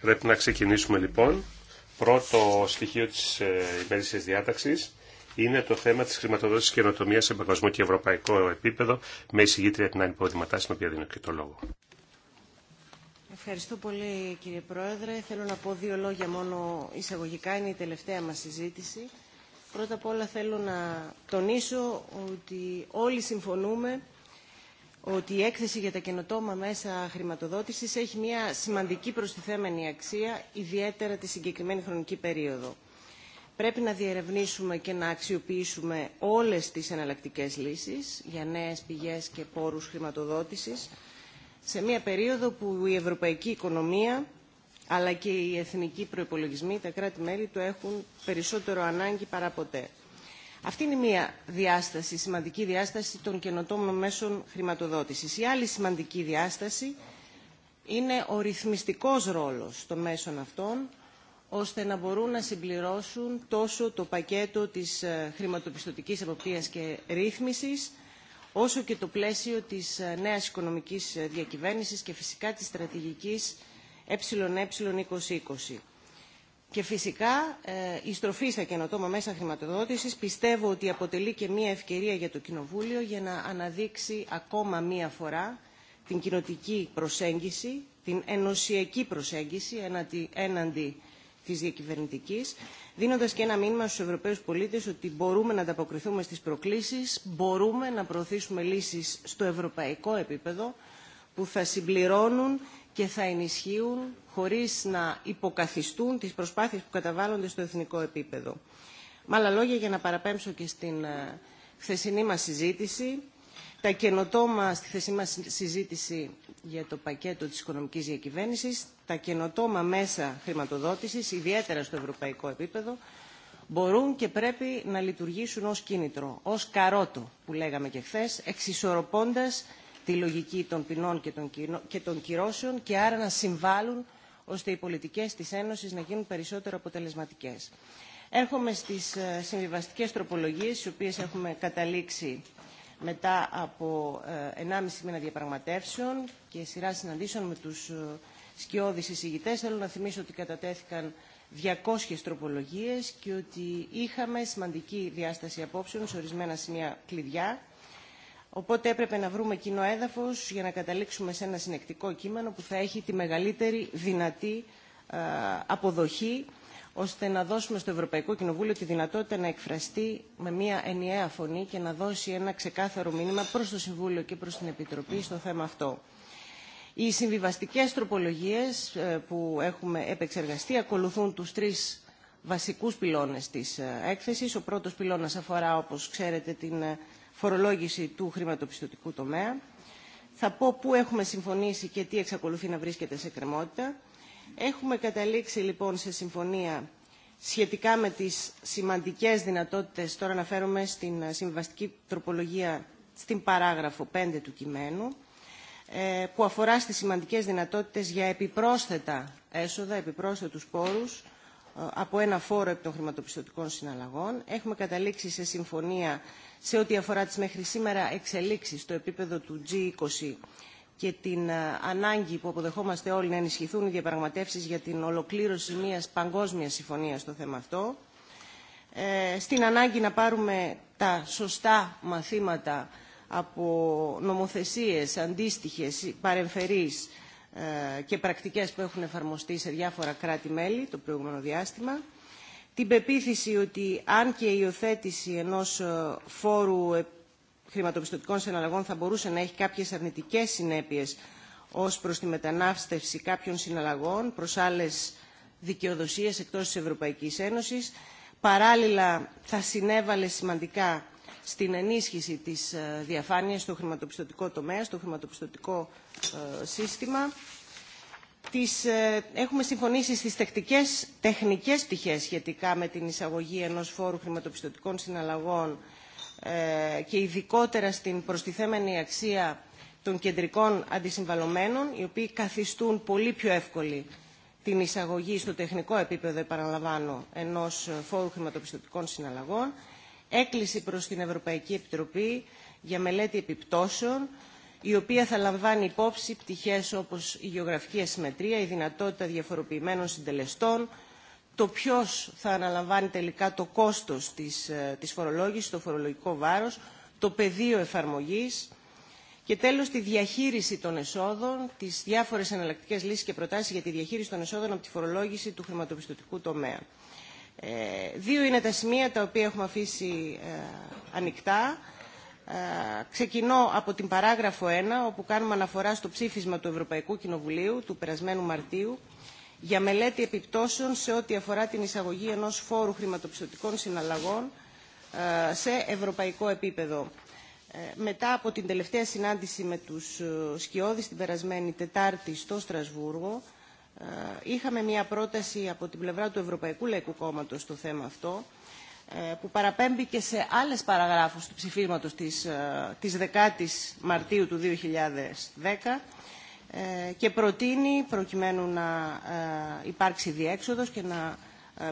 Πρέπει να ξεκινήσουμε λοιπόν. Πρώτο στοιχείο τη ε, τη διάταξης είναι το θέμα της χρηματοδότησης καινοτομία σε παγκοσμό και ευρωπαϊκό επίπεδο με εισηγήτρια την ανυπόδηματά, στην οποία δίνω και το λόγο. Ευχαριστώ πολύ κύριε Πρόεδρε. Θέλω να πω δύο λόγια μόνο εισαγωγικά. Είναι η τελευταία μας συζήτηση. Πρώτα απ' όλα θέλω να τονίσω ότι όλοι συμφωνούμε ότι η έκθεση για τα καινοτόμα μέσα χρηματοδότησης έχει μια σημαντική προστιθέμενη αξία, ιδιαίτερα τη συγκεκριμένη χρονική περίοδο. Πρέπει να διερευνήσουμε και να αξιοποιήσουμε όλες τις εναλλακτικέ λύσεις για νέες πηγές και πόρους χρηματοδότησης σε μια περίοδο που η ευρωπαϊκή οικονομία αλλά και οι εθνικοί προϋπολογισμοί, τα κράτη-μέλη, το έχουν περισσότερο ανάγκη παρά ποτέ. Αυτή είναι μια διάσταση, σημαντική διάσταση των καινοτόμων μέσων χρηματοδότησης. Η άλλη σημαντική διάσταση είναι ο ρυθμιστικός ρόλος των μέσων αυτών, ώστε να μπορούν να συμπληρώσουν τόσο το πακέτο της ε, χρηματοπιστωτικής εποπτείας και ρύθμισης, όσο και το πλαίσιο της ε, νέας οικονομικής ε, διακυβέρνησης και φυσικά της στρατηγικής ΕΕ 2020. Και φυσικά ε, η στροφή στα καινοτόμα μέσα χρηματοδότησης πιστεύω ότι αποτελεί και μία ευκαιρία για το Κοινοβούλιο για να αναδείξει ακόμα μία φορά την κοινοτική προσέγγιση, την ενωσιακή προσέγγιση έναντι της διακυβερνητικής, δίνοντας και ένα μήνυμα στους Ευρωπαίους πολίτες ότι μπορούμε να ανταποκριθούμε στις προκλήσεις, μπορούμε να προωθήσουμε λύσεις στο ευρωπαϊκό επίπεδο που θα συμπληρώνουν και θα ενισχύουν χωρίς να υποκαθιστούν τις προσπάθειες που καταβάλλονται στο εθνικό επίπεδο. Με άλλα λόγια, για να παραπέμψω και στην ε, χθεσινή μας συζήτηση, τα καινοτόμα στη χθεσινή μας συζήτηση για το πακέτο της οικονομικής διακυβέρνησης, τα καινοτόμα μέσα χρηματοδότησης, ιδιαίτερα στο ευρωπαϊκό επίπεδο, μπορούν και πρέπει να λειτουργήσουν ως κίνητρο, ως καρότο που λέγαμε και χθε, εξισορροπώντας τη λογική των ποινών και των κυρώσεων και άρα να συμβάλλουν ώστε οι πολιτικές της Ένωσης να γίνουν περισσότερο αποτελεσματικές. Έρχομαι στις ε, συμβιβαστικές τροπολογίες, οι οποίες έχουμε καταλήξει μετά από 1,5 ε, μήνα διαπραγματεύσεων και σειρά συναντήσεων με τους ε, σκιώδεις εισηγητές. Θέλω να θυμίσω ότι κατατέθηκαν 200 τροπολογίες και ότι είχαμε σημαντική διάσταση απόψεων σε ορισμένα σημεία κλειδιά Οπότε έπρεπε να βρούμε κοινό έδαφος για να καταλήξουμε σε ένα συνεκτικό κείμενο που θα έχει τη μεγαλύτερη δυνατή ε, αποδοχή ώστε να δώσουμε στο Ευρωπαϊκό Κοινοβούλιο τη δυνατότητα να εκφραστεί με μια ενιαία φωνή και να δώσει ένα ξεκάθαρο μήνυμα προς το Συμβούλιο και προς την Επιτροπή στο θέμα αυτό. Οι συμβιβαστικές τροπολογίες ε, που έχουμε επεξεργαστεί ακολουθούν τους τρεις βασικούς πυλώνες της ε, έκθεσης. Ο πρώτος πυλώνας αφορά, όπως ξέρετε, την φορολόγηση του χρηματοπιστωτικού τομέα. Θα πω πού έχουμε συμφωνήσει και τι εξακολουθεί να βρίσκεται σε κρεμότητα. Έχουμε καταλήξει λοιπόν σε συμφωνία σχετικά με τις σημαντικές δυνατότητες, τώρα αναφέρομαι στην συμβαστική τροπολογία στην παράγραφο 5 του κειμένου, ε, που αφορά στις σημαντικές δυνατότητες για επιπρόσθετα έσοδα, επιπρόσθετους πόρους, ε, από ένα φόρο επί των χρηματοπιστωτικών συναλλαγών. Έχουμε καταλήξει σε συμφωνία σε ό,τι αφορά τις μέχρι σήμερα εξελίξεις στο επίπεδο του G20 και την ε, ανάγκη που αποδεχόμαστε όλοι να ενισχυθούν οι διαπραγματεύσεις για την ολοκλήρωση μιας παγκόσμιας συμφωνίας στο θέμα αυτό. Ε, στην ανάγκη να πάρουμε τα σωστά μαθήματα από νομοθεσίες αντίστοιχες παρεμφερείς ε, και πρακτικές που έχουν εφαρμοστεί σε διάφορα κράτη-μέλη το προηγούμενο διάστημα, την πεποίθηση ότι αν και η υιοθέτηση ενός ε, φόρου ε, χρηματοπιστωτικών συναλλαγών θα μπορούσε να έχει κάποιες αρνητικές συνέπειες ως προς τη μετανάστευση κάποιων συναλλαγών προς άλλες δικαιοδοσίες εκτός της Ευρωπαϊκής Ένωσης, παράλληλα θα συνέβαλε σημαντικά στην ενίσχυση της ε, διαφάνειας στο χρηματοπιστωτικό τομέα, στο χρηματοπιστωτικό ε, σύστημα. Τις, ε, έχουμε συμφωνήσει στις τεχνικές, τεχνικές πτυχές σχετικά με την εισαγωγή ενός φόρου χρηματοπιστωτικών συναλλαγών και ειδικότερα στην προστιθέμενη αξία των κεντρικών αντισυμβαλωμένων, οι οποίοι καθιστούν πολύ πιο εύκολη την εισαγωγή στο τεχνικό επίπεδο, επαναλαμβάνω, ενός φόρου χρηματοπιστωτικών συναλλαγών έκκληση προς την Ευρωπαϊκή Επιτροπή για μελέτη επιπτώσεων, η οποία θα λαμβάνει υπόψη πτυχές όπως η γεωγραφική ασυμμετρία, η δυνατότητα διαφοροποιημένων συντελεστών, το ποιος θα αναλαμβάνει τελικά το κόστος της, ε, της φορολόγησης, το φορολογικό βάρος, το πεδίο εφαρμογής και τέλος τη διαχείριση των εσόδων, τις διάφορες εναλλακτικές λύσεις και προτάσεις για τη διαχείριση των εσόδων από τη φορολόγηση του χρηματοπιστωτικού τομέα. Ε, δύο είναι τα σημεία τα οποία έχουμε αφήσει ε, ανοιχτά. Ε, ξεκινώ από την παράγραφο 1, όπου κάνουμε αναφορά στο ψήφισμα του Ευρωπαϊκού Κοινοβουλίου του περασμένου Μαρτίου για μελέτη επιπτώσεων σε ό,τι αφορά την εισαγωγή ενός φόρου χρηματοπιστωτικών συναλλαγών σε ευρωπαϊκό επίπεδο. Μετά από την τελευταία συνάντηση με τους Σκιώδης την περασμένη Τετάρτη στο Στρασβούργο, ε, είχαμε μια πρόταση από την πλευρά του Ευρωπαϊκού Λαϊκού Κόμματος στο θέμα αυτό ε, που παραπέμπει και σε άλλες παραγράφους του ψηφίσματος της, ε, της 10ης Μαρτίου του 2010 και προτείνει προκειμένου να υπάρξει διέξοδος και να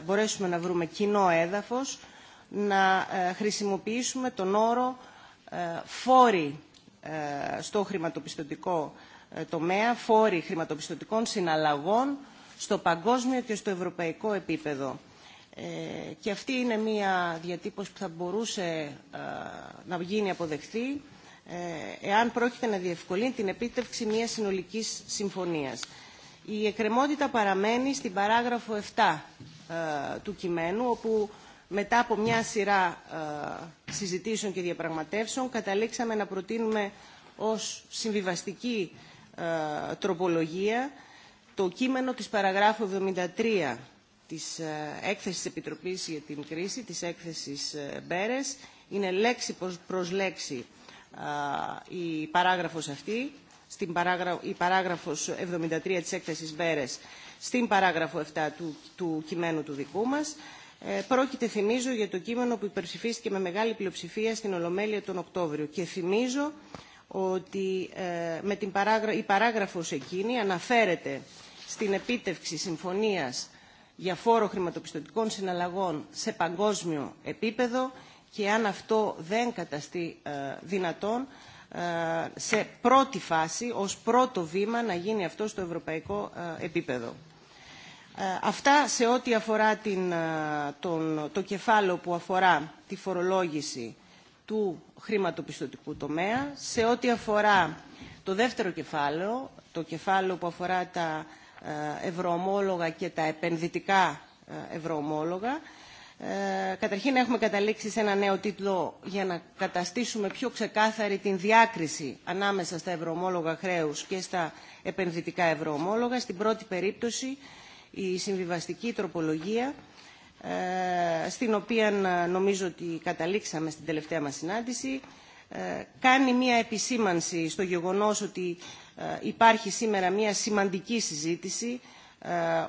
μπορέσουμε να βρούμε κοινό έδαφος να χρησιμοποιήσουμε τον όρο φόρη στο χρηματοπιστωτικό ε, τομέα, φόροι χρηματοπιστωτικών συναλλαγών στο παγκόσμιο και στο ευρωπαϊκό επίπεδο. Ε, και αυτή είναι μια διατύπωση που θα μπορούσε ε, να γίνει αποδεκτή εάν πρόκειται να διευκολύνει την επίτευξη μιας συνολικής συμφωνίας. Η εκκρεμότητα παραμένει στην παράγραφο 7 του κειμένου, όπου μετά από μια σειρά συζητήσεων και διαπραγματεύσεων καταλήξαμε να προτείνουμε ως συμβιβαστική ε, τροπολογία το κείμενο της παραγράφου 73 της ε, έκθεσης Επιτροπής για την κρίση, της έκθεσης ε, Μπέρες. Είναι λέξη προς λέξη η παράγραφος αυτή, στην παράγρα... η παράγραφος 73 της έκθεσης Μπέρες, στην παράγραφο 7 του, κειμένου του δικού μας. πρόκειται, θυμίζω, για το κείμενο που υπερψηφίστηκε με μεγάλη πλειοψηφία στην Ολομέλεια τον Οκτώβριο. Και θυμίζω ότι ε, με την παράγρα... η παράγραφος εκείνη αναφέρεται στην επίτευξη συμφωνίας για φόρο χρηματοπιστωτικών συναλλαγών σε παγκόσμιο επίπεδο και αν αυτό δεν καταστεί ε, δυνατόν ε, σε πρώτη φάση, ως πρώτο βήμα να γίνει αυτό στο ευρωπαϊκό επίπεδο. Αυτά σε ό,τι αφορά την, τον, το κεφάλαιο που αφορά τη φορολόγηση του χρηματοπιστωτικού τομέα, σε ό,τι αφορά το δεύτερο κεφάλαιο, το κεφάλαιο που αφορά τα ε, ευρωομόλογα και τα επενδυτικά ε, ευρωομόλογα. Ε, καταρχήν έχουμε καταλήξει σε ένα νέο τίτλο για να καταστήσουμε πιο ξεκάθαρη την διάκριση ανάμεσα στα ευρωομόλογα χρέους και στα επενδυτικά ευρωομόλογα. Στην πρώτη περίπτωση η συμβιβαστική τροπολογία ε, στην οποία ε, νομίζω ότι καταλήξαμε στην τελευταία μας συνάντηση, ε, κάνει μία επισήμανση στο γεγονός ότι υπάρχει σήμερα μία σημαντική συζήτηση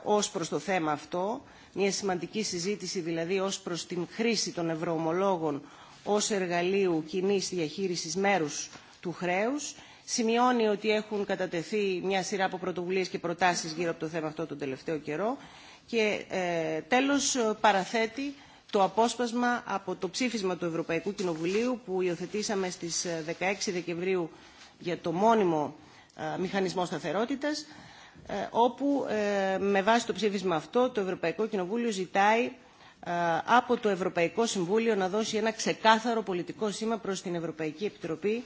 ως προς το θέμα αυτό, μία σημαντική συζήτηση δηλαδή ως προς την χρήση των ευρωομολόγων ως εργαλείου κοινή διαχείρισης μέρους του χρέους. Σημειώνει ότι έχουν κατατεθεί μια σειρά από πρωτοβουλίες και προτάσεις γύρω από το θέμα αυτό τον τελευταίο καιρό και ε, τέλος παραθέτει το απόσπασμα από το ψήφισμα του Ευρωπαϊκού Κοινοβουλίου που υιοθετήσαμε στις 16 ε, Δεκεμβρίου για το μόνιμο ε, μηχανισμό σταθερότητας όπου με βάση το ψήφισμα αυτό το Ευρωπαϊκό Κοινοβούλιο ζητάει από το Ευρωπαϊκό Συμβούλιο να δώσει ένα ξεκάθαρο πολιτικό σήμα προς την Ευρωπαϊκή Επιτροπή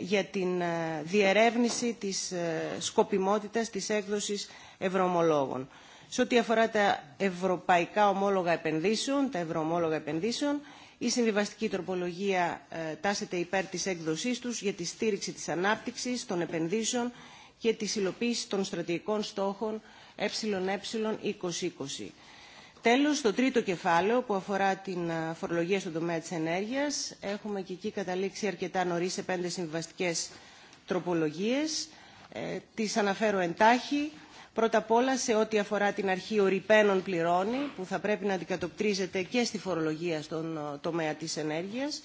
για την διερεύνηση της σκοπιμότητας της έκδοσης ευρωομολόγων. Σε ό,τι αφορά τα ευρωπαϊκά ομόλογα επενδύσεων, τα ευρωομόλογα επενδύσεων, η συμβιβαστική τροπολογία ε, τάσεται υπέρ της έκδοσής τους για τη στήριξη της ανάπτυξης, των επενδύσεων και τη υλοποίηση των στρατηγικών στόχων ΕΕ2020. Τέλος, στο τρίτο κεφάλαιο που αφορά την ε, φορολογία στον τομέα της ενέργειας, έχουμε και εκεί καταλήξει αρκετά νωρί σε πέντε συμβιβαστικές τροπολογίες. Ε, τις αναφέρω εντάχει. Πρώτα απ' όλα σε ό,τι αφορά την αρχή ορυπαίνων πληρώνει, που θα πρέπει να αντικατοπτρίζεται και στη φορολογία στον ε, τομέα της ενέργειας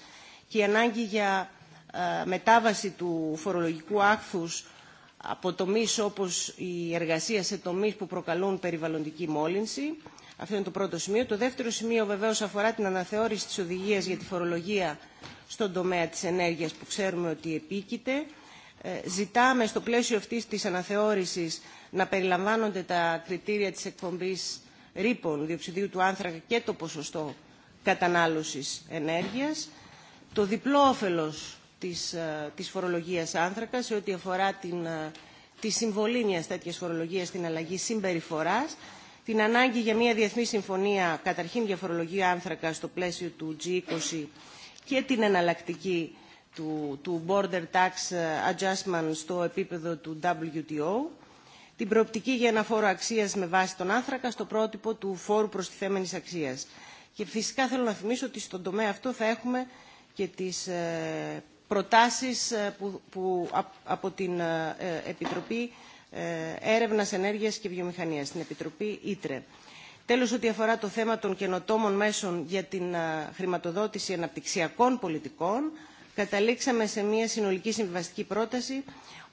και η ανάγκη για ε, μετάβαση του φορολογικού άκθους από τομείς όπως η εργασία σε τομείς που προκαλούν περιβαλλοντική μόλυνση. Αυτό είναι το πρώτο σημείο. Το δεύτερο σημείο βεβαίως αφορά την αναθεώρηση της οδηγίας για τη φορολογία στον τομέα της ενέργειας που ξέρουμε ότι επίκειται ε, ζητάμε στο πλαίσιο αυτής της αναθεώρησης να περιλαμβάνονται τα κριτήρια της εκπομπής ρήπων διοξιδίου του άνθρακα και το ποσοστό κατανάλωσης ενέργειας, το διπλό όφελος της, ε, της φορολογίας άνθρακα σε ό,τι αφορά την, ε, τη συμβολή μιας τέτοιας φορολογίας στην αλλαγή συμπεριφοράς, την ανάγκη για μια διεθνή συμφωνία καταρχήν για φορολογία άνθρακα στο πλαίσιο του G20 και την εναλλακτική του, Border Tax uh, Adjustment στο επίπεδο του WTO, την προοπτική για ένα φόρο αξίας με βάση τον άνθρακα στο πρότυπο του φόρου προστιθέμενης αξίας. Και φυσικά θέλω να θυμίσω ότι στον τομέα αυτό θα έχουμε και τις ε, προτάσεις ε, που, από την ε, Επιτροπή Έρευνας, Ενέργειας και Βιομηχανίας, την Επιτροπή Ήτρε. Τέλος, ό,τι αφορά το θέμα των καινοτόμων μέσων για την χρηματοδότηση αναπτυξιακών πολιτικών, καταλήξαμε σε μια συνολική συμβιβαστική πρόταση,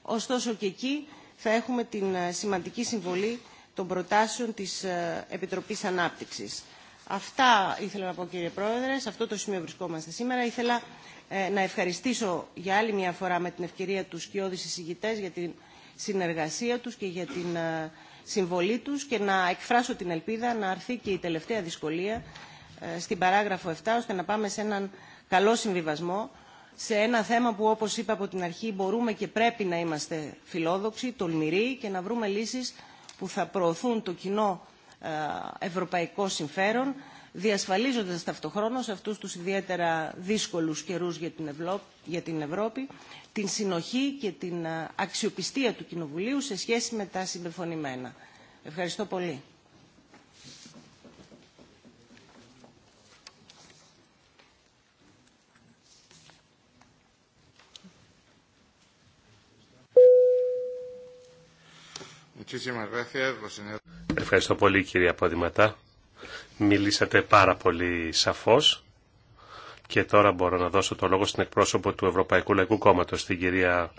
ωστόσο και εκεί θα έχουμε την ε, σημαντική συμβολή των προτάσεων της ε, Επιτροπής Ανάπτυξης. Αυτά ήθελα να πω κύριε Πρόεδρε, σε αυτό το σημείο βρισκόμαστε σήμερα. Ήθελα ε, να ευχαριστήσω για άλλη μια φορά με την ευκαιρία του σκιώδης εισηγητές για την συνεργασία τους και για την συμβολή τους και να εκφράσω την ελπίδα να αρθεί και η τελευταία δυσκολία στην παράγραφο 7 ώστε να πάμε σε έναν καλό συμβιβασμό σε ένα θέμα που όπως είπα από την αρχή μπορούμε και πρέπει να είμαστε φιλόδοξοι, τολμηροί και να βρούμε λύσεις που θα προωθούν το κοινό ε, ευρωπαϊκό συμφέρον διασφαλίζοντας ταυτοχρόνως αυτούς τους ιδιαίτερα δύσκολους καιρούς για την Ευρώπη την συνοχή και την ε, αξιοπιστία του Κοινοβουλίου σε σχέση με τα συμπεφωνημένα. Ευχαριστώ πολύ. Ευχαριστώ πολύ κυρία Απόδηματά. Μιλήσατε πάρα πολύ σαφώς και τώρα μπορώ να δώσω το λόγο στην εκπρόσωπο του Ευρωπαϊκού Λαϊκού Κόμματος, την κυρία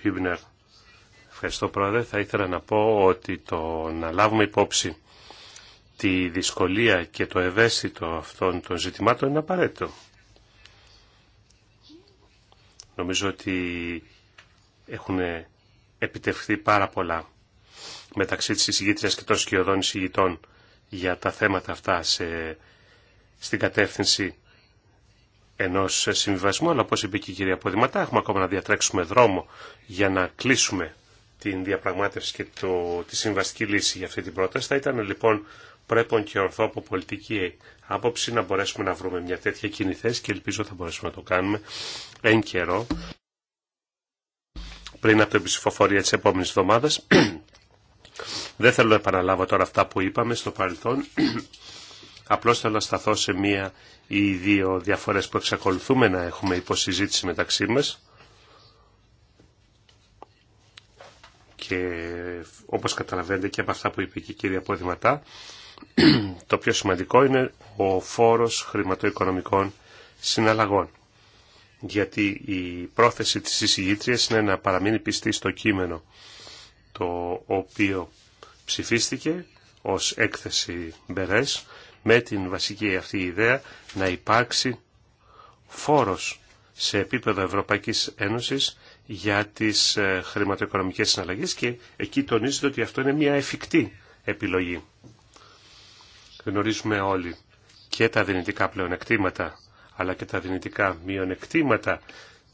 Χίμπνερ. Ευχαριστώ πρόεδρε. Θα ήθελα να πω ότι το να λάβουμε υπόψη τη δυσκολία και το ευαίσθητο αυτών των ζητημάτων είναι απαραίτητο. Νομίζω ότι έχουν επιτευχθεί πάρα πολλά μεταξύ της εισηγήτριας και των σκιωδών εισηγητών για τα θέματα αυτά σε, στην κατεύθυνση ενός συμβιβασμού, αλλά όπως είπε και η κυρία Ποδηματά, έχουμε ακόμα να διατρέξουμε δρόμο για να κλείσουμε την διαπραγμάτευση και το, τη συμβαστική λύση για αυτή την πρόταση. Θα ήταν λοιπόν πρέπει και ορθό από πολιτική άποψη να μπορέσουμε να βρούμε μια τέτοια κοινή θέση και ελπίζω θα μπορέσουμε να το κάνουμε εν καιρό πριν από την ψηφοφορία της επόμενη εβδομάδα. Δεν θέλω να επαναλάβω τώρα αυτά που είπαμε στο παρελθόν. Απλώς θέλω να σταθώ σε μία ή δύο διαφορές που εξακολουθούμε να έχουμε υποσυζήτηση μεταξύ μας. Και όπως καταλαβαίνετε και από αυτά που είπε και η κυρία Πόδηματά, το πιο σημαντικό είναι ο φόρος χρηματοοικονομικών συναλλαγών. Γιατί η πρόθεση της εισηγήτριας είναι να παραμείνει πιστή στο κείμενο το οποίο ψηφίστηκε ως έκθεση Μπερές με την βασική αυτή ιδέα να υπάρξει φόρος σε επίπεδο Ευρωπαϊκής Ένωσης για τις ε, χρηματοοικονομικές συναλλαγές και εκεί τονίζεται ότι αυτό είναι μια εφικτή επιλογή. Γνωρίζουμε όλοι και τα δυνητικά πλεονεκτήματα αλλά και τα δυνητικά μειονεκτήματα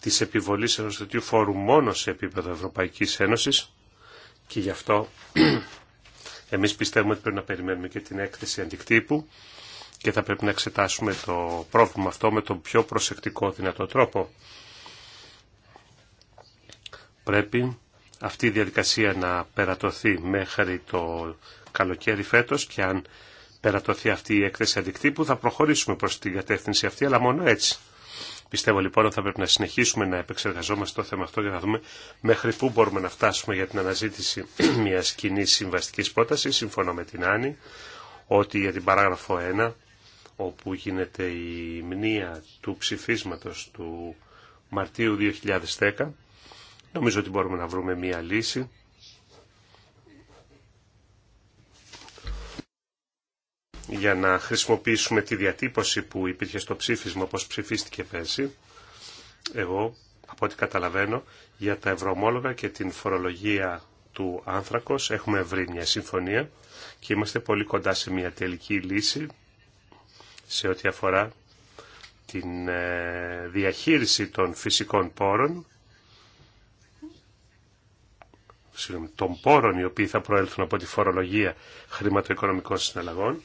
της επιβολής ενός τέτοιου φόρου μόνο σε επίπεδο Ευρωπαϊκής Ένωσης και γι' αυτό εμείς πιστεύουμε ότι πρέπει να περιμένουμε και την έκθεση αντικτύπου και θα πρέπει να εξετάσουμε το πρόβλημα αυτό με τον πιο προσεκτικό δυνατό τρόπο. Πρέπει αυτή η διαδικασία να περατωθεί μέχρι το καλοκαίρι φέτος και αν περατωθεί αυτή η έκθεση αντικτύπου θα προχωρήσουμε προς την κατεύθυνση αυτή, αλλά μόνο έτσι. Πιστεύω λοιπόν ότι θα πρέπει να συνεχίσουμε να επεξεργαζόμαστε το θέμα αυτό και να δούμε μέχρι πού μπορούμε να φτάσουμε για την αναζήτηση μιας κοινή συμβαστική πρότασης. Συμφωνώ με την Άννη ότι για την παράγραφο 1 όπου γίνεται η μνήα του ψηφίσματος του Μαρτίου 2010 νομίζω ότι μπορούμε να βρούμε μια λύση για να χρησιμοποιήσουμε τη διατύπωση που υπήρχε στο ψήφισμα όπως ψηφίστηκε πέρσι. Εγώ, από ό,τι καταλαβαίνω, για τα ευρωομόλογα και την φορολογία του άνθρακος έχουμε βρει μια συμφωνία και είμαστε πολύ κοντά σε μια τελική λύση σε ό,τι αφορά την ε, διαχείριση των φυσικών πόρων των πόρων οι οποίοι θα προέλθουν από τη φορολογία χρηματοοικονομικών συναλλαγών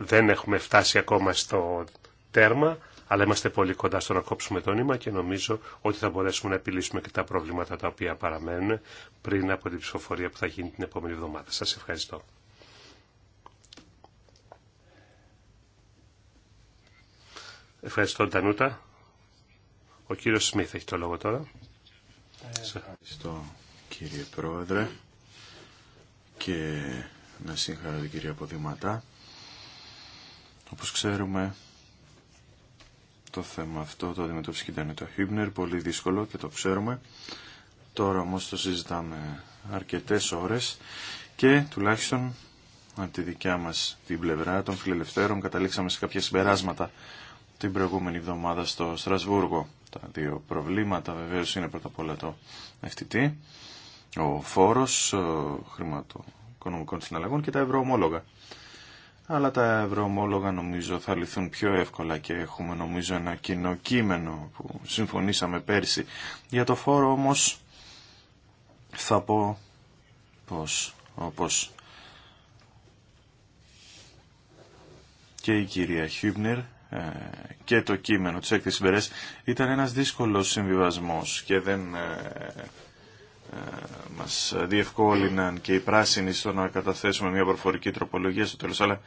δεν έχουμε φτάσει ακόμα στο τέρμα, αλλά είμαστε πολύ κοντά στο να κόψουμε το νήμα και νομίζω ότι θα μπορέσουμε να επιλύσουμε και τα προβλήματα τα οποία παραμένουν πριν από την ψηφοφορία που θα γίνει την επόμενη εβδομάδα. Σας ευχαριστώ. Ευχαριστώ, Ντανούτα. Ο κύριος Σμίθ έχει το λόγο τώρα. Ε, ευχαριστώ, κύριε Πρόεδρε. Και να συγχαρώ την κυρία Ποδηματά όπως ξέρουμε, το θέμα αυτό το αντιμετώπισε και ήταν το Χίμπνερ, πολύ δύσκολο και το ξέρουμε. Τώρα όμως το συζητάμε αρκετές ώρες και τουλάχιστον από τη δικιά μας την πλευρά των φιλελευθέρων καταλήξαμε σε κάποια συμπεράσματα την προηγούμενη εβδομάδα στο Στρασβούργο. Τα δύο προβλήματα βεβαίως είναι πρώτα απ' όλα το FTT, ο φόρος χρηματοοικονομικών συναλλαγών και τα ευρωομόλογα αλλά τα ευρωομόλογα νομίζω θα λυθούν πιο εύκολα και έχουμε νομίζω ένα κοινό κείμενο που συμφωνήσαμε πέρσι. Για το φόρο όμως θα πω πως όπως και η κυρία Χιούμπνερ ε, και το κείμενο της έκθεσης ήταν ένας δύσκολος συμβιβασμός και δεν ε, ε, μας διευκόλυναν και οι πράσινοι στο να καταθέσουμε μια προφορική τροπολογία στο τέλος, αλλά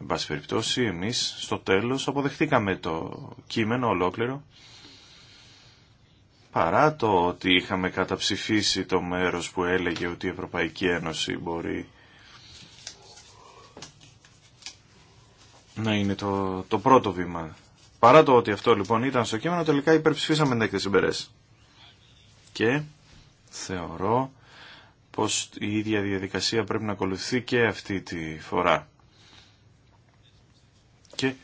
εν πάση περιπτώσει εμείς στο τέλος αποδεχτήκαμε το κείμενο ολόκληρο παρά το ότι είχαμε καταψηφίσει το μέρος που έλεγε ότι η Ευρωπαϊκή Ένωση μπορεί να είναι το, το πρώτο βήμα. Παρά το ότι αυτό λοιπόν ήταν στο κείμενο, τελικά υπερψηφίσαμε την έκθεση Μπερές. Και θεωρώ πως η ίδια διαδικασία πρέπει να ακολουθεί και αυτή τη φορά. Και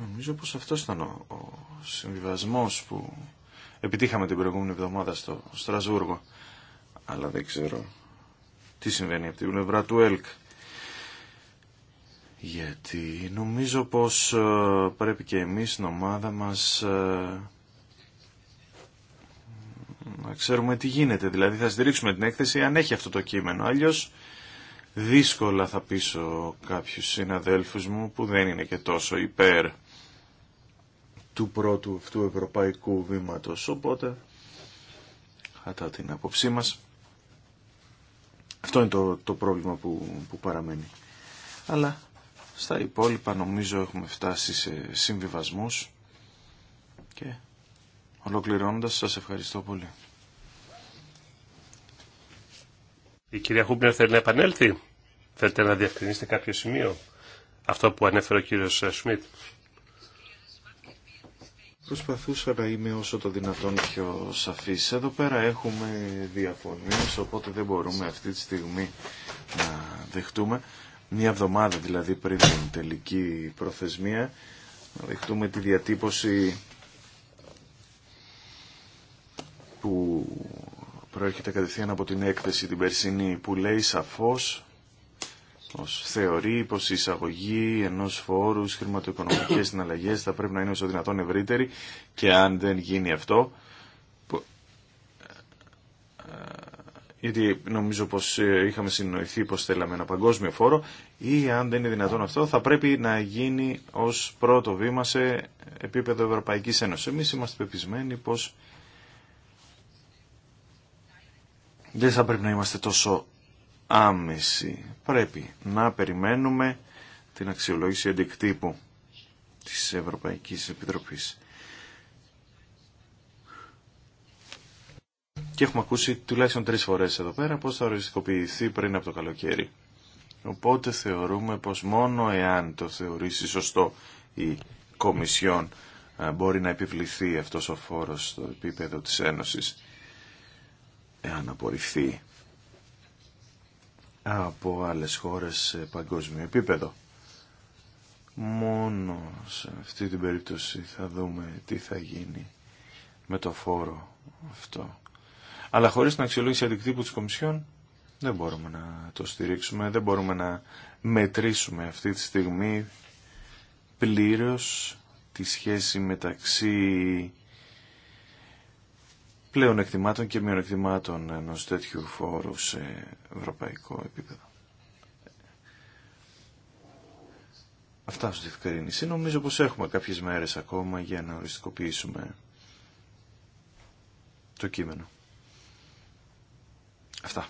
νομίζω πως αυτό ήταν ο, ο συμβιβασμός που επιτύχαμε την προηγούμενη εβδομάδα στο Στρασβούργο. Αλλά δεν ξέρω τι συμβαίνει από την πλευρά του ΕΛΚ. Γιατί νομίζω πως ε, πρέπει και εμείς στην ομάδα μας ε, να ξέρουμε τι γίνεται. Δηλαδή θα στηρίξουμε την έκθεση αν έχει αυτό το κείμενο. Αλλιώ δύσκολα θα πείσω κάποιου σύναδελφού μου που δεν είναι και τόσο υπέρ του πρώτου αυτού ευρωπαϊκού βήματος. Οπότε, κατά την απόψή μας, αυτό είναι το, το πρόβλημα που, παραμένει. Αλλά στα υπόλοιπα νομίζω έχουμε φτάσει σε συμβιβασμούς και Ολοκληρώνοντας, σας ευχαριστώ πολύ. Η κυρία Χούμπνερ θέλει να επανέλθει. Θέλετε να διευκρινίσετε κάποιο σημείο. Αυτό που ανέφερε ο κύριος ε, Σμιτ. Προσπαθούσα να είμαι όσο το δυνατόν πιο σαφής. Εδώ πέρα έχουμε διαφωνίες, οπότε δεν μπορούμε αυτή τη στιγμή να δεχτούμε. Μία εβδομάδα δηλαδή πριν την τελική προθεσμία, να δεχτούμε τη διατύπωση που προέρχεται κατευθείαν από την έκθεση την περσινή που λέει σαφώς ως θεωρεί πως η εισαγωγή ενός φόρου στις χρηματοοικονομικές συναλλαγές θα πρέπει να είναι όσο δυνατόν ευρύτερη και αν δεν γίνει αυτό που... Ε, γιατί νομίζω πως ε, είχαμε συνοηθεί πως θέλαμε ένα παγκόσμιο φόρο ή αν δεν είναι δυνατόν αυτό θα πρέπει να γίνει ως πρώτο βήμα σε επίπεδο Ευρωπαϊκής Ένωσης. Εμείς είμαστε πεπισμένοι πως δεν θα πρέπει να είμαστε τόσο άμεση. Πρέπει να περιμένουμε την αξιολόγηση αντικτύπου της Ευρωπαϊκής Επιτροπής. Και έχουμε ακούσει τουλάχιστον τρεις φορές εδώ πέρα πώς θα οριστικοποιηθεί πριν από το καλοκαίρι. Οπότε θεωρούμε πως μόνο εάν το θεωρήσει σωστό η Κομισιόν ε, μπορεί να επιβληθεί αυτός ο φόρος στο επίπεδο της Ένωσης εάν απορριφθεί από άλλες χώρες σε παγκόσμιο επίπεδο. Μόνο σε αυτή την περίπτωση θα δούμε τι θα γίνει με το φόρο αυτό. Αλλά χωρίς την αξιολόγηση αντικτύπου της Κομισιόν δεν μπορούμε να το στηρίξουμε, δεν μπορούμε να μετρήσουμε αυτή τη στιγμή πλήρως τη σχέση μεταξύ πλέον εκτιμάτων και μειονεκτημάτων ενός τέτοιου φόρου σε ευρωπαϊκό επίπεδο. Αυτά τη διευκρίνηση. Νομίζω πως έχουμε κάποιες μέρες ακόμα για να οριστικοποιήσουμε το κείμενο. Αυτά.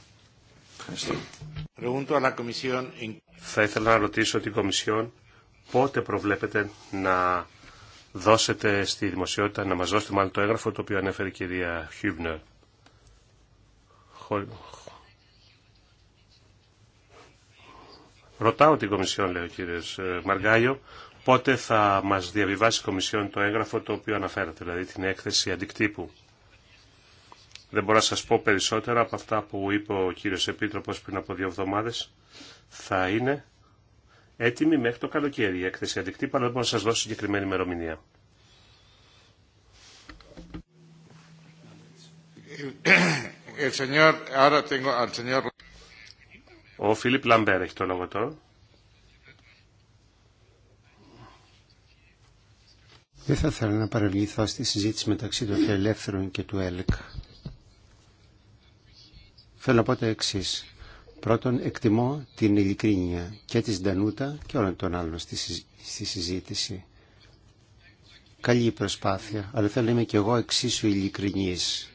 Ευχαριστώ. Θα ήθελα να ρωτήσω την Κομισιόν πότε προβλέπετε να δώσετε στη δημοσιότητα, να μας δώσετε μάλλον το έγγραφο το οποίο ανέφερε η κυρία Χιούμπνερ. Ρωτάω την Κομισιόν, λέει ο κύριος ε, Μαργάιο, πότε θα μας διαβιβάσει η Κομισιόν το έγγραφο το οποίο αναφέρατε, δηλαδή την έκθεση αντικτύπου. Δεν μπορώ να σας πω περισσότερα από αυτά που είπε ο κύριος Επίτροπος πριν από δύο εβδομάδες. Θα είναι έτοιμη μέχρι το καλοκαίρι η έκθεση αντικτύπου, αλλά θα μπορώ να σας δώσω συγκεκριμένη ημερομηνία. Ο Φίλιπ Λαμπέρ έχει το λόγο τώρα. Δεν θα ήθελα να παρευληθώ στη συζήτηση μεταξύ των ελεύθερων και του ΕΛΚ. Θέλω να πω εξή. Πρώτον, εκτιμώ την ειλικρίνεια και της Ντανούτα και όλων των άλλων στη συζήτηση. Καλή προσπάθεια, αλλά θέλω να είμαι και εγώ εξίσου ειλικρινής.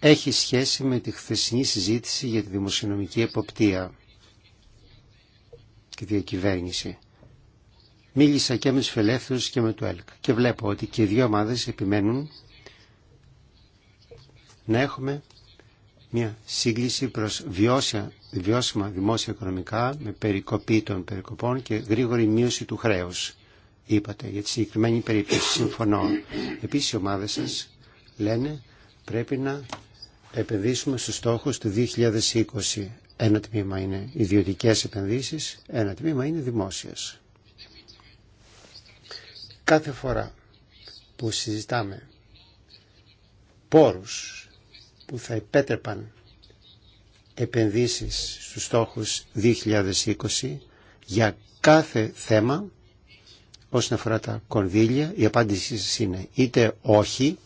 Έχει σχέση με τη χθεσινή συζήτηση για τη δημοσιονομική εποπτεία και διακυβέρνηση. Μίλησα και με τους και με το ΕΛΚ και βλέπω ότι και οι δύο ομάδες επιμένουν να έχουμε μια σύγκληση προς βιώσια, βιώσιμα δημόσια οικονομικά με περικοπή των περικοπών και γρήγορη μείωση του χρέους. Είπατε για τη συγκεκριμένη περίπτωση. Συμφωνώ. Επίσης οι ομάδες σας λένε πρέπει να επενδύσουμε στους στόχους του 2020. Ένα τμήμα είναι ιδιωτικές επενδύσεις, ένα τμήμα είναι δημόσιες. Κάθε φορά που συζητάμε πόρους που θα επέτρεπαν επενδύσεις στους στόχους 2020 για κάθε θέμα όσον αφορά τα κονδύλια η απάντησή σας είναι είτε όχι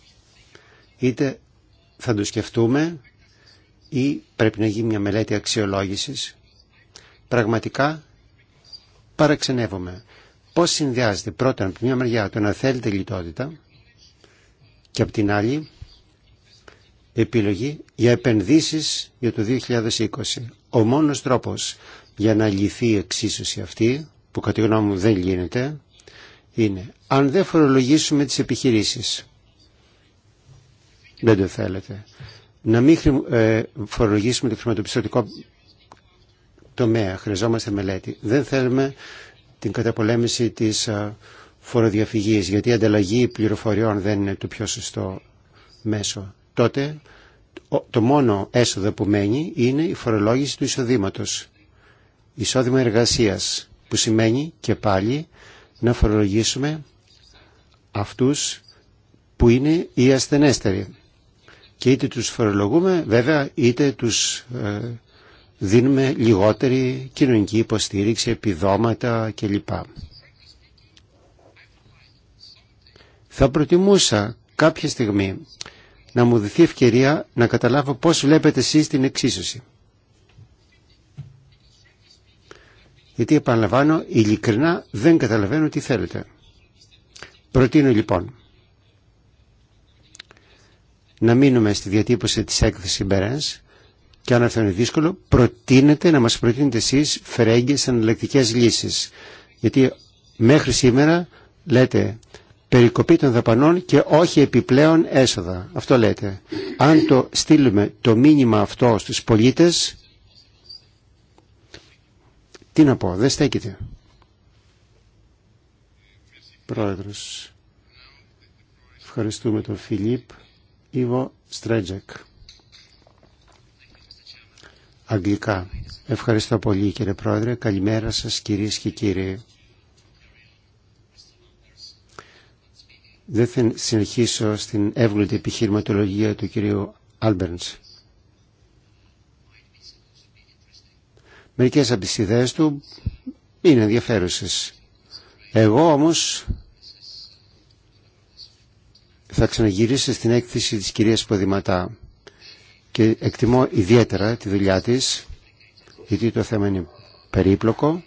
είτε θα το σκεφτούμε ή πρέπει να γίνει μια μελέτη αξιολόγησης πραγματικά παραξενεύομαι πώς συνδυάζεται πρώτα από μια μεριά το να θέλετε λιτότητα και από την άλλη επιλογή για επενδύσεις για το 2020. Ο μόνος τρόπος για να λυθεί η εξίσωση αυτή, που κατά γνώμη μου δεν γίνεται, είναι αν δεν φορολογήσουμε τις επιχειρήσεις. Δεν το θέλετε. Να μην ε, φορολογήσουμε το χρηματοπιστωτικό τομέα. Χρειαζόμαστε μελέτη. Δεν θέλουμε την καταπολέμηση της ε, φοροδιαφυγής, γιατί η ανταλλαγή πληροφοριών δεν είναι το πιο σωστό μέσο τότε το μόνο έσοδο που μένει είναι η φορολόγηση του εισοδήματος. Εισόδημα εργασίας, που σημαίνει και πάλι να φορολογήσουμε αυτούς που είναι οι ασθενέστεροι. Και είτε τους φορολογούμε βέβαια είτε τους ε, δίνουμε λιγότερη κοινωνική υποστήριξη, επιδόματα κλπ. Θα προτιμούσα κάποια στιγμή να μου δοθεί ευκαιρία να καταλάβω πώς βλέπετε εσείς την εξίσωση. Γιατί επαναλαμβάνω, ειλικρινά δεν καταλαβαίνω τι θέλετε. Προτείνω λοιπόν να μείνουμε στη διατύπωση της έκθεσης Μπερένς και αν αυτό είναι δύσκολο, προτείνετε να μας προτείνετε εσείς φερέγγες αναλλακτικές λύσεις. Γιατί μέχρι σήμερα λέτε περικοπή των δαπανών και όχι επιπλέον έσοδα. Αυτό λέτε. Αν το στείλουμε το μήνυμα αυτό στους πολίτες, τι να πω, δεν στέκεται. Πρόεδρος. Ευχαριστούμε τον Φιλίπ Ιβο Στρέτζεκ. Αγγλικά. Ευχαριστώ πολύ κύριε Πρόεδρε. Καλημέρα σας κυρίες και κύριοι. Δεν θα συνεχίσω στην εύγλωτη επιχειρηματολογία του κυρίου Άλμπερντς. Μερικές από τις ιδέες του είναι ενδιαφέρουσες. Εγώ όμως θα ξαναγυρίσω στην έκθεση της κυρίας Ποδηματά και εκτιμώ ιδιαίτερα τη δουλειά της γιατί το θέμα είναι περίπλοκο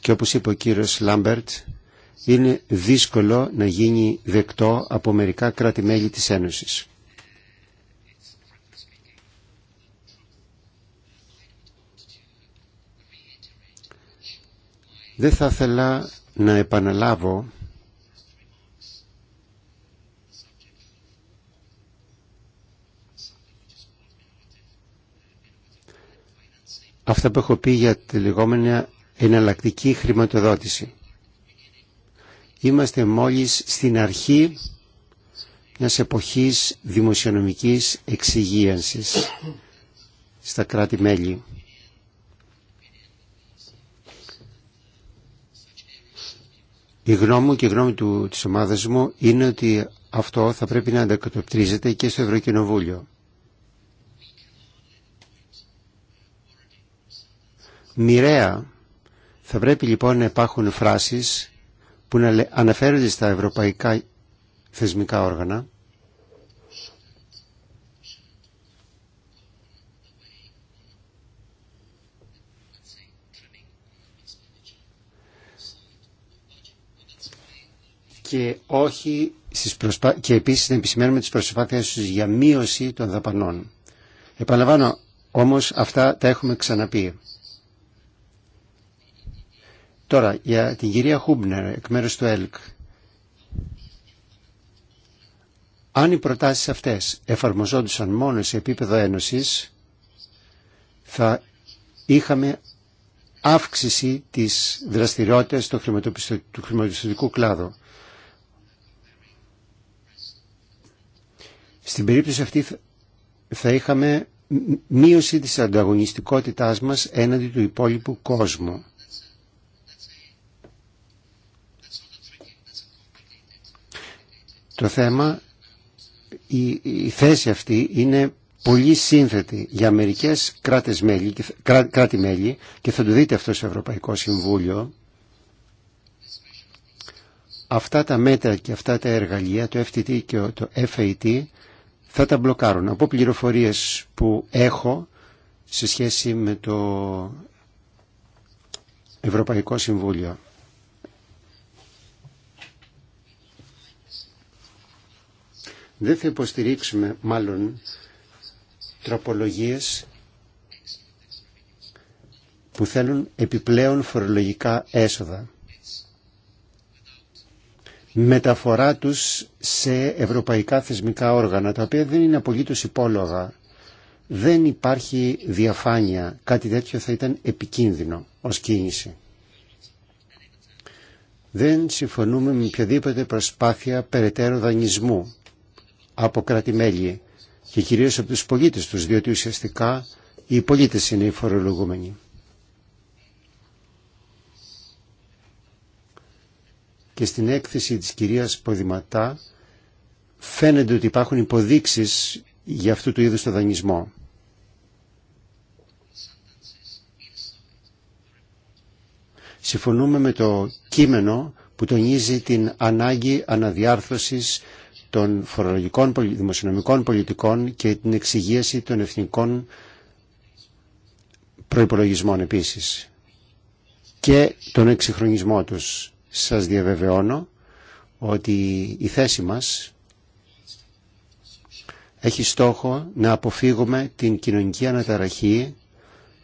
και όπως είπε ο κύριος Λάμπερτ είναι δύσκολο να γίνει δεκτό από μερικά κράτη-μέλη της Ένωσης. Δεν θα ήθελα να επαναλάβω αυτά που έχω πει για τη λεγόμενη εναλλακτική χρηματοδότηση. Είμαστε μόλις στην αρχή μιας εποχής δημοσιονομικής εξυγίανσης στα κράτη-μέλη. Η γνώμη μου και η γνώμη του, της ομάδας μου είναι ότι αυτό θα πρέπει να αντακατοπτρίζεται και στο Ευρωκοινοβούλιο. Μοιραία θα πρέπει λοιπόν να υπάρχουν φράσεις που να αναφέρονται στα ευρωπαϊκά θεσμικά όργανα και όχι στις και επίσης να επισημαίνουμε τις προσπάθειες τους για μείωση των δαπανών. Επαναλαμβάνω, όμως αυτά τα έχουμε ξαναπεί. Τώρα, για την κυρία Χούμπνερ, εκ μέρους του ΕΛΚ. Αν οι προτάσεις αυτές εφαρμοζόντουσαν μόνο σε επίπεδο ένωσης, θα είχαμε αύξηση της δραστηριότητας του χρηματοπιστωτικού κλάδου. Στην περίπτωση αυτή θα είχαμε μείωση της ανταγωνιστικότητάς μας έναντι του υπόλοιπου κόσμου. Το θέμα, η, η θέση αυτή είναι πολύ σύνθετη για μερικες κράτες κρά, κράτη-μέλη και θα το δείτε αυτό στο Ευρωπαϊκό Συμβούλιο. Αυτά τα μέτρα και αυτά τα εργαλεία, το FTT και το FAT, θα τα μπλοκάρουν. Από πληροφορίες που έχω σε σχέση με το Ευρωπαϊκό Συμβούλιο. δεν θα υποστηρίξουμε μάλλον τροπολογίες που θέλουν επιπλέον φορολογικά έσοδα. Μεταφορά τους σε ευρωπαϊκά θεσμικά όργανα, τα οποία δεν είναι απολύτως υπόλογα. Δεν υπάρχει διαφάνεια. Κάτι τέτοιο θα ήταν επικίνδυνο ως κίνηση. Δεν συμφωνούμε με οποιαδήποτε προσπάθεια περαιτέρω δανεισμού από κράτη-μέλη και κυρίως από τους πολίτες τους, διότι ουσιαστικά οι πολίτες είναι οι φορολογούμενοι. Και στην έκθεση της κυρίας Ποδηματά φαίνεται ότι υπάρχουν υποδείξεις για αυτού του είδους το δανεισμό. Συμφωνούμε με το κείμενο που τονίζει την ανάγκη αναδιάρθρωσης των φορολογικών δημοσιονομικών πολιτικών και την εξηγίαση των εθνικών προϋπολογισμών επίσης και τον εξυγχρονισμό τους. Σας διαβεβαιώνω ότι η θέση μας έχει στόχο να αποφύγουμε την κοινωνική αναταραχή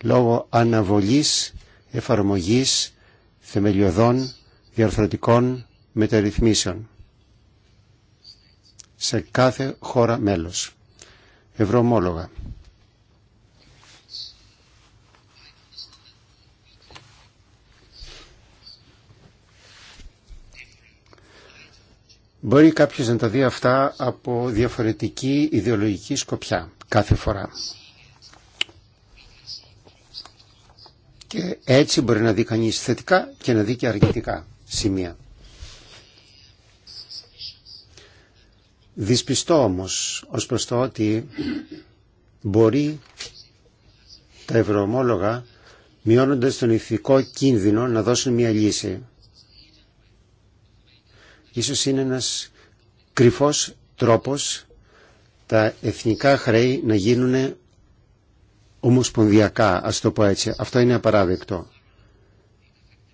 λόγω αναβολής εφαρμογής θεμελιωδών διαρθρωτικών μεταρρυθμίσεων σε κάθε χώρα μέλος. Ευρωομόλογα. Μπορεί κάποιος να τα δει αυτά από διαφορετική ιδεολογική σκοπιά κάθε φορά. Και έτσι μπορεί να δει κανείς θετικά και να δει και αρνητικά σημεία. Δυσπιστώ όμως ως προς το ότι μπορεί τα ευρωομόλογα μειώνοντας τον ηθικό κίνδυνο να δώσουν μια λύση. Ίσως είναι ένας κρυφός τρόπος τα εθνικά χρέη να γίνουν ομοσπονδιακά, ας το πω έτσι. Αυτό είναι απαράδεκτο.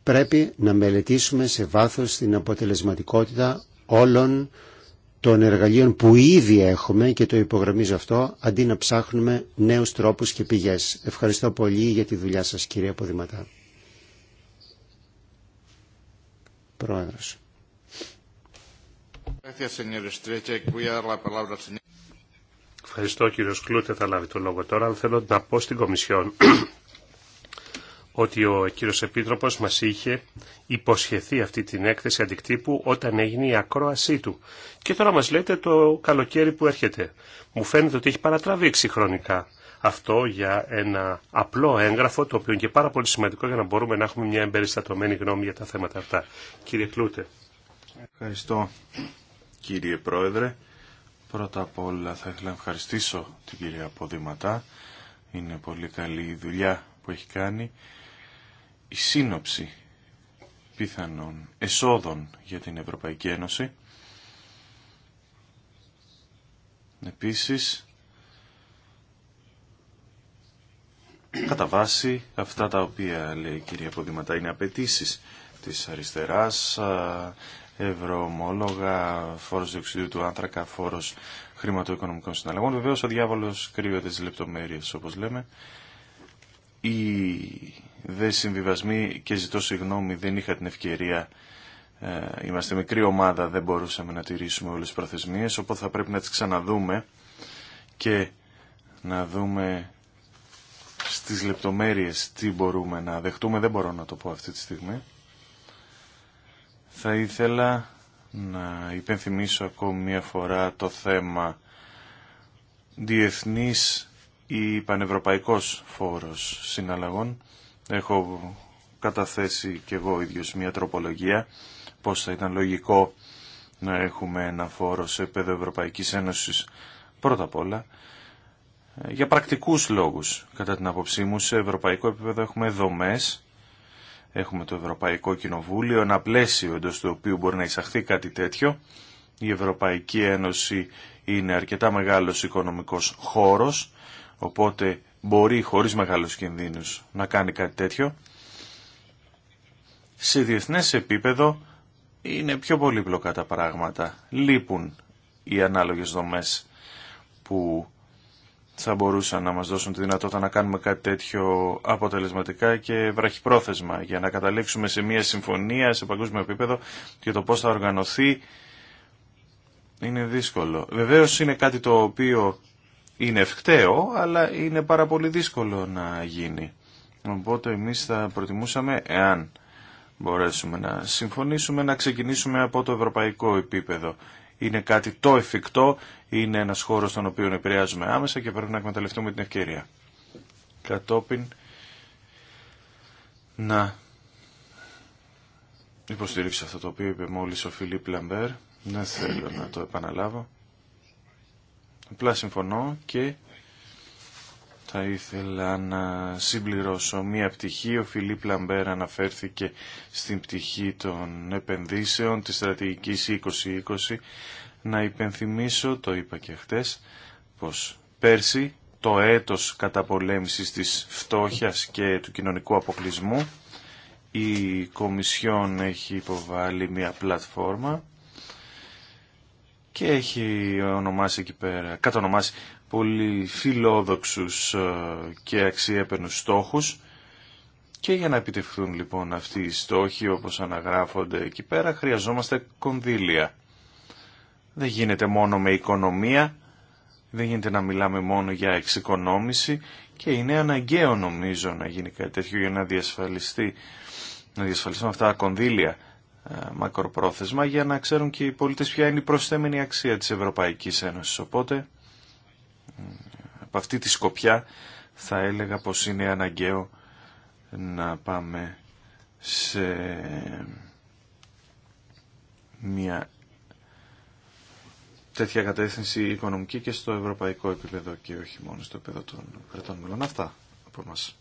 Πρέπει να μελετήσουμε σε βάθος την αποτελεσματικότητα όλων των εργαλείων που ήδη έχουμε και το υπογραμμίζω αυτό, αντί να ψάχνουμε νέους τρόπους και πηγές. Ευχαριστώ πολύ για τη δουλειά σας, κύριε Αποδηματά. Πρόεδρος. Ευχαριστώ, κύριο Κλούτε, θα λάβει το λόγο τώρα, αλλά θέλω να πω στην Κομισιόν ότι ο κύριος Επίτροπος μας είχε υποσχεθεί αυτή την έκθεση αντικτύπου όταν έγινε η ακρόασή του. Και τώρα μας λέτε το καλοκαίρι που έρχεται. Μου φαίνεται ότι έχει παρατραβήξει χρονικά αυτό για ένα απλό έγγραφο, το οποίο είναι και πάρα πολύ σημαντικό για να μπορούμε να έχουμε μια εμπεριστατωμένη γνώμη για τα θέματα αυτά. Κύριε Κλούτε. Ευχαριστώ κύριε Πρόεδρε. Πρώτα απ' όλα θα ήθελα να ευχαριστήσω την κυρία Ποδηματά. Είναι πολύ καλή η δουλειά που έχει κάνει η σύνοψη πιθανών εσόδων για την Ευρωπαϊκή Ένωση. Επίσης, κατά βάση αυτά τα οποία λέει η κυρία Ποδηματά είναι απαιτήσει της αριστεράς, ευρωομόλογα, φόρος διοξιδίου του άνθρακα, φόρος χρηματοοικονομικών συναλλαγών. Βεβαίως ο διάβολος κρύβεται στις λεπτομέρειες όπως λέμε. Η δεν συμβιβασμοί και ζητώ συγγνώμη, δεν είχα την ευκαιρία. Ε, είμαστε μικρή ομάδα, δεν μπορούσαμε να τηρήσουμε όλες τις προθεσμίες, οπότε θα πρέπει να τις ξαναδούμε και να δούμε στις λεπτομέρειες τι μπορούμε να δεχτούμε. Δεν μπορώ να το πω αυτή τη στιγμή. Θα ήθελα να υπενθυμίσω ακόμη μια φορά το θέμα διεθνής ή πανευρωπαϊκός φόρος συναλλαγών Έχω καταθέσει και εγώ ίδιος μια τροπολογία πως θα ήταν λογικό να έχουμε ένα φόρο σε επίπεδο Ευρωπαϊκής Ένωσης πρώτα απ' όλα για πρακτικούς λόγους κατά την άποψή μου σε ευρωπαϊκό επίπεδο έχουμε δομές έχουμε το Ευρωπαϊκό Κοινοβούλιο ένα πλαίσιο εντός του οποίου μπορεί να εισαχθεί κάτι τέτοιο η Ευρωπαϊκή Ένωση είναι αρκετά μεγάλος οικονομικός χώρος οπότε μπορεί χωρίς μεγάλους κινδύνους να κάνει κάτι τέτοιο. Σε διεθνές επίπεδο είναι πιο πολύπλοκα τα πράγματα. Λείπουν οι ανάλογες δομές που θα μπορούσαν να μας δώσουν τη δυνατότητα να κάνουμε κάτι τέτοιο αποτελεσματικά και βραχυπρόθεσμα για να καταλήξουμε σε μια συμφωνία σε παγκόσμιο επίπεδο για το πώς θα οργανωθεί είναι δύσκολο. Βεβαίως είναι κάτι το οποίο είναι ευκταίο, αλλά είναι πάρα πολύ δύσκολο να γίνει. Οπότε εμείς θα προτιμούσαμε, εάν μπορέσουμε να συμφωνήσουμε, να ξεκινήσουμε από το ευρωπαϊκό επίπεδο. Είναι κάτι το εφικτό, είναι ένας χώρος τον οποίο επηρεάζουμε άμεσα και πρέπει να εκμεταλλευτούμε την ευκαιρία. Κατόπιν να υποστηρίξω αυτό το οποίο είπε μόλις ο Φιλίπ Λαμπέρ. Δεν θέλω να το επαναλάβω. Απλά συμφωνώ και θα ήθελα να συμπληρώσω μία πτυχή. Ο Φιλίπ Λαμπέρ αναφέρθηκε στην πτυχή των επενδύσεων της στρατηγικής 2020. Να υπενθυμίσω, το είπα και χτες, πως πέρσι το έτος καταπολέμησης της φτώχειας και του κοινωνικού αποκλεισμού η Κομισιόν έχει υποβάλει μία πλατφόρμα και έχει ονομάσει εκεί πέρα, κατονομάσει πολύ φιλόδοξους ε, και αξιέπαινους στόχους και για να επιτευχθούν λοιπόν αυτοί οι στόχοι όπως αναγράφονται εκεί πέρα χρειαζόμαστε κονδύλια. Δεν γίνεται μόνο με οικονομία, δεν γίνεται να μιλάμε μόνο για εξοικονόμηση και είναι αναγκαίο νομίζω να γίνει κάτι τέτοιο για να διασφαλιστεί να αυτά τα κονδύλια ε, μακροπρόθεσμα για να ξέρουν και οι πολίτες ποια είναι η προσθέμενη αξία της Ευρωπαϊκής Ένωσης. Οπότε, ε, από αυτή τη σκοπιά θα έλεγα πως είναι αναγκαίο να πάμε σε μια τέτοια κατεύθυνση οικονομική και στο ευρωπαϊκό επίπεδο και όχι μόνο στο επίπεδο των κρατών μελών. Αυτά από εμάς.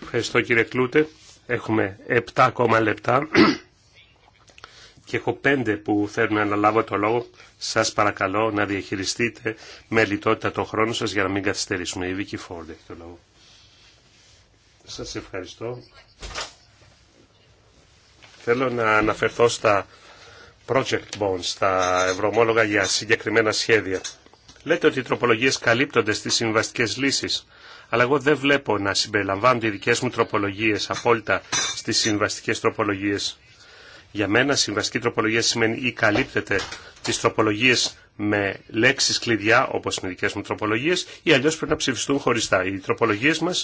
Ευχαριστώ κύριε Κλούτε. Έχουμε 7 ακόμα λεπτά και έχω πέντε που θέλουν να αναλάβω το λόγο. Σας παρακαλώ να διαχειριστείτε με λιτότητα τον χρόνο σας για να μην καθυστερήσουμε. Η Βίκη Φόρντ έχει το λόγο. Σας ευχαριστώ. Θέλω να αναφερθώ στα project bonds, στα ευρωμόλογα για συγκεκριμένα σχέδια. Λέτε ότι οι τροπολογίες καλύπτονται στις συμβαστικές λύσεις. Αλλά εγώ δεν βλέπω να συμπεριλαμβάνονται οι δικέ μου τροπολογίε απόλυτα στι συμβαστικέ τροπολογίε. Για μένα συμβαστική τροπολογία σημαίνει ή καλύπτεται τι τροπολογίε με λέξει κλειδιά όπω είναι οι δικέ μου τροπολογίε, ή αλλιώ πρέπει να ψηφιστούν χωριστά. Οι τροπολογίε μα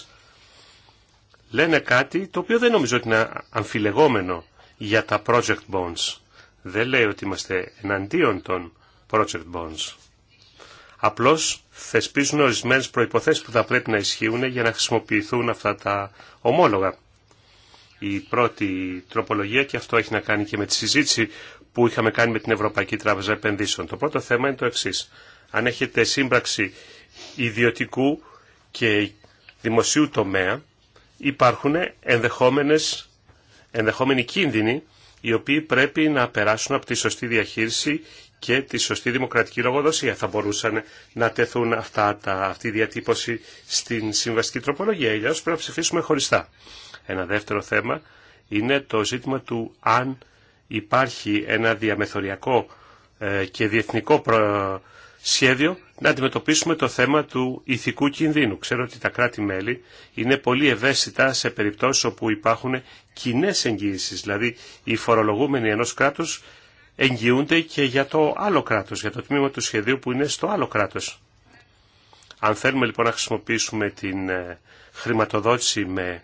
λένε κάτι το οποίο δεν νομίζω ότι είναι αμφιλεγόμενο για τα project bonds. Δεν λέει ότι είμαστε εναντίον των project bonds. Απλώς θεσπίζουν ορισμένες προϋποθέσεις που θα πρέπει να ισχύουν για να χρησιμοποιηθούν αυτά τα ομόλογα. Η πρώτη τροπολογία, και αυτό έχει να κάνει και με τη συζήτηση που είχαμε κάνει με την Ευρωπαϊκή Τράπεζα Επενδύσεων. Το πρώτο θέμα είναι το εξή. Αν έχετε σύμπραξη ιδιωτικού και δημοσίου τομέα, υπάρχουν ενδεχόμενες, ενδεχόμενοι κίνδυνοι οι οποίοι πρέπει να περάσουν από τη σωστή διαχείριση και τη σωστή δημοκρατική λογοδοσία. Θα μπορούσαν να τεθούν αυτά, τα, αυτή η διατύπωση στην συμβαστική τροπολογία. Αλλιώ πρέπει να ψηφίσουμε χωριστά. Ένα δεύτερο θέμα είναι το ζήτημα του αν υπάρχει ένα διαμεθοριακό ε, και διεθνικό σχέδιο να αντιμετωπίσουμε το θέμα του ηθικού κινδύνου. Ξέρω ότι τα κράτη-μέλη είναι πολύ ευαίσθητα σε περιπτώσεις όπου υπάρχουν κοινέ εγγύησεις, δηλαδή οι φορολογούμενοι ενός κράτους εγγυούνται και για το άλλο κράτος, για το τμήμα του σχεδίου που είναι στο άλλο κράτος. Αν θέλουμε λοιπόν να χρησιμοποιήσουμε την ε, χρηματοδότηση με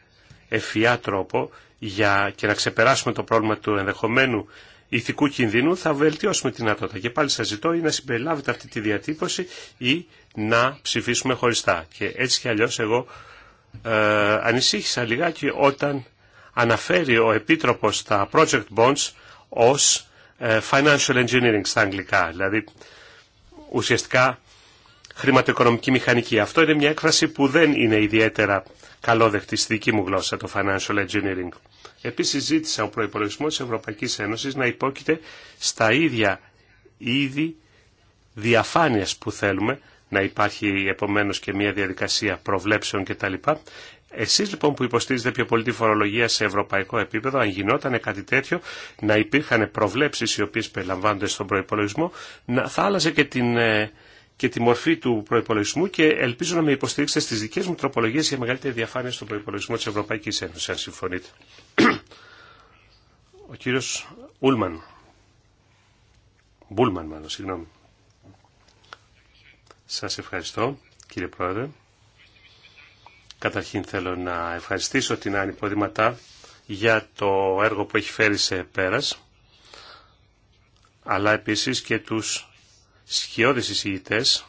ευφυά τρόπο για, και να ξεπεράσουμε το πρόβλημα του ενδεχομένου ηθικού κινδύνου, θα βελτιώσουμε την δυνατότητα. Και πάλι σας ζητώ ή να συμπεριλάβετε αυτή τη διατύπωση ή να ψηφίσουμε χωριστά. Και έτσι κι αλλιώς εγώ ε, ανησύχησα λιγάκι όταν αναφέρει ο Επίτροπος τα project bonds ως ε, financial engineering στα αγγλικά, δηλαδή ουσιαστικά χρηματοοικονομική μηχανική. Αυτό είναι μια έκφραση που δεν είναι ιδιαίτερα καλόδεκτη στη δική μου γλώσσα, το financial engineering. Επίσης ζήτησα ο προπολογισμό της Ευρωπαϊκής Ένωσης να υπόκειται στα ίδια είδη διαφάνειας που θέλουμε, να υπάρχει επομένως και μια διαδικασία προβλέψεων κτλ. Εσεί, λοιπόν που υποστήριζετε πιο πολύ τη φορολογία σε ευρωπαϊκό επίπεδο, αν γινόταν κάτι τέτοιο, να υπήρχαν προβλέψεις οι οποίες περιλαμβάνονται στον προϋπολογισμό, να, θα άλλαζε και, την, ε, και τη μορφή του προϋπολογισμού και ελπίζω να με υποστηρίξετε στι δικές μου τροπολογίε για μεγαλύτερη διαφάνεια στον προπολογισμό τη Ευρωπαϊκή Ένωση. αν συμφωνείτε. Ο κύριος Ούλμαν. Μπούλμαν μάλλον, συγγνώμη. Σα ευχαριστώ κύριε Πρόεδρε. Καταρχήν θέλω να ευχαριστήσω την Άννη Ποδηματά για το έργο που έχει φέρει σε πέρας, αλλά επίσης και τους σκιώδεις εισηγητές,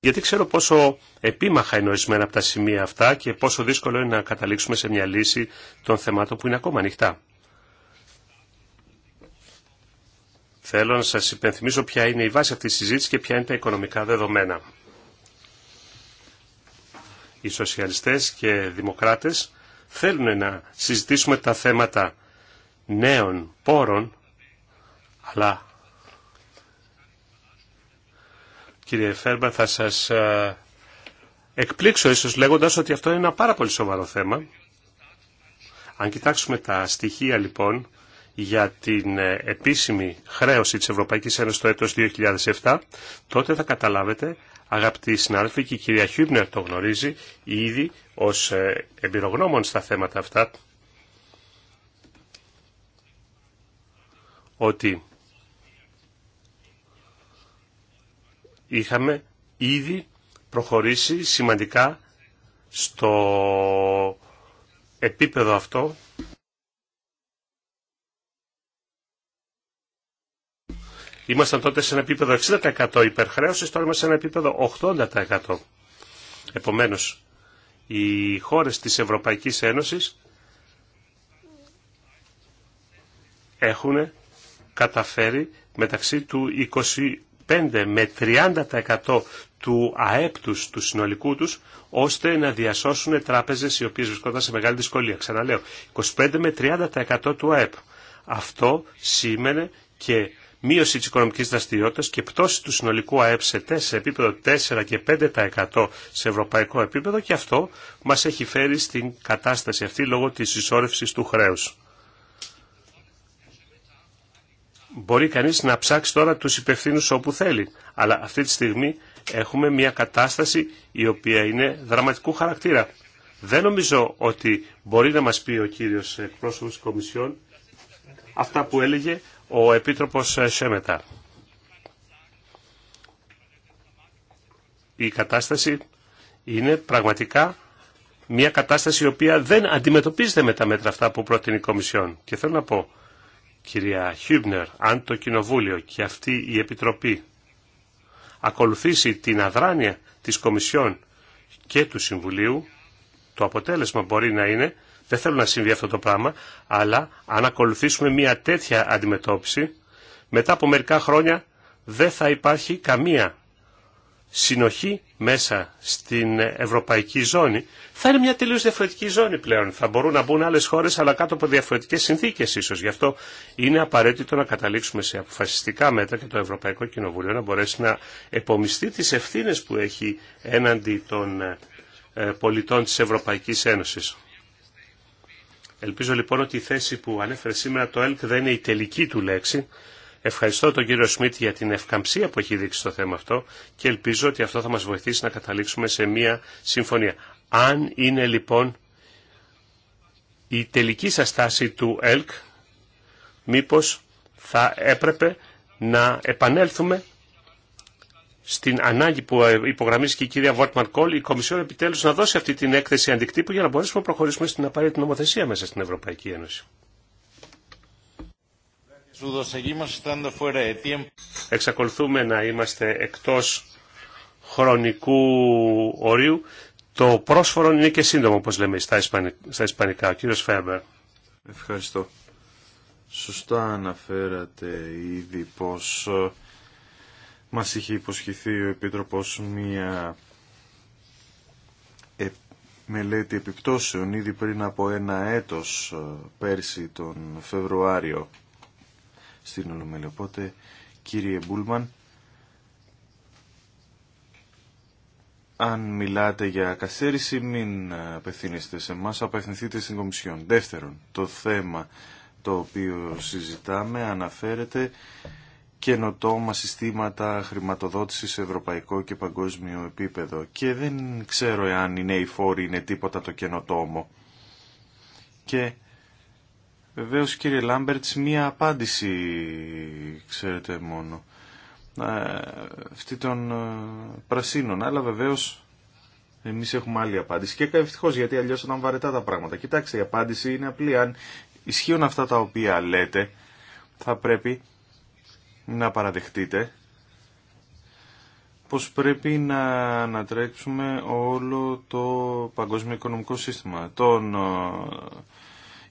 γιατί ξέρω πόσο επίμαχα είναι ορισμένα από τα σημεία αυτά και πόσο δύσκολο είναι να καταλήξουμε σε μια λύση των θεμάτων που είναι ακόμα ανοιχτά. Θέλω να σας υπενθυμίσω ποια είναι η βάση αυτής της συζήτησης και ποια είναι τα οικονομικά δεδομένα οι σοσιαλιστές και οι δημοκράτες θέλουν να συζητήσουμε τα θέματα νέων πόρων, αλλά κύριε Φέρμπα θα σας ε, εκπλήξω ίσως λέγοντας ότι αυτό είναι ένα πάρα πολύ σοβαρό θέμα. Αν κοιτάξουμε τα στοιχεία λοιπόν για την ε, επίσημη χρέωση της Ευρωπαϊκής Ένωσης το έτος 2007, τότε θα καταλάβετε Αγαπητοί συνάδελφοι, και η κυρία Χιούμπνερ το γνωρίζει ήδη ως ε, εμπειρογνώμων στα θέματα αυτά, ότι είχαμε ήδη προχωρήσει σημαντικά στο επίπεδο αυτό Ήμασταν τότε σε ένα επίπεδο 60% υπερχρέωσης, τώρα είμαστε σε ένα επίπεδο 80%. Επομένως, οι χώρες της Ευρωπαϊκής Ένωσης έχουν καταφέρει μεταξύ του 25 με 30% του ΑΕΠ τους, του συνολικού τους, ώστε να διασώσουν τράπεζες οι οποίες βρισκόταν σε μεγάλη δυσκολία. Ξαναλέω, 25 με 30% του ΑΕΠ. Αυτό σήμαινε και μείωση της οικονομικής δραστηριότητας και πτώση του συνολικού ΑΕΠ σε, σε επίπεδο 4 και 5% σε ευρωπαϊκό επίπεδο και αυτό μας έχει φέρει στην κατάσταση αυτή λόγω της ισόρευσης του χρέους. Μπορεί κανείς να ψάξει τώρα τους υπευθύνου όπου θέλει, αλλά αυτή τη στιγμή έχουμε μια κατάσταση η οποία είναι δραματικού χαρακτήρα. Δεν νομίζω ότι μπορεί να μας πει ο κύριος εκπρόσωπος της Κομισιόν αυτά που έλεγε ο Επίτροπος Σέμετα. Η κατάσταση είναι πραγματικά μια κατάσταση η οποία δεν αντιμετωπίζεται με τα μέτρα αυτά που προτείνει η Κομισιόν. Και θέλω να πω, κυρία Χιούμπνερ, αν το Κοινοβούλιο και αυτή η Επιτροπή ακολουθήσει την αδράνεια της Κομισιόν και του Συμβουλίου, το αποτέλεσμα μπορεί να είναι δεν θέλω να συμβεί αυτό το πράγμα, αλλά αν ακολουθήσουμε μια τέτοια αντιμετώπιση, μετά από μερικά χρόνια δεν θα υπάρχει καμία συνοχή μέσα στην ευρωπαϊκή ζώνη. Θα είναι μια τελείως διαφορετική ζώνη πλέον. Θα μπορούν να μπουν άλλες χώρες, αλλά κάτω από διαφορετικές συνθήκες ίσως. Γι' αυτό είναι απαραίτητο να καταλήξουμε σε αποφασιστικά μέτρα και το Ευρωπαϊκό Κοινοβουλίο να μπορέσει να επομιστεί τις ευθύνες που έχει έναντι των ε, πολιτών της Ευρωπαϊκής Ένωσης. Ελπίζω λοιπόν ότι η θέση που ανέφερε σήμερα το ΕΛΚ δεν είναι η τελική του λέξη. Ευχαριστώ τον κύριο Σμιτ για την ευκαμψία που έχει δείξει στο θέμα αυτό και ελπίζω ότι αυτό θα μας βοηθήσει να καταλήξουμε σε μια συμφωνία. Αν είναι λοιπόν η τελική σας στάση του ΕΛΚ, μήπως θα έπρεπε να επανέλθουμε στην ανάγκη που ε, υπογραμμίζει και η κυρία Βόρτμαν Κόλ, η Κομισιόν επιτέλους να δώσει αυτή την έκθεση αντικτύπου για να μπορέσουμε να προχωρήσουμε στην απαραίτητη νομοθεσία μέσα στην Ευρωπαϊκή Ένωση. Εξακολουθούμε να είμαστε εκτός χρονικού ορίου. Το πρόσφορο είναι και σύντομο, όπως λέμε στα, στα ισπανικά. Ο κύριος Φέμπερ. Ευχαριστώ. Σωστά αναφέρατε ήδη πως ε, μας είχε υποσχεθεί ο Επίτροπος μία ε, μελέτη επιπτώσεων ήδη πριν από ένα έτος ε, πέρσι τον Φεβρουάριο στην Ολομέλη. Οπότε κύριε Μπούλμαν, αν μιλάτε για καθαίριση μην απευθύνεστε σε εμά, απευθυνθείτε στην Κομισιόν. Δεύτερον, το θέμα το οποίο συζητάμε αναφέρεται καινοτόμα συστήματα χρηματοδότησης σε ευρωπαϊκό και παγκόσμιο επίπεδο και δεν ξέρω εάν οι νέοι φόροι είναι τίποτα το καινοτόμο. Και βεβαίως κύριε Λάμπερτς μία απάντηση ξέρετε μόνο ε, αυτή των ε, πρασίνων αλλά βεβαίως εμείς έχουμε άλλη απάντηση και ευτυχώς γιατί αλλιώς ήταν βαρετά τα πράγματα. Κοιτάξτε η απάντηση είναι απλή αν ισχύουν αυτά τα οποία λέτε θα πρέπει να παραδεχτείτε πως πρέπει να ανατρέξουμε όλο το παγκόσμιο οικονομικό σύστημα. Τον... Ε,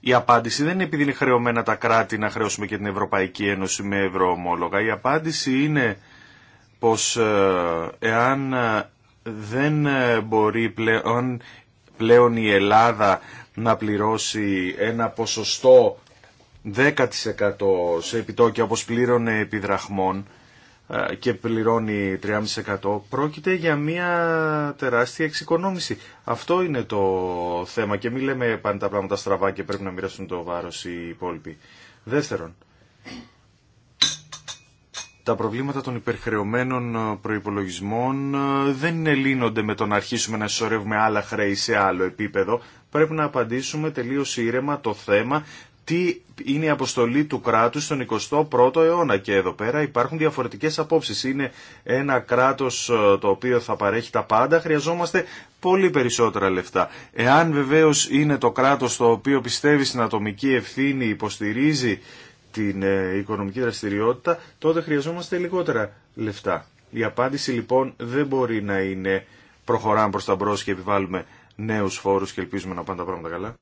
η απάντηση δεν είναι επειδή είναι χρεωμένα τα κράτη να χρεώσουμε και την Ευρωπαϊκή Ένωση με ευρωομόλογα. Η απάντηση είναι πως ε, εάν ε, δεν μπορεί πλέον, πλέον η Ελλάδα να πληρώσει ένα ποσοστό 10% σε επιτόκια όπως πλήρωνε επί ε, και πληρώνει 3,5% πρόκειται για μια τεράστια εξοικονόμηση. Αυτό είναι το θέμα και μην λέμε πάνε τα πράγματα στραβά και πρέπει να μοιραστούν το βάρος οι υπόλοιποι. Δεύτερον, τα προβλήματα των υπερχρεωμένων προϋπολογισμών ε, δεν λύνονται με το να αρχίσουμε να συσσωρεύουμε άλλα χρέη σε άλλο επίπεδο. Πρέπει να απαντήσουμε τελείως ήρεμα το θέμα τι είναι η αποστολή του κράτους στον 21ο αιώνα και εδώ πέρα υπάρχουν διαφορετικές απόψεις. Είναι ένα κράτος ε, το οποίο θα παρέχει τα πάντα, χρειαζόμαστε πολύ περισσότερα λεφτά. Εάν βεβαίως είναι το κράτος το οποίο πιστεύει στην ατομική ευθύνη, υποστηρίζει την ε, οικονομική δραστηριότητα, τότε χρειαζόμαστε λιγότερα λεφτά. Η απάντηση λοιπόν δεν μπορεί να είναι προχωράμε προς τα μπρος και επιβάλλουμε νέους φόρους και ελπίζουμε να πάνε τα πράγματα καλά.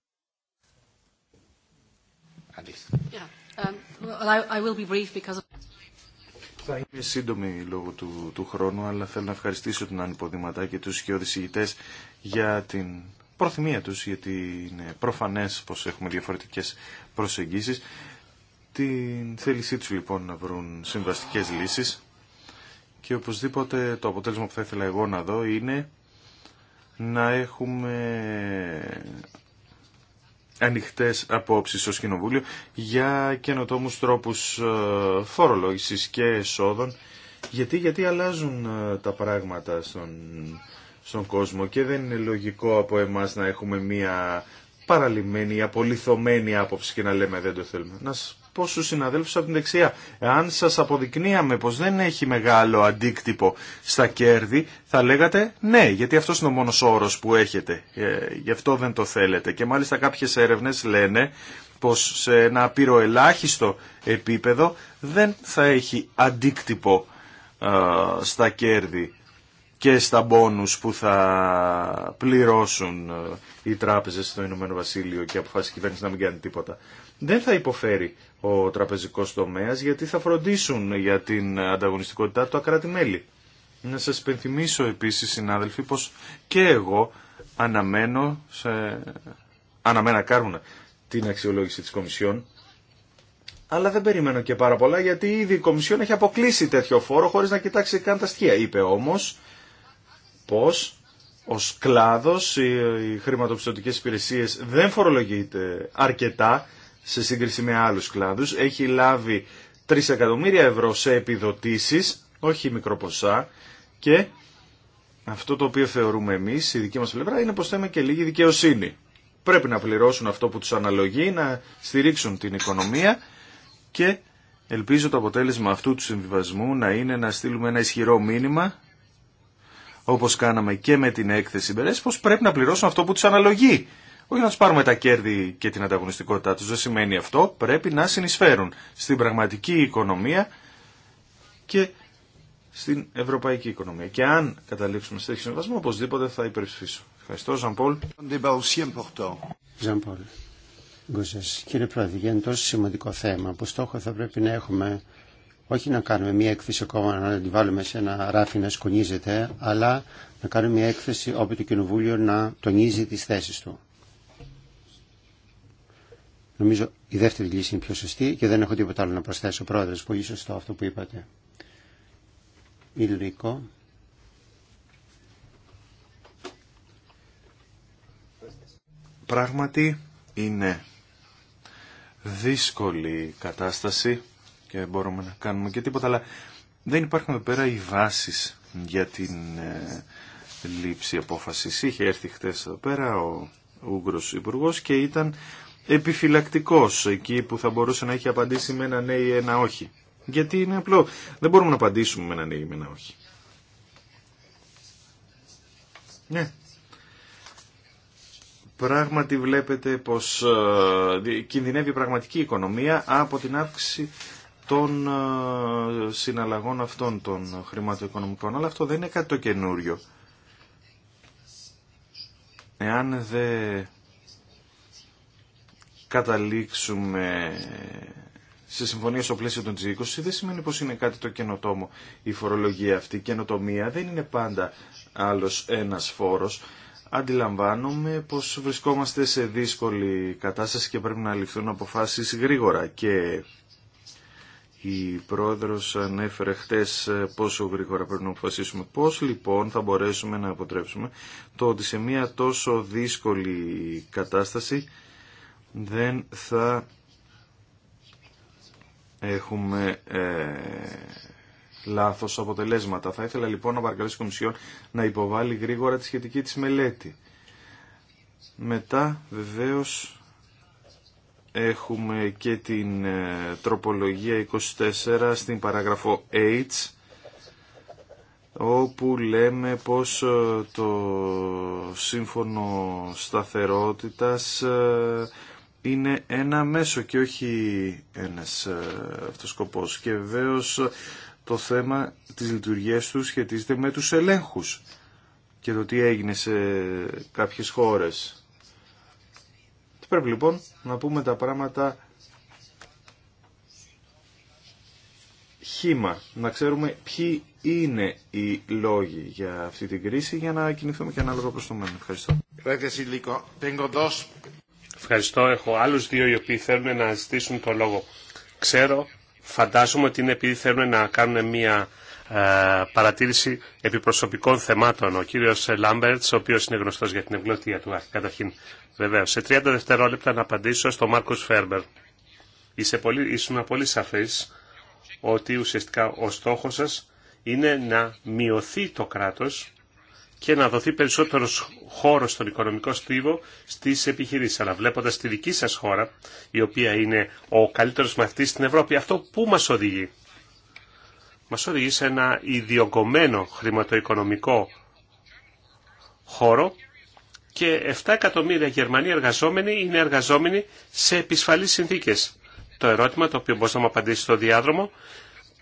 Θα είμαι σύντομη λόγω του, του χρόνου, αλλά θέλω να ευχαριστήσω τον Ανυποδηματά και τους σκιώδησηγητές για την προθυμία τους, γιατί είναι προφανές πως έχουμε διαφορετικές προσεγγίσεις. Την θέλησή τους λοιπόν να βρουν συμβαστικές λύσεις και οπωσδήποτε το αποτέλεσμα που θα ήθελα εγώ να δω είναι να έχουμε Ανοιχτέ απόψεις στο Σκηνοβούλιο για καινοτόμους τρόπους ε, φορολόγηση και εσόδων. Γιατί, γιατί αλλάζουν ε, τα πράγματα στον, στον κόσμο και δεν είναι λογικό από εμάς να έχουμε μία παραλυμένη, απολυθωμένη άποψη και να λέμε δεν το θέλουμε. Να Πόσους συναδέλφους από την δεξιά. Αν σας αποδεικνύαμε πως δεν έχει μεγάλο αντίκτυπο στα κέρδη, θα λέγατε ναι, γιατί αυτός είναι ο μόνος όρος που έχετε. Ε, γι' αυτό δεν το θέλετε. Και μάλιστα κάποιες έρευνες λένε πως σε ένα απειροελάχιστο επίπεδο δεν θα έχει αντίκτυπο ε, στα κέρδη και στα μπόνους που θα πληρώσουν ε, οι τράπεζες στο Ηνωμένο Βασίλειο και αποφάσισε η κυβέρνηση να μην κάνει τίποτα. Δεν θα υποφέρει ο τραπεζικός τομέας γιατί θα φροντίσουν για την ανταγωνιστικότητά του ακράτη μελη Να σας υπενθυμίσω επίσης συνάδελφοι πως και εγώ αναμένω, σε... αναμένα κάρμουνα την αξιολόγηση της Κομισιόν αλλά δεν περιμένω και πάρα πολλά γιατί ήδη η Κομισιόν έχει αποκλείσει τέτοιο φόρο χωρίς να κοιτάξει καν τα στοιχεία. Είπε όμως πως ω κλάδος οι χρηματοπιστωτικές υπηρεσίες δεν φορολογείται αρκετά σε σύγκριση με άλλους κλάδους. Έχει λάβει 3 εκατομμύρια ευρώ σε επιδοτήσεις, όχι μικροποσά, και αυτό το οποίο θεωρούμε εμείς, η δική μας πλευρά, είναι πως θέμε και λίγη δικαιοσύνη. Πρέπει να πληρώσουν αυτό που τους αναλογεί, να στηρίξουν την οικονομία και ελπίζω το αποτέλεσμα αυτού του συμβιβασμού να είναι να στείλουμε ένα ισχυρό μήνυμα όπως κάναμε και με την έκθεση Μπερές, πως πρέπει να πληρώσουν αυτό που τους αναλογεί. Όχι να του πάρουμε τα κέρδη και την ανταγωνιστικότητά του, δεν σημαίνει αυτό. Πρέπει να συνεισφέρουν στην πραγματική οικονομία και στην ευρωπαϊκή οικονομία. Και αν καταλήξουμε σε τέτοιο συμβασμό, οπωσδήποτε θα υπερψηφίσω. Ευχαριστώ, Ζαν Πολ. Ζαν Πολ. Κύριε Πρόεδρε, για ένα τόσο σημαντικό θέμα που στόχο θα πρέπει να έχουμε όχι να κάνουμε μια έκθεση ακόμα να την βάλουμε σε ένα ράφι να σκονίζεται, αλλά να κάνουμε μια έκθεση όπου το Κοινοβούλιο να τονίζει τις θέσεις του. Νομίζω η δεύτερη λύση είναι πιο σωστή και δεν έχω τίποτα άλλο να προσθέσω. Πρόεδρος, πολύ σωστό αυτό που είπατε. Ηλικό. Πράγματι είναι δύσκολη κατάσταση και μπορούμε να κάνουμε και τίποτα, αλλά δεν υπάρχουν εδώ πέρα οι βάσεις για την ε, λήψη απόφασης. Είχε έρθει χτες εδώ πέρα ο Ούγγρος υπουργό και ήταν επιφυλακτικός εκεί που θα μπορούσε να έχει απαντήσει με ένα ναι ή ένα όχι. Γιατί είναι απλό. Δεν μπορούμε να απαντήσουμε με ένα ναι ή με ένα όχι. Ναι. Πράγματι βλέπετε πως ε, κινδυνεύει η πραγματική οικονομία από την αύξηση των ε, συναλλαγών αυτών των χρηματοοικονομικών. Αλλά αυτό δεν είναι κάτι το καινούριο. Εάν δεν καταλήξουμε σε συμφωνία στο πλαίσιο των G20 δεν σημαίνει πως είναι κάτι το καινοτόμο η φορολογία αυτή. Η καινοτομία δεν είναι πάντα άλλος ένας φόρος. Αντιλαμβάνομαι πως βρισκόμαστε σε δύσκολη κατάσταση και πρέπει να ληφθούν αποφάσεις γρήγορα και η πρόεδρος ανέφερε χτες πόσο γρήγορα πρέπει να αποφασίσουμε. Πώς λοιπόν θα μπορέσουμε να αποτρέψουμε το ότι σε μια τόσο δύσκολη κατάσταση δεν θα έχουμε ε, λάθος αποτελέσματα. Θα ήθελα λοιπόν να παρακαλέσει η Κομισιόν να υποβάλει γρήγορα τη σχετική της μελέτη. Μετά βεβαίως έχουμε και την ε, τροπολογία 24 στην παράγραφο H όπου λέμε πως ε, το σύμφωνο σταθερότητας ε, είναι ένα μέσο και όχι ένας ε, αυτός Και βεβαίω ε, το θέμα της λειτουργίας του σχετίζεται με τους ελέγχους και το τι έγινε σε κάποιες χώρες. Τι πρέπει λοιπόν να πούμε τα πράγματα χήμα, να ξέρουμε ποιοι είναι οι λόγοι για αυτή την κρίση για να κινηθούμε και ανάλογα προς το μέλλον. Ευχαριστώ. Ευχαριστώ. Έχω άλλου δύο οι οποίοι θέλουν να ζητήσουν το λόγο. Ξέρω, φαντάζομαι ότι είναι επειδή θέλουν να κάνουν μια ε, παρατήρηση επί προσωπικών θεμάτων. Ο κύριο Λάμπερτ, ο οποίο είναι γνωστό για την ευγλωτία του, καταρχήν βεβαίω. Σε 30 δευτερόλεπτα να απαντήσω στον Μάρκο Φέρμπερ. Είσαι πολύ, ήσουν πολύ σαφή ότι ουσιαστικά ο στόχο σα είναι να μειωθεί το κράτος και να δοθεί περισσότερο χώρο στον οικονομικό στίβο στι επιχειρήσει, Αλλά βλέποντα τη δική σα χώρα, η οποία είναι ο καλύτερο μαθητή στην Ευρώπη, αυτό που μα οδηγεί. μα οδηγεί σε ένα ιδιογκωμένο χρηματοοικονομικό χώρο και 7 εκατομμύρια Γερμανοί εργαζόμενοι είναι εργαζόμενοι σε επισφαλείς συνθήκες. Το ερώτημα το οποίο μπορούσαμε να μου στο διάδρομο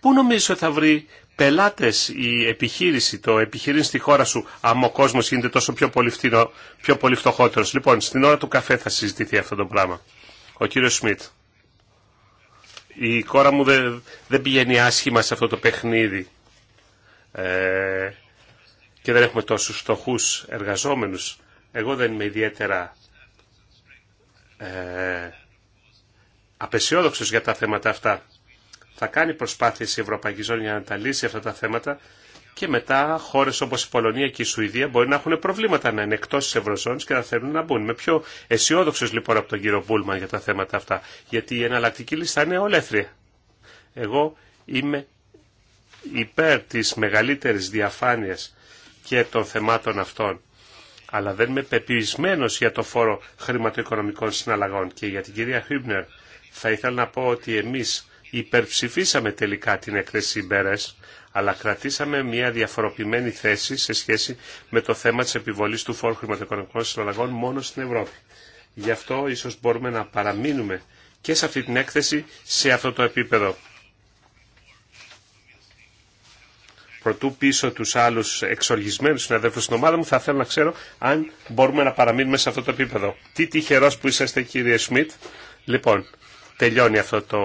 Πού νομίζω θα βρει πελάτες η επιχείρηση, το επιχειρήν στη χώρα σου, αν ο κόσμος γίνεται τόσο πιο πολύ, πιο φτωχότερος. Λοιπόν, στην ώρα του καφέ θα συζητηθεί αυτό το πράγμα. Ο κύριος Σμιτ. Η κόρα μου δεν, δεν πηγαίνει άσχημα σε αυτό το παιχνίδι. Ε, και δεν έχουμε τόσους φτωχού εργαζόμενους. Εγώ δεν είμαι ιδιαίτερα ε, απεσιόδοξος για τα θέματα αυτά θα κάνει προσπάθειες η Ευρωπαϊκή Ζώνη για να τα λύσει αυτά τα θέματα και μετά χώρες όπως η Πολωνία και η Σουηδία μπορεί να έχουν προβλήματα να είναι εκτός της Ευρωζώνης και να θέλουν να μπουν. Είμαι πιο αισιόδοξο λοιπόν από τον κύριο Μπούλμαν για τα θέματα αυτά, γιατί η εναλλακτική λίστα είναι ολέθρια. Εγώ είμαι υπέρ της μεγαλύτερης διαφάνειας και των θεμάτων αυτών αλλά δεν είμαι πεπισμένο για το φόρο χρηματοοικονομικών συναλλαγών. Και για την κυρία Χίμπνερ θα ήθελα να πω ότι εμείς υπερψηφίσαμε τελικά την έκθεση Μπέρες, αλλά κρατήσαμε μια διαφοροποιημένη θέση σε σχέση με το θέμα της επιβολής του φόρου χρηματοοικονομικών συναλλαγών μόνο στην Ευρώπη. Γι' αυτό ίσως μπορούμε να παραμείνουμε και σε αυτή την έκθεση σε αυτό το επίπεδο. Προτού πίσω τους άλλους εξοργισμένους συναδέλφους στην ομάδα μου θα θέλω να ξέρω αν μπορούμε να παραμείνουμε σε αυτό το επίπεδο. Τι τυχερός που είσαστε κύριε Σμιτ. Λοιπόν, τελειώνει αυτό το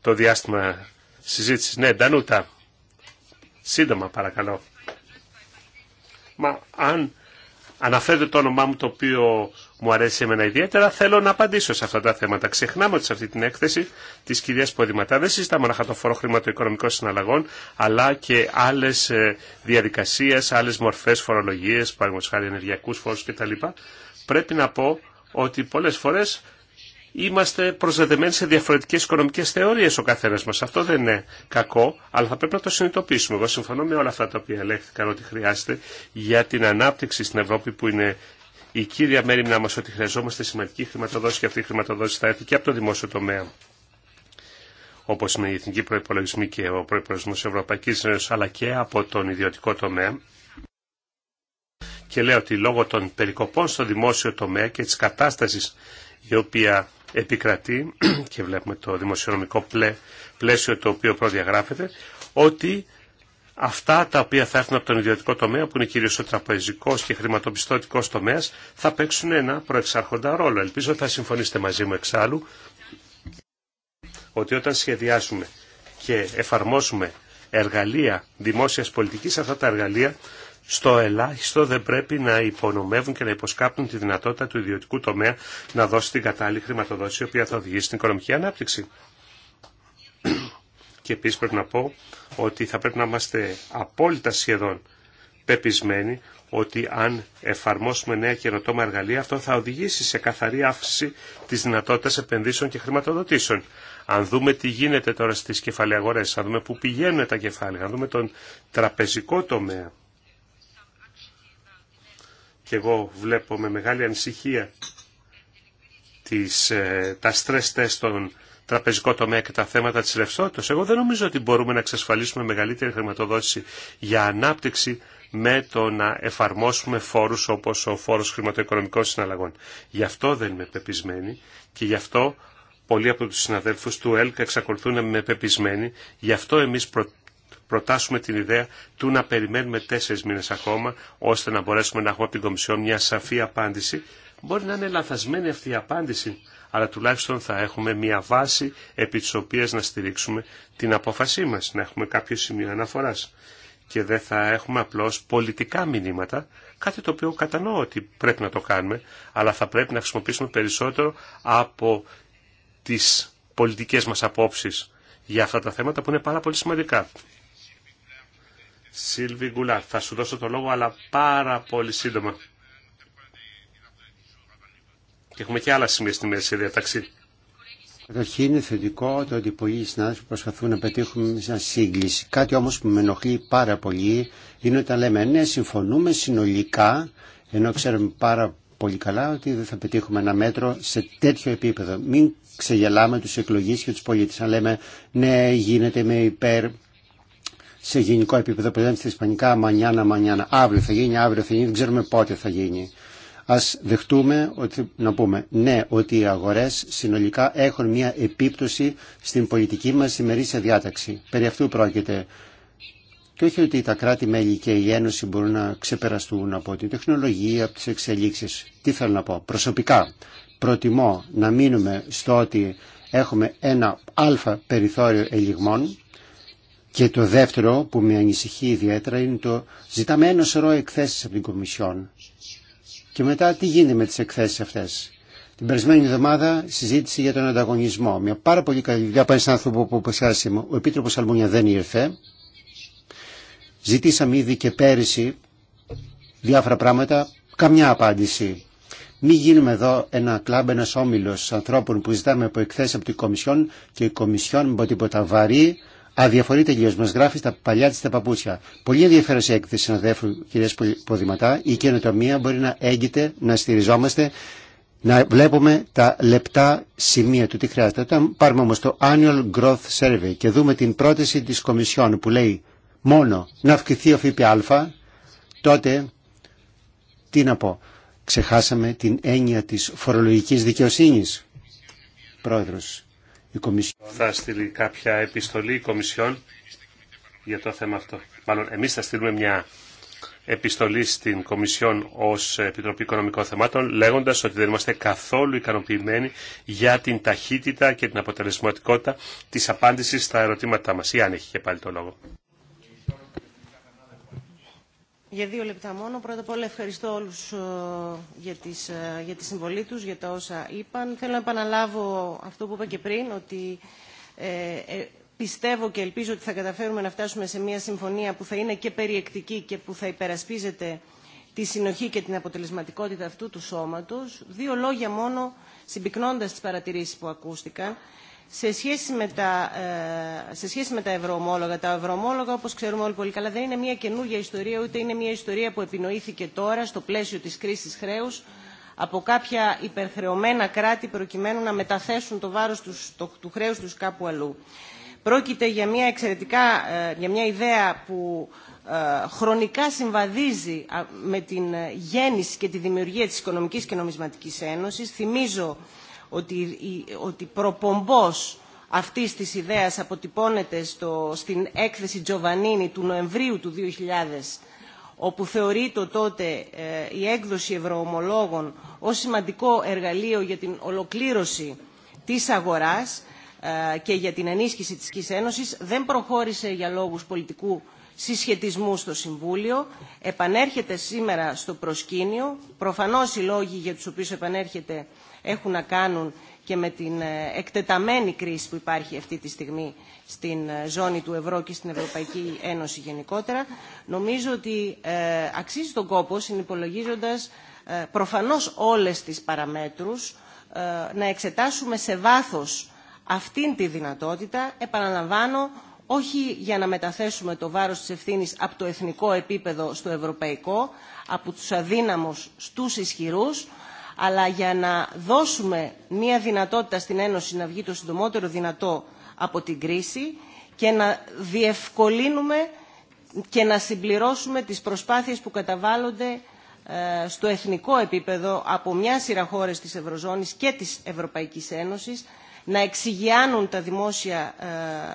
το διάστημα συζήτησης. Ναι, Ντανούτα, σύντομα παρακαλώ. Μα αν αναφέρετε το όνομά μου το οποίο μου αρέσει εμένα ιδιαίτερα, θέλω να απαντήσω σε αυτά τα θέματα. Ξεχνάμε ότι σε αυτή την έκθεση τη κυρία Ποδηματά δεν συζητάμε να το φόρο χρηματοοικονομικών συναλλαγών, αλλά και άλλε διαδικασίε, άλλε μορφέ φορολογίε, παραδείγματο χάρη ενεργειακού φόρου κτλ. Πρέπει να πω ότι πολλέ φορέ είμαστε προσδεδεμένοι σε διαφορετικέ οικονομικέ θεωρίε ο καθένα μα. Αυτό δεν είναι κακό, αλλά θα πρέπει να το συνειδητοποιήσουμε. Εγώ συμφωνώ με όλα αυτά τα οποία ελέγχθηκαν ότι χρειάζεται για την ανάπτυξη στην Ευρώπη που είναι η κύρια μέρημνά μα ότι χρειαζόμαστε σημαντική χρηματοδότηση και αυτή η χρηματοδότηση θα έρθει και από το δημόσιο τομέα. Όπω είναι οι εθνικοί προπολογισμοί και ο προπολογισμό Ευρωπαϊκή Ένωση, αλλά και από τον ιδιωτικό τομέα. Και λέω ότι λόγω των περικοπών στο δημόσιο τομέα και τη κατάσταση η οποία επικρατεί και βλέπουμε το δημοσιονομικό πλαίσιο το οποίο προδιαγράφεται ότι αυτά τα οποία θα έρθουν από τον ιδιωτικό τομέα που είναι κυρίως ο τραπεζικός και χρηματοπιστωτικός τομέας θα παίξουν ένα προεξάρχοντα ρόλο. Ελπίζω ότι θα συμφωνήσετε μαζί μου εξάλλου ότι όταν σχεδιάσουμε και εφαρμόσουμε εργαλεία δημόσιας πολιτικής αυτά τα εργαλεία στο ελάχιστο δεν πρέπει να υπονομεύουν και να υποσκάπτουν τη δυνατότητα του ιδιωτικού τομέα να δώσει την κατάλληλη χρηματοδότηση η οποία θα οδηγήσει στην οικονομική ανάπτυξη. και επίση πρέπει να πω ότι θα πρέπει να είμαστε απόλυτα σχεδόν πεπισμένοι ότι αν εφαρμόσουμε νέα καινοτόμα εργαλεία αυτό θα οδηγήσει σε καθαρή αύξηση τη δυνατότητα επενδύσεων και χρηματοδοτήσεων. Αν δούμε τι γίνεται τώρα στις κεφαλαίες αν δούμε πού πηγαίνουν τα κεφάλαια, αν δούμε τον τραπεζικό τομέα, και εγώ βλέπω με μεγάλη ανησυχία τις, ε, τα στρες τεστ των τραπεζικό τομέα και τα θέματα της ρευστότητας. Εγώ δεν νομίζω ότι μπορούμε να εξασφαλίσουμε μεγαλύτερη χρηματοδότηση για ανάπτυξη με το να εφαρμόσουμε φόρους όπως ο φόρος χρηματοοικονομικών συναλλαγών. Γι' αυτό δεν είμαι πεπισμένη και γι' αυτό πολλοί από τους συναδέλφους του ΕΛΚ εξακολουθούν να είμαι πεπισμένοι. Γι' αυτό εμείς προ προτάσουμε την ιδέα του να περιμένουμε τέσσερις μήνες ακόμα, ώστε να μπορέσουμε να έχουμε από την Κομισιόν μια σαφή απάντηση. Μπορεί να είναι λαθασμένη αυτή η απάντηση, αλλά τουλάχιστον θα έχουμε μια βάση επί της οποίας να στηρίξουμε την απόφασή μας, να έχουμε κάποιο σημείο αναφοράς και δεν θα έχουμε απλώς πολιτικά μηνύματα, κάτι το οποίο κατανοώ ότι πρέπει να το κάνουμε, αλλά θα πρέπει να χρησιμοποιήσουμε περισσότερο από τις πολιτικές μας απόψεις για αυτά τα θέματα που είναι πάρα πολύ σημαντικά. Σίλβι Γκουλάρ, θα σου δώσω το λόγο, αλλά πάρα πολύ σύντομα. Και έχουμε και άλλα σημεία στη μέση διαταξή. Καταρχήν είναι θετικό το ότι πολλοί συνάδελφοι προσπαθούν να πετύχουν μια σύγκληση. Κάτι όμως που με ενοχλεί πάρα πολύ είναι όταν λέμε ναι συμφωνούμε συνολικά ενώ ξέρουμε πάρα πολύ καλά ότι δεν θα πετύχουμε ένα μέτρο σε τέτοιο επίπεδο. Μην ξεγελάμε τους εκλογείς και τους πολίτες. Αν λέμε ναι γίνεται με υπέρ σε γενικό επίπεδο που λέμε στα Ισπανικά μανιάνα μανιάνα. Αύριο θα γίνει, αύριο θα γίνει, δεν ξέρουμε πότε θα γίνει. Α δεχτούμε ότι, να πούμε ναι ότι οι αγορέ συνολικά έχουν μια επίπτωση στην πολιτική μας ημερήσια διάταξη. Περί αυτού πρόκειται. Και όχι ότι τα κράτη-μέλη και η Ένωση μπορούν να ξεπεραστούν από την τεχνολογία, από τι εξελίξει. Τι θέλω να πω. Προσωπικά προτιμώ να μείνουμε στο ότι έχουμε ένα αλφα περιθώριο ελιγμών και το δεύτερο που με ανησυχεί ιδιαίτερα είναι το ζητάμε ένα σωρό εκθέσεις από την Κομισιόν. Και μετά τι γίνεται με τις εκθέσεις αυτές. Την περασμένη εβδομάδα συζήτηση για τον ανταγωνισμό. Μια πάρα πολύ καλή δουλειά πάνε σαν άνθρωπο που μου. Ο Επίτροπος Αλμούνια δεν ήρθε. Ζητήσαμε ήδη και πέρυσι διάφορα πράγματα. Καμιά απάντηση. Μην γίνουμε εδώ ένα κλαμπ, ένα όμιλο ανθρώπων που ζητάμε από εκθέσει από την Κομισιόν και η Κομισιόν με τίποτα αδιαφορεί τελείω. Μα γράφει τα παλιά τη τα παπούτσια. Πολύ ενδιαφέρον σε έκθεση συναδέλφου κυρία Ποδηματά. Η καινοτομία μπορεί να έγκυται, να στηριζόμαστε, να βλέπουμε τα λεπτά σημεία του τι χρειάζεται. Όταν πάρουμε όμω το Annual Growth Survey και δούμε την πρόταση τη Κομισιόν που λέει μόνο να αυξηθεί ο ΦΠΑ, τότε τι να πω. Ξεχάσαμε την έννοια της φορολογικής δικαιοσύνης. Πρόεδρος, θα στείλει κάποια επιστολή η Κομισιόν για το θέμα αυτό. Μάλλον εμείς θα στείλουμε μια επιστολή στην Κομισιόν ως Επιτροπή Οικονομικών Θεμάτων λέγοντας ότι δεν είμαστε καθόλου ικανοποιημένοι για την ταχύτητα και την αποτελεσματικότητα της απάντησης στα ερωτήματά μας. Ή αν έχει και πάλι το λόγο. Για δύο λεπτά μόνο. Πρώτα απ' όλα ευχαριστώ όλους ε, για, τις, ε, για τη συμβολή τους, για τα όσα είπαν. Θέλω να επαναλάβω αυτό που είπα και πριν, ότι ε, πιστεύω και ελπίζω ότι θα καταφέρουμε να φτάσουμε σε μια συμφωνία που θα είναι και περιεκτική και που θα υπερασπίζεται τη συνοχή και την αποτελεσματικότητα αυτού του σώματος. Δύο λόγια μόνο, συμπυκνώντας τις παρατηρήσεις που ακούστηκαν σε σχέση, με τα, ε, σε σχέση με τα ευρωομόλογα, τα ευρωομόλογα όπως ξέρουμε όλοι πολύ καλά δεν είναι μια καινούργια ιστορία ούτε είναι μια ιστορία που επινοήθηκε τώρα στο πλαίσιο της κρίσης χρέους από κάποια υπερχρεωμένα κράτη προκειμένου να μεταθέσουν το βάρος του το, του χρέους τους κάπου αλλού. Πρόκειται για μια εξαιρετικά, ε, για μια ιδέα που ε, χρονικά συμβαδίζει με την γέννηση και τη δημιουργία της Οικονομικής και Νομισματικής Ένωσης. Θυμίζω ότι, ότι προπομπός αυτής της ιδέας αποτυπώνεται στο, στην έκθεση Τζοβανίνη του Νοεμβρίου του 2000 όπου θεωρείται τότε ε, η έκδοση ευρωομολόγων ως σημαντικό εργαλείο για την ολοκλήρωση της αγοράς ε, και για την ενίσχυση της Ένωσης δεν προχώρησε για λόγους πολιτικού συσχετισμού στο Συμβούλιο. Επανέρχεται σήμερα στο προσκήνιο. Προφανώς οι λόγοι για τους οποίους επανέρχεται έχουν να κάνουν και με την ε, εκτεταμένη κρίση που υπάρχει αυτή τη στιγμή στην ε, ζώνη του ευρώ και στην Ευρωπαϊκή Ένωση γενικότερα. Νομίζω ότι ε, αξίζει τον κόπο συνυπολογίζοντας προφανώς όλες τις παραμέτρους να εξετάσουμε σε βάθος αυτήν τη δυνατότητα, επαναλαμβάνω, όχι για να μεταθέσουμε το βάρος της ευθύνης από το εθνικό επίπεδο στο ευρωπαϊκό, από τους αδύναμους στους ισχυρούς, αλλά για να δώσουμε μια δυνατότητα στην Ένωση να βγει το συντομότερο δυνατό από την κρίση και να διευκολύνουμε και να συμπληρώσουμε τις προσπάθειες που καταβάλλονται ε, στο εθνικό επίπεδο από μια σειρά χώρες της Ευρωζώνης και της Ευρωπαϊκής Ένωσης να εξηγειάνουν τα δημόσια ε,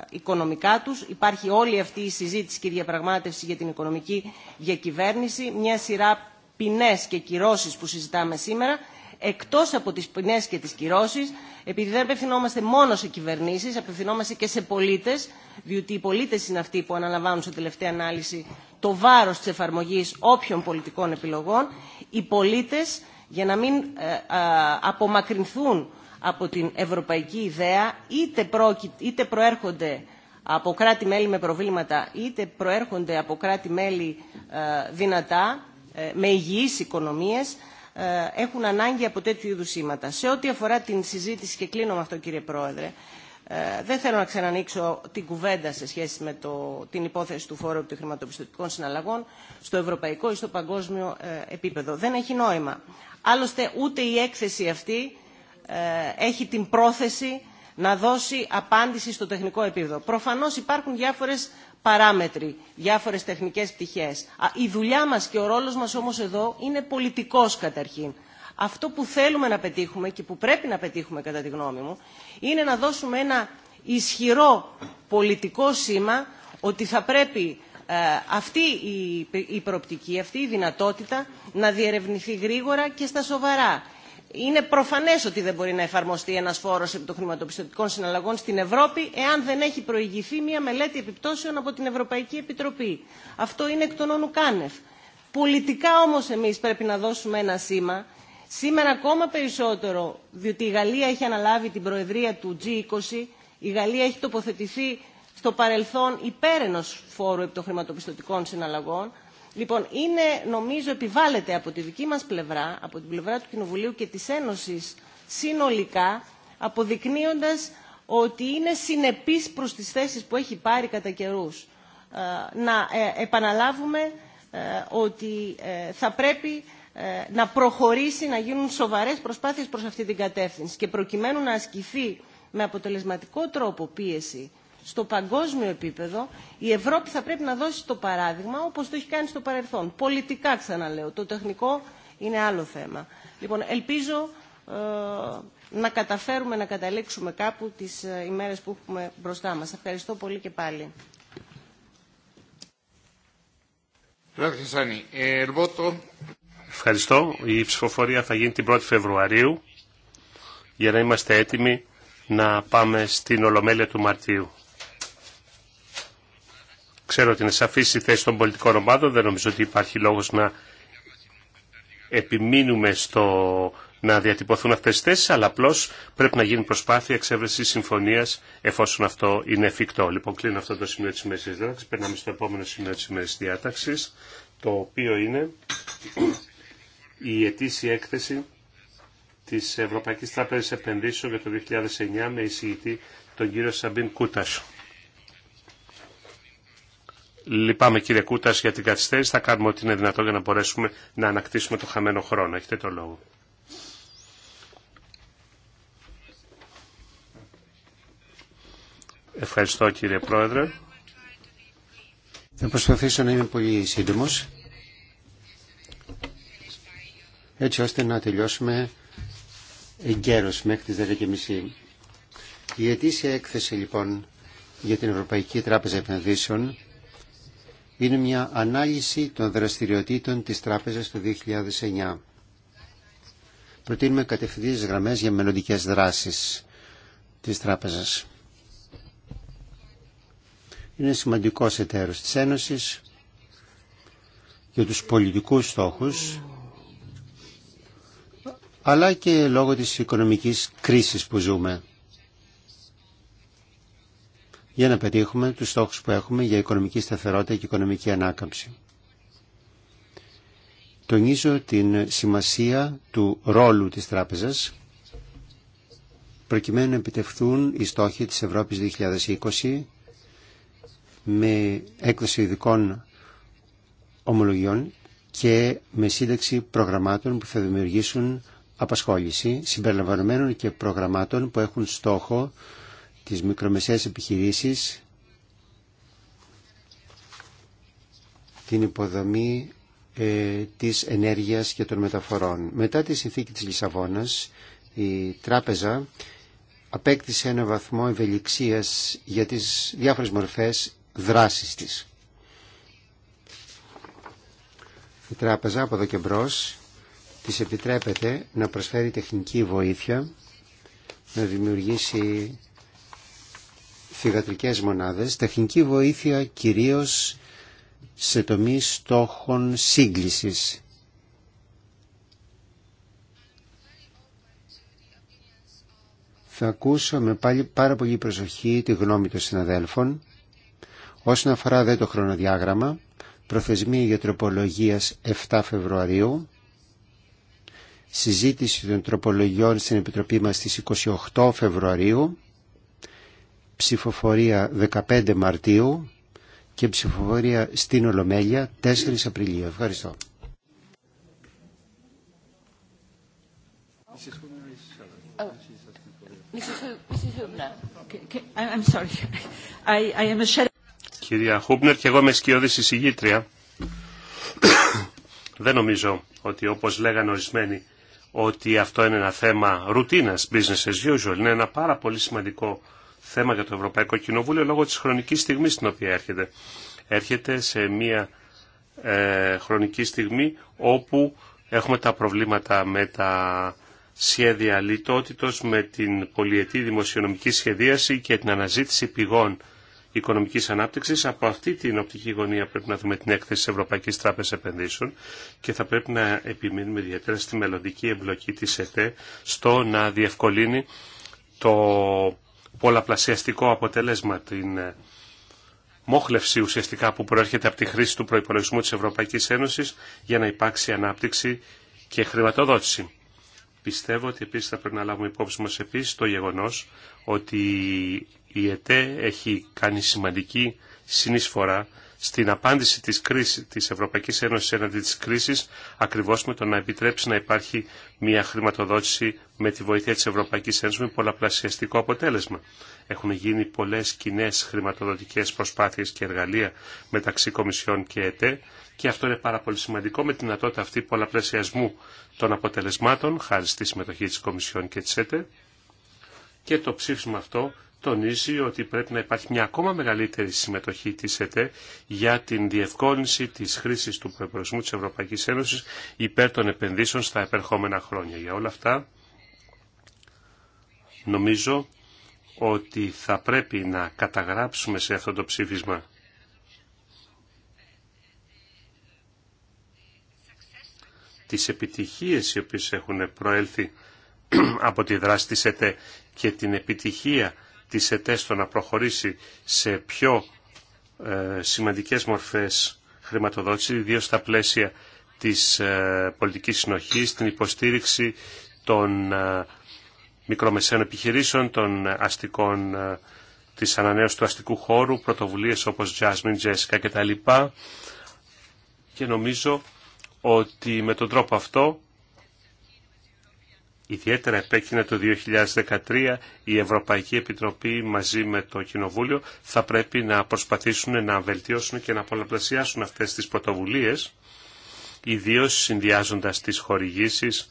οικονομικά τους. Υπάρχει όλη αυτή η συζήτηση και η διαπραγμάτευση για την οικονομική διακυβέρνηση, μια σειρά ποινές και κυρώσεις που συζητάμε σήμερα, εκτός από τις ποινές και τις κυρώσεις, επειδή δεν απευθυνόμαστε μόνο σε κυβερνήσεις, απευθυνόμαστε και σε πολίτες, διότι οι πολίτες είναι αυτοί που αναλαμβάνουν σε τελευταία ανάλυση το βάρος της εφαρμογής όποιων πολιτικών επιλογών. Οι πολίτες, για να μην ε, ε, απομακρυνθούν από την ευρωπαϊκή ιδέα, είτε προέρχονται από κράτη-μέλη με προβλήματα, είτε προέρχονται από κράτη-μέλη ε, δυνατά, ε, με υγιείς οικονομίες, ε, έχουν ανάγκη από τέτοιου είδους σήματα. Σε ό,τι αφορά την συζήτηση, και κλείνω με αυτό κύριε Πρόεδρε, δεν θέλω να ξανανοίξω την κουβέντα σε σχέση με το, την υπόθεση του φόρου των χρηματοπιστωτικών συναλλαγών στο ευρωπαϊκό ή στο παγκόσμιο επίπεδο. Δεν έχει νόημα. Άλλωστε, ούτε η έκθεση αυτή ε, έχει την πρόθεση να δώσει απάντηση στο τεχνικό επίπεδο. Προφανώς υπάρχουν διάφορες παράμετροι, διάφορες τεχνικές πτυχές. Η δουλειά μας και ο ρόλος μας όμως εδώ είναι πολιτικός καταρχήν. Αυτό που θέλουμε να πετύχουμε και που πρέπει να πετύχουμε κατά τη γνώμη μου είναι να δώσουμε ένα ισχυρό πολιτικό σήμα ότι θα πρέπει ε, αυτή η, η προοπτική, αυτή η δυνατότητα να διερευνηθεί γρήγορα και στα σοβαρά είναι προφανέ ότι δεν μπορεί να εφαρμοστεί ένα φόρο επί των χρηματοπιστωτικών συναλλαγών στην Ευρώπη εάν δεν έχει προηγηθεί μια μελέτη επιπτώσεων από την Ευρωπαϊκή Επιτροπή. Αυτό είναι εκ των όνου κάνευ. Πολιτικά όμω εμεί πρέπει να δώσουμε ένα σήμα. Σήμερα ακόμα περισσότερο, διότι η Γαλλία έχει αναλάβει την προεδρία του G20, η Γαλλία έχει τοποθετηθεί στο παρελθόν υπέρ ενός φόρου επί των χρηματοπιστωτικών συναλλαγών, Λοιπόν, είναι, νομίζω, επιβάλλεται από τη δική μας πλευρά, από την πλευρά του Κοινοβουλίου και της Ένωσης συνολικά, αποδεικνύοντας ότι είναι συνεπής προς τις θέσεις που έχει πάρει κατά καιρού. Ε, να ε, επαναλάβουμε ε, ότι θα πρέπει να προχωρήσει να γίνουν σοβαρές προσπάθειες προς αυτή την κατεύθυνση και προκειμένου να ασκηθεί με αποτελεσματικό τρόπο πίεση στο παγκόσμιο επίπεδο η Ευρώπη θα πρέπει να δώσει το παράδειγμα όπως το έχει κάνει στο παρελθόν. Πολιτικά ξαναλέω, το τεχνικό είναι άλλο θέμα. Λοιπόν, ελπίζω ε, να καταφέρουμε να καταλήξουμε κάπου τις ε, ημέρες που έχουμε μπροστά μας. Ευχαριστώ πολύ και πάλι. Ε, Ευχαριστώ. Η ψηφοφορία θα γίνει την 1η Φεβρουαρίου για να είμαστε έτοιμοι να πάμε στην Ολομέλεια του Μαρτίου. Ξέρω ότι είναι σαφή η θέση των πολιτικών ομάδων, δεν νομίζω ότι υπάρχει λόγος να επιμείνουμε στο να διατυπωθούν αυτές τις θέσεις, αλλά απλώ πρέπει να γίνει προσπάθεια εξέβρεση συμφωνίας εφόσον αυτό είναι εφικτό. Λοιπόν, κλείνω αυτό το σημείο της ημέρας διάταξης, περνάμε στο επόμενο σημείο της ημέρης διάταξης, το οποίο είναι η ετήσια έκθεση της Ευρωπαϊκής Τράπεζας Επενδύσεων για το 2009 με εισηγητή τον κύριο Σαμπίν Κούτασο. Λυπάμαι κύριε Κούτα για την καθυστέρηση. Θα κάνουμε ό,τι είναι δυνατό για να μπορέσουμε να ανακτήσουμε το χαμένο χρόνο. Έχετε το λόγο. Ευχαριστώ κύριε Πρόεδρε. Θα προσπαθήσω να είμαι πολύ σύντομος έτσι ώστε να τελειώσουμε εγκαίρως μέχρι τις 10.30. Η ετήσια έκθεση λοιπόν για την Ευρωπαϊκή Τράπεζα Επενδύσεων είναι μια ανάλυση των δραστηριοτήτων της Τράπεζας το 2009. Προτείνουμε κατευθυντήριες γραμμές για μελλοντικές δράσεις της Τράπεζας. Είναι σημαντικός εταίρος της Ένωσης για τους πολιτικούς στόχους αλλά και λόγω της οικονομικής κρίσης που ζούμε για να πετύχουμε τους στόχους που έχουμε για οικονομική σταθερότητα και οικονομική ανάκαμψη. Τονίζω την σημασία του ρόλου της τράπεζας προκειμένου να επιτευχθούν οι στόχοι της Ευρώπης 2020 με έκδοση ειδικών ομολογιών και με σύνταξη προγραμμάτων που θα δημιουργήσουν απασχόληση συμπεριλαμβανομένων και προγραμμάτων που έχουν στόχο τις μικρομεσαίες επιχειρήσεις, την υποδομή ε, της ενέργειας και των μεταφορών. Μετά τη συνθήκη της Λισαβόνας, η τράπεζα απέκτησε ένα βαθμό ευελιξίας για τις διάφορες μορφές δράσης της. Η τράπεζα από εδώ και μπρος της επιτρέπεται να προσφέρει τεχνική βοήθεια, να δημιουργήσει θυγατρικές μονάδες, τεχνική βοήθεια κυρίως σε τομείς στόχων σύγκλησης. Θα ακούσω με πάλι πάρα πολύ προσοχή τη γνώμη των συναδέλφων. Όσον αφορά δε το χρονοδιάγραμμα, προθεσμία για τροπολογίας 7 Φεβρουαρίου, συζήτηση των τροπολογιών στην Επιτροπή μας στις 28 Φεβρουαρίου, ψηφοφορία 15 Μαρτίου και ψηφοφορία στην Ολομέλεια 4 Απριλίου. Ευχαριστώ. Κυρία Χούμπνερ και εγώ είμαι σκιώδης εισηγήτρια. Δεν νομίζω ότι όπως λέγανε ορισμένοι ότι αυτό είναι ένα θέμα ρουτίνας business as usual. Είναι ένα πάρα πολύ σημαντικό θέμα για το Ευρωπαϊκό Κοινοβούλιο λόγω της χρονικής στιγμής στην οποία έρχεται. Έρχεται σε μια ε, χρονική στιγμή όπου έχουμε τα προβλήματα με τα σχέδια λιτότητος, με την πολυετή δημοσιονομική σχεδίαση και την αναζήτηση πηγών οικονομικής ανάπτυξης. Από αυτή την οπτική γωνία πρέπει να δούμε την έκθεση της Ευρωπαϊκής Τράπεζας Επενδύσεων και θα πρέπει να επιμείνουμε ιδιαίτερα στη μελλοντική εμπλοκή της ΕΤΕ στο να διευκολύνει το πολλαπλασιαστικό αποτέλεσμα, την ε, μόχλευση ουσιαστικά που προέρχεται από τη χρήση του προϋπολογισμού της Ευρωπαϊκής Ένωσης για να υπάρξει ανάπτυξη και χρηματοδότηση. Πιστεύω ότι επίσης θα πρέπει να λάβουμε υπόψη μας επίσης το γεγονός ότι η ΕΤΕ έχει κάνει σημαντική συνεισφορά στην απάντηση της, κρίσης, της Ευρωπαϊκής Ένωσης έναντι της κρίσης ακριβώς με το να επιτρέψει να υπάρχει μια χρηματοδότηση με τη βοήθεια της Ευρωπαϊκής Ένωσης με πολλαπλασιαστικό αποτέλεσμα. Έχουν γίνει πολλές κοινέ χρηματοδοτικές προσπάθειες και εργαλεία μεταξύ Κομισιών και ΕΤΕ και αυτό είναι πάρα πολύ σημαντικό με τη δυνατότητα αυτή πολλαπλασιασμού των αποτελεσμάτων χάρη στη συμμετοχή της Κομισιόν και της ΕΤΕ και το ψήφισμα αυτό τονίζει ότι πρέπει να υπάρχει μια ακόμα μεγαλύτερη συμμετοχή της ΕΤΕ για την διευκόλυνση της χρήσης του προϋπορισμού της Ευρωπαϊκής Ένωσης υπέρ των επενδύσεων στα επερχόμενα χρόνια. Για όλα αυτά νομίζω ότι θα πρέπει να καταγράψουμε σε αυτό το ψήφισμα τις επιτυχίες οι οποίες έχουν προέλθει από τη δράση της ΕΤΕ και την επιτυχία της ΕΤΕΣΤΟ να προχωρήσει σε πιο ε, σημαντικές μορφές χρηματοδότηση, ιδίω στα πλαίσια της ε, πολιτικής συνοχής, την υποστήριξη των ε, μικρομεσαίων επιχειρήσεων, των αστικών, ε, της ανανέωσης του αστικού χώρου, πρωτοβουλίες όπως Jasmine, Jessica κτλ. Και νομίζω ότι με τον τρόπο αυτό Ιδιαίτερα επέκεινα το 2013 η Ευρωπαϊκή Επιτροπή μαζί με το Κοινοβούλιο θα πρέπει να προσπαθήσουν να βελτιώσουν και να πολλαπλασιάσουν αυτές τις πρωτοβουλίες, ιδίως συνδυάζοντας τις χορηγήσεις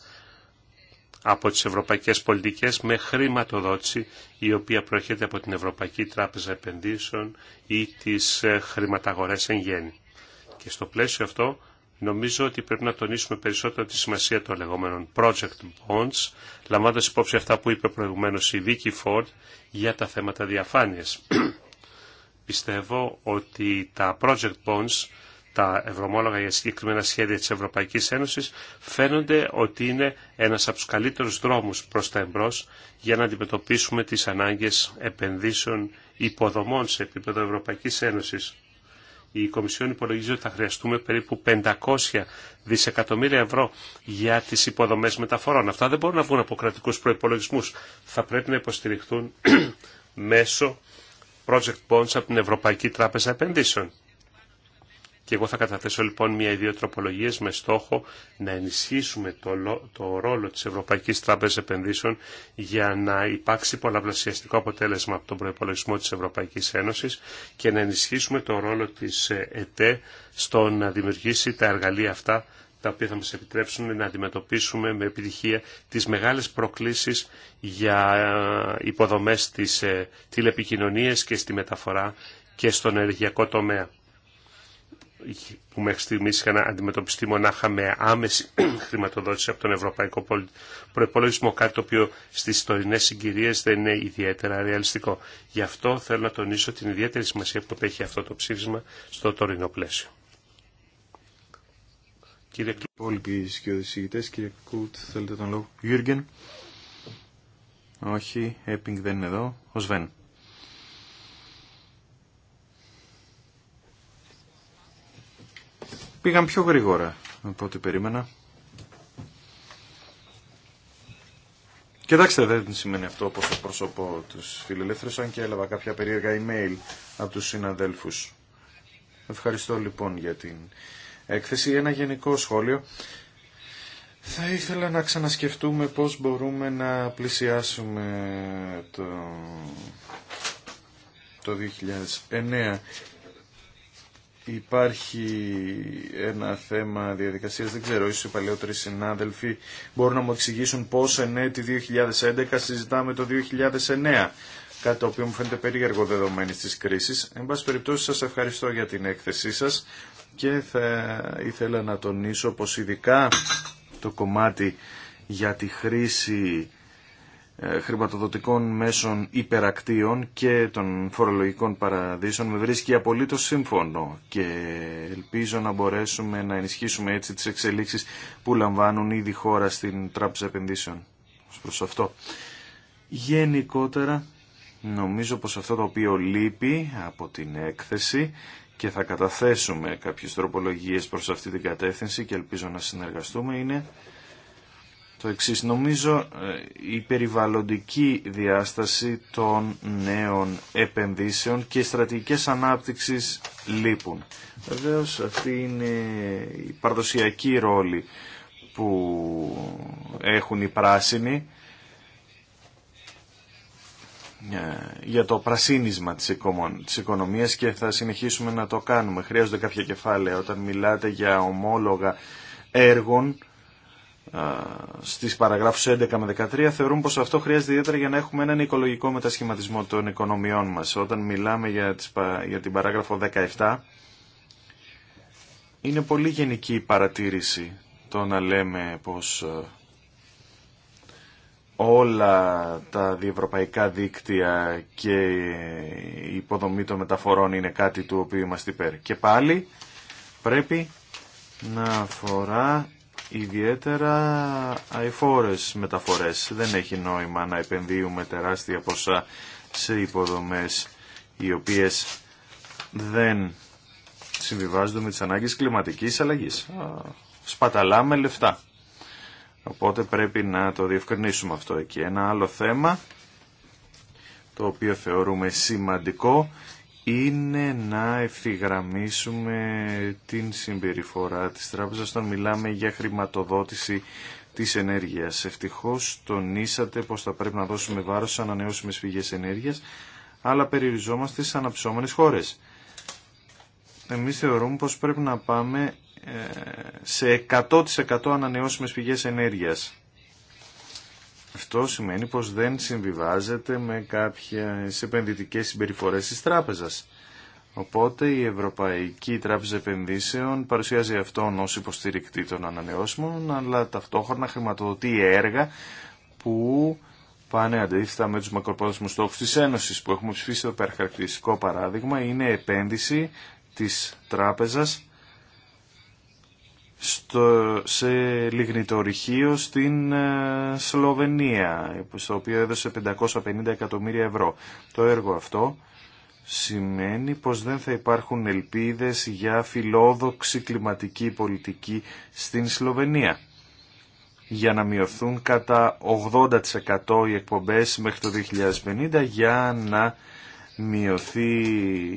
από τις ευρωπαϊκές πολιτικές με χρηματοδότηση η οποία προέρχεται από την Ευρωπαϊκή Τράπεζα Επενδύσεων ή τις ε, χρηματαγορές εν γέννη. Και στο πλαίσιο αυτό Νομίζω ότι πρέπει να τονίσουμε περισσότερο τη σημασία των λεγόμενων project bonds, λαμβάνοντα υπόψη αυτά που είπε προηγουμένως η Βίκη Φόρτ για τα θέματα διαφάνειας. Πιστεύω ότι τα project bonds, τα ευρωμόλογα για συγκεκριμένα σχέδια της Ευρωπαϊκής Ένωσης, φαίνονται ότι είναι ένας από τους καλύτερους δρόμους προς τα εμπρός για να αντιμετωπίσουμε τις ανάγκες επενδύσεων υποδομών σε επίπεδο Ευρωπαϊκής Ένωσης η Κομισιόν υπολογίζει ότι θα χρειαστούμε περίπου 500 δισεκατομμύρια ευρώ για τις υποδομές μεταφορών. Αυτά δεν μπορούν να βγουν από κρατικούς προϋπολογισμούς. Θα πρέπει να υποστηριχθούν μέσω project bonds από την Ευρωπαϊκή Τράπεζα Επενδύσεων. Και εγώ θα καταθέσω λοιπόν μία ή δύο τροπολογίε με στόχο να ενισχύσουμε το, το ρόλο τη Ευρωπαϊκή Τράπεζα Επενδύσεων για να υπάρξει πολλαπλασιαστικό αποτέλεσμα από τον προπολογισμό τη Ευρωπαϊκή Ένωση και να ενισχύσουμε το ρόλο τη ε, ΕΤΕ στο να δημιουργήσει τα εργαλεία αυτά τα οποία θα μας επιτρέψουν να αντιμετωπίσουμε με επιτυχία τις μεγάλες προκλήσεις για ε, υποδομές στις ε, τηλεπικοινωνίες και στη μεταφορά και στον ενεργειακό τομέα που μέχρι στιγμή είχαν αντιμετωπιστεί μονάχα με άμεση χρηματοδότηση από τον Ευρωπαϊκό Προπολογισμό, κάτι το οποίο στι τωρινέ συγκυρίε δεν είναι ιδιαίτερα ρεαλιστικό. Γι' αυτό θέλω να τονίσω την ιδιαίτερη σημασία που έχει αυτό το ψήφισμα στο τωρινό πλαίσιο. Κύριε θέλετε τον λόγο. Γιούργεν. Όχι, Έπινγκ δεν είναι εδώ. Ο Σβέν. πήγαν πιο γρήγορα από ό,τι περίμενα. Κοιτάξτε, δεν σημαίνει αυτό όπως το πρόσωπο τους φιλελεύθερους, αν και έλαβα κάποια περίεργα email από τους συναδέλφους. Ευχαριστώ λοιπόν για την έκθεση. Ένα γενικό σχόλιο. Θα ήθελα να ξανασκεφτούμε πώς μπορούμε να πλησιάσουμε το, το 2009 υπάρχει ένα θέμα διαδικασίας, δεν ξέρω, ίσως οι παλαιότεροι συνάδελφοι μπορούν να μου εξηγήσουν πώς εν έτη 2011 συζητάμε το 2009, κάτι το οποίο μου φαίνεται περίεργο δεδομένη της κρίσης. Εν πάση περιπτώσει σας ευχαριστώ για την έκθεσή σας και θα ήθελα να τονίσω πως ειδικά το κομμάτι για τη χρήση ε, χρηματοδοτικών μέσων υπερακτίων και των φορολογικών παραδείσων με βρίσκει απολύτως σύμφωνο και ελπίζω να μπορέσουμε να ενισχύσουμε έτσι τις εξελίξεις που λαμβάνουν ήδη χώρα στην Τράπεζα Επενδύσεων προς αυτό. Γενικότερα νομίζω πως αυτό το οποίο λείπει από την έκθεση και θα καταθέσουμε κάποιες τροπολογίες προς αυτή την κατεύθυνση και ελπίζω να συνεργαστούμε είναι το εξής. Νομίζω ε, η περιβαλλοντική διάσταση των νέων επενδύσεων και οι στρατηγικές ανάπτυξης λείπουν. Βεβαίω αυτή είναι η παραδοσιακή ρόλη που έχουν οι πράσινοι ε, για το πρασίνισμα της οικονομίας και θα συνεχίσουμε να το κάνουμε. Χρειάζονται κάποια κεφάλαια όταν μιλάτε για ομόλογα έργων στις παραγράφους 11 με 13 θεωρούν πως αυτό χρειάζεται ιδιαίτερα για να έχουμε έναν οικολογικό μετασχηματισμό των οικονομιών μας. Όταν μιλάμε για, για την παράγραφο 17 είναι πολύ γενική η παρατήρηση το να λέμε πως ε, όλα τα διευρωπαϊκά δίκτυα και η υποδομή των μεταφορών είναι κάτι του οποίου είμαστε υπέρ. Και πάλι πρέπει να αφορά ιδιαίτερα αηφόρες μεταφορές. Δεν έχει νόημα να επενδύουμε τεράστια ποσά σε υποδομές οι οποίες δεν συμβιβάζονται με τις ανάγκες κλιματικής αλλαγής. Σπαταλάμε λεφτά. Οπότε πρέπει να το διευκρινίσουμε αυτό εκεί. Ένα άλλο θέμα το οποίο θεωρούμε σημαντικό είναι να ευθυγραμμίσουμε την συμπεριφορά της τράπεζας όταν μιλάμε για χρηματοδότηση της ενέργειας. Ευτυχώς τονίσατε πως θα πρέπει να δώσουμε βάρος στις ανανεώσιμες πηγές ενέργειας, αλλά περιοριζόμαστε στις αναψώμενες χώρες. Εμείς θεωρούμε πως πρέπει να πάμε ε, σε 100% ανανεώσιμες πηγές ενέργειας. Αυτό σημαίνει πως δεν συμβιβάζεται με κάποιες επενδυτικές συμπεριφορές της τράπεζας. Οπότε η Ευρωπαϊκή Τράπεζα Επενδύσεων παρουσιάζει αυτόν ως υποστηρικτή των ανανεώσιμων, αλλά ταυτόχρονα χρηματοδοτεί έργα που πάνε αντίθετα με τους μακροπρόθεσμους στόχους της Ένωσης που έχουμε ψηφίσει το χαρακτηριστικό παράδειγμα είναι επένδυση της τράπεζας στο, σε λιγνητορυχείο στην ε, Σλοβενία, στο οποίο έδωσε 550 εκατομμύρια ευρώ. Το έργο αυτό σημαίνει πως δεν θα υπάρχουν ελπίδες για φιλόδοξη κλιματική πολιτική στην Σλοβενία για να μειωθούν κατά 80% οι εκπομπές μέχρι το 2050 για να μειωθεί,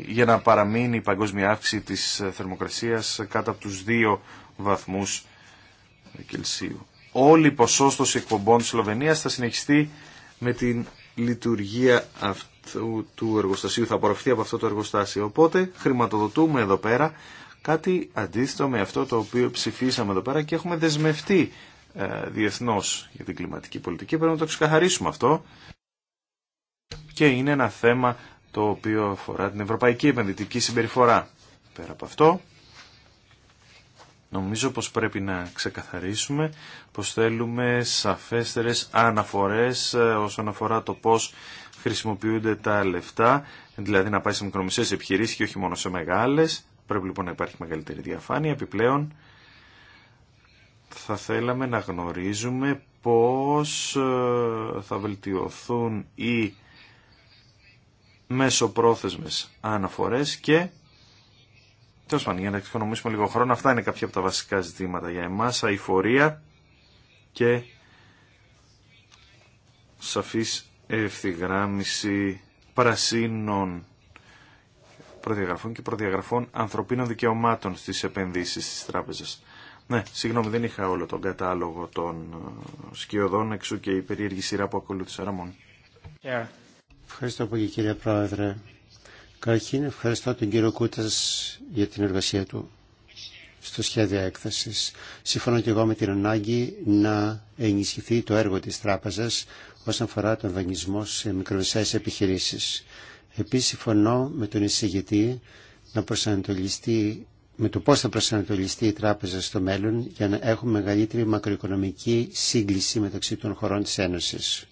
για να παραμείνει η παγκόσμια αύξηση της θερμοκρασίας κάτω από τους 2 βαθμούς Κελσίου. Όλη η ποσόστοση εκπομπών της Σλοβενία θα συνεχιστεί με την λειτουργία αυτού του εργοστασίου, θα απορροφηθεί από αυτό το εργοστάσιο. Οπότε χρηματοδοτούμε εδώ πέρα κάτι αντίθετο με αυτό το οποίο ψηφίσαμε εδώ πέρα και έχουμε δεσμευτεί ε, διεθνώς για την κλιματική πολιτική. Πρέπει να το ξεκαθαρίσουμε αυτό και είναι ένα θέμα το οποίο αφορά την ευρωπαϊκή επενδυτική συμπεριφορά. Πέρα από αυτό, Νομίζω πως πρέπει να ξεκαθαρίσουμε πως θέλουμε σαφέστερες αναφορές ε, όσον αφορά το πώς χρησιμοποιούνται τα λεφτά, δηλαδή να πάει σε μικρομεσαίες επιχειρήσεις και όχι μόνο σε μεγάλες. Πρέπει λοιπόν να υπάρχει μεγαλύτερη διαφάνεια. Επιπλέον θα θέλαμε να γνωρίζουμε πώς ε, θα βελτιωθούν οι μεσοπρόθεσμες αναφορές και Τέλο πάντων, για να εξοικονομήσουμε λίγο χρόνο, αυτά είναι κάποια από τα βασικά ζητήματα για εμά. Αηφορία και σαφής ευθυγράμμιση πρασίνων προδιαγραφών και προδιαγραφών ανθρωπίνων δικαιωμάτων στις επενδύσεις τη Τράπεζα. Ναι, συγγνώμη, δεν είχα όλο τον κατάλογο των ε, σκιωδών, εξού και η περίεργη σειρά που ακολούθησε. Ευχαριστώ πολύ κύριε Πρόεδρε. Καταρχήν ευχαριστώ τον κύριο Κούτας για την εργασία του στο σχέδιο έκθεσης. Συμφωνώ και εγώ με την ανάγκη να ενισχυθεί το έργο της τράπεζας όσον αφορά τον δανεισμό σε μικρομεσαίες επιχειρήσεις. Επίσης συμφωνώ με τον εισηγητή να προσανατολιστεί με το πώς θα προσανατολιστεί η τράπεζα στο μέλλον για να έχουμε μεγαλύτερη μακροοικονομική σύγκληση μεταξύ των χωρών της Ένωσης.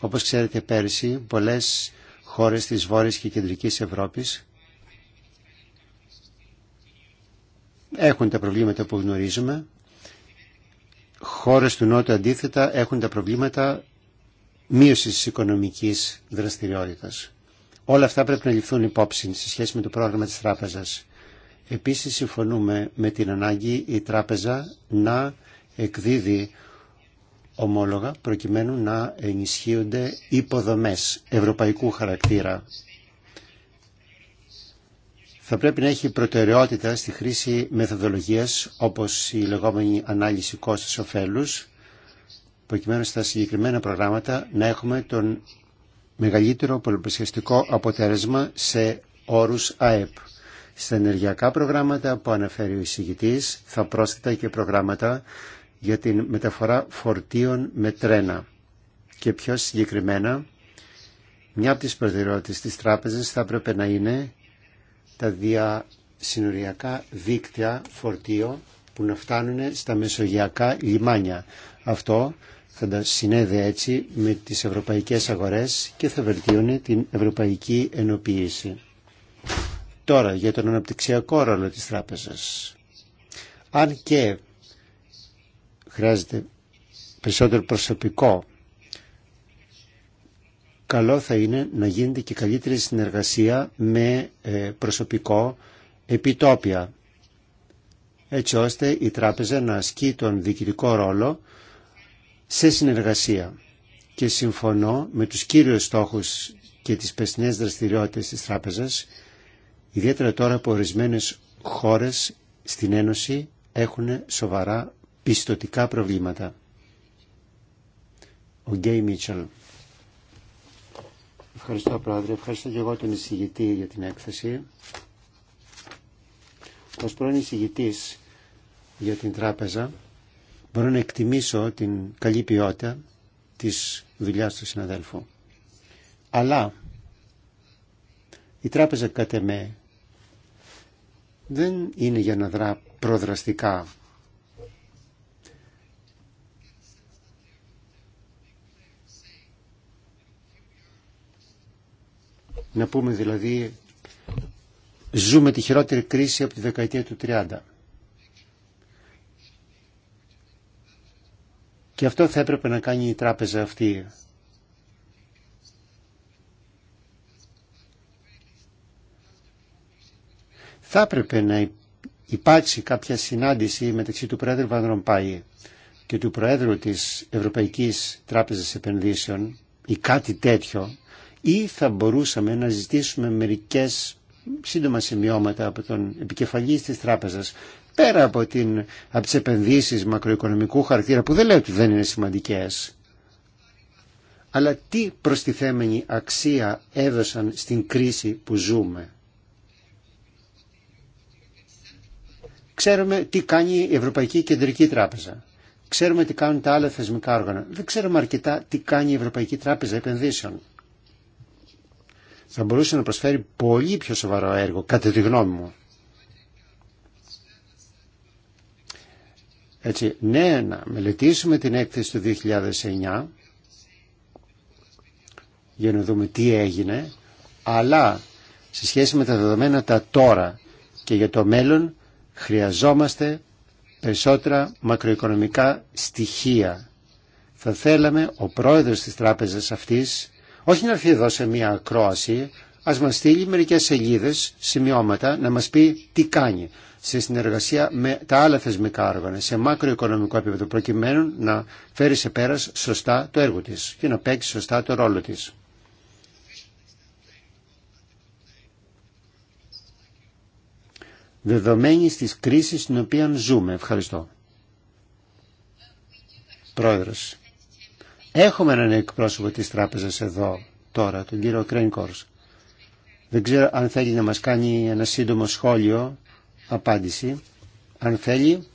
Όπως ξέρετε πέρσι, πολλές χώρες της Βόρειας και Κεντρικής Ευρώπης έχουν τα προβλήματα που γνωρίζουμε. Χώρες του Νότου αντίθετα έχουν τα προβλήματα μείωσης της οικονομικής δραστηριότητας. Όλα αυτά πρέπει να ληφθούν υπόψη σε σχέση με το πρόγραμμα της τράπεζας. Επίσης συμφωνούμε με την ανάγκη η τράπεζα να εκδίδει ομόλογα προκειμένου να ενισχύονται υποδομές ευρωπαϊκού χαρακτήρα. Θα πρέπει να έχει προτεραιότητα στη χρήση μεθοδολογίας όπως η λεγόμενη ανάλυση κόστος ωφέλους προκειμένου στα συγκεκριμένα προγράμματα να έχουμε τον μεγαλύτερο πολυπλησιαστικό αποτέλεσμα σε όρους ΑΕΠ. Στα ενεργειακά προγράμματα που αναφέρει ο εισηγητής θα πρόσθετα και προγράμματα για την μεταφορά φορτίων με τρένα. Και πιο συγκεκριμένα, μια από τις προτεραιότητες της τράπεζας θα έπρεπε να είναι τα διασυνοριακά δίκτυα φορτίο που να φτάνουν στα μεσογειακά λιμάνια. Αυτό θα τα συνέδε έτσι με τις ευρωπαϊκές αγορές και θα βελτίωνε την ευρωπαϊκή ενοποίηση. Τώρα για τον αναπτυξιακό ρόλο της τράπεζας. Αν και Χρειάζεται περισσότερο προσωπικό. Καλό θα είναι να γίνεται και καλύτερη συνεργασία με ε, προσωπικό επιτόπια έτσι ώστε η τράπεζα να ασκεί τον διοικητικό ρόλο σε συνεργασία και συμφωνώ με τους κύριους στόχους και τις πεσνές δραστηριότητες της τράπεζας ιδιαίτερα τώρα που ορισμένες χώρες στην Ένωση έχουν σοβαρά πιστοτικά προβλήματα. Ο Γκέι Μίτσελ. Ευχαριστώ Πρόεδρε, ευχαριστώ και εγώ τον εισηγητή για την έκθεση. Ως πρώην εισηγητής για την τράπεζα μπορώ να εκτιμήσω την καλή ποιότητα της δουλειάς του συναδέλφου. Αλλά η τράπεζα ΚΑΤΕΜΕ δεν είναι για να δρά προδραστικά Να πούμε δηλαδή ζούμε τη χειρότερη κρίση από τη δεκαετία του 30. Και αυτό θα έπρεπε να κάνει η τράπεζα αυτή. Θα έπρεπε να υπάρξει κάποια συνάντηση μεταξύ του Πρόεδρου Βανδρομπάη και του Προέδρου της Ευρωπαϊκής Τράπεζας Επενδύσεων ή κάτι τέτοιο ή θα μπορούσαμε να ζητήσουμε μερικές σύντομα σημειώματα από τον επικεφαλής της τράπεζας πέρα από, την, από τις επενδύσεις μακροοικονομικού χαρακτήρα που δεν λέω ότι δεν είναι σημαντικές αλλά τι προστιθέμενη αξία έδωσαν στην κρίση που ζούμε. Ξέρουμε τι κάνει η Ευρωπαϊκή Κεντρική Τράπεζα. Ξέρουμε τι κάνουν τα άλλα θεσμικά όργανα. Δεν ξέρουμε αρκετά τι κάνει η Ευρωπαϊκή Τράπεζα Επενδύσεων θα μπορούσε να προσφέρει πολύ πιο σοβαρό έργο, κατά τη γνώμη μου. Έτσι, ναι, να μελετήσουμε την έκθεση του 2009 για να δούμε τι έγινε, αλλά σε σχέση με τα δεδομένα τα τώρα και για το μέλλον χρειαζόμαστε περισσότερα μακροοικονομικά στοιχεία. Θα θέλαμε ο πρόεδρος της τράπεζας αυτής όχι να έρθει εδώ σε μια ακρόαση, ας μας στείλει μερικές σελίδες, σημειώματα, να μας πει τι κάνει σε συνεργασία με τα άλλα θεσμικά όργανα, σε μακροοικονομικό επίπεδο, προκειμένου να φέρει σε πέρας σωστά το έργο της και να παίξει σωστά το ρόλο της. Δεδομένη της κρίσης στην οποία ζούμε. Ευχαριστώ. Πρόεδρος, Έχουμε έναν εκπρόσωπο της τράπεζας εδώ τώρα, τον κύριο Κρένκορς. Δεν ξέρω αν θέλει να μας κάνει ένα σύντομο σχόλιο, απάντηση. Αν θέλει,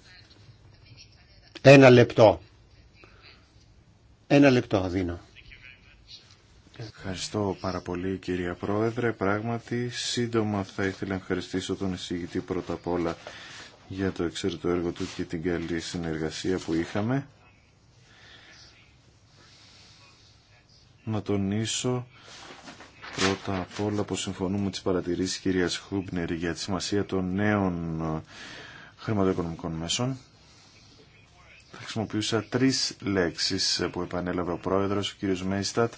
ένα λεπτό. Ένα λεπτό δίνω. Ευχαριστώ πάρα πολύ κυρία Πρόεδρε. Πράγματι, σύντομα θα ήθελα να ευχαριστήσω τον εισηγητή πρώτα απ' όλα για το εξαιρετό έργο του και την καλή συνεργασία που είχαμε. να τονίσω πρώτα απ' όλα που συμφωνούμε με τις παρατηρήσεις κυρίας Χούμπνερ για τη σημασία των νέων ε, χρηματοοικονομικών μέσων. Θα χρησιμοποιούσα τρεις λέξεις ε, που επανέλαβε ο πρόεδρος, ο κύριος Μέιστατ,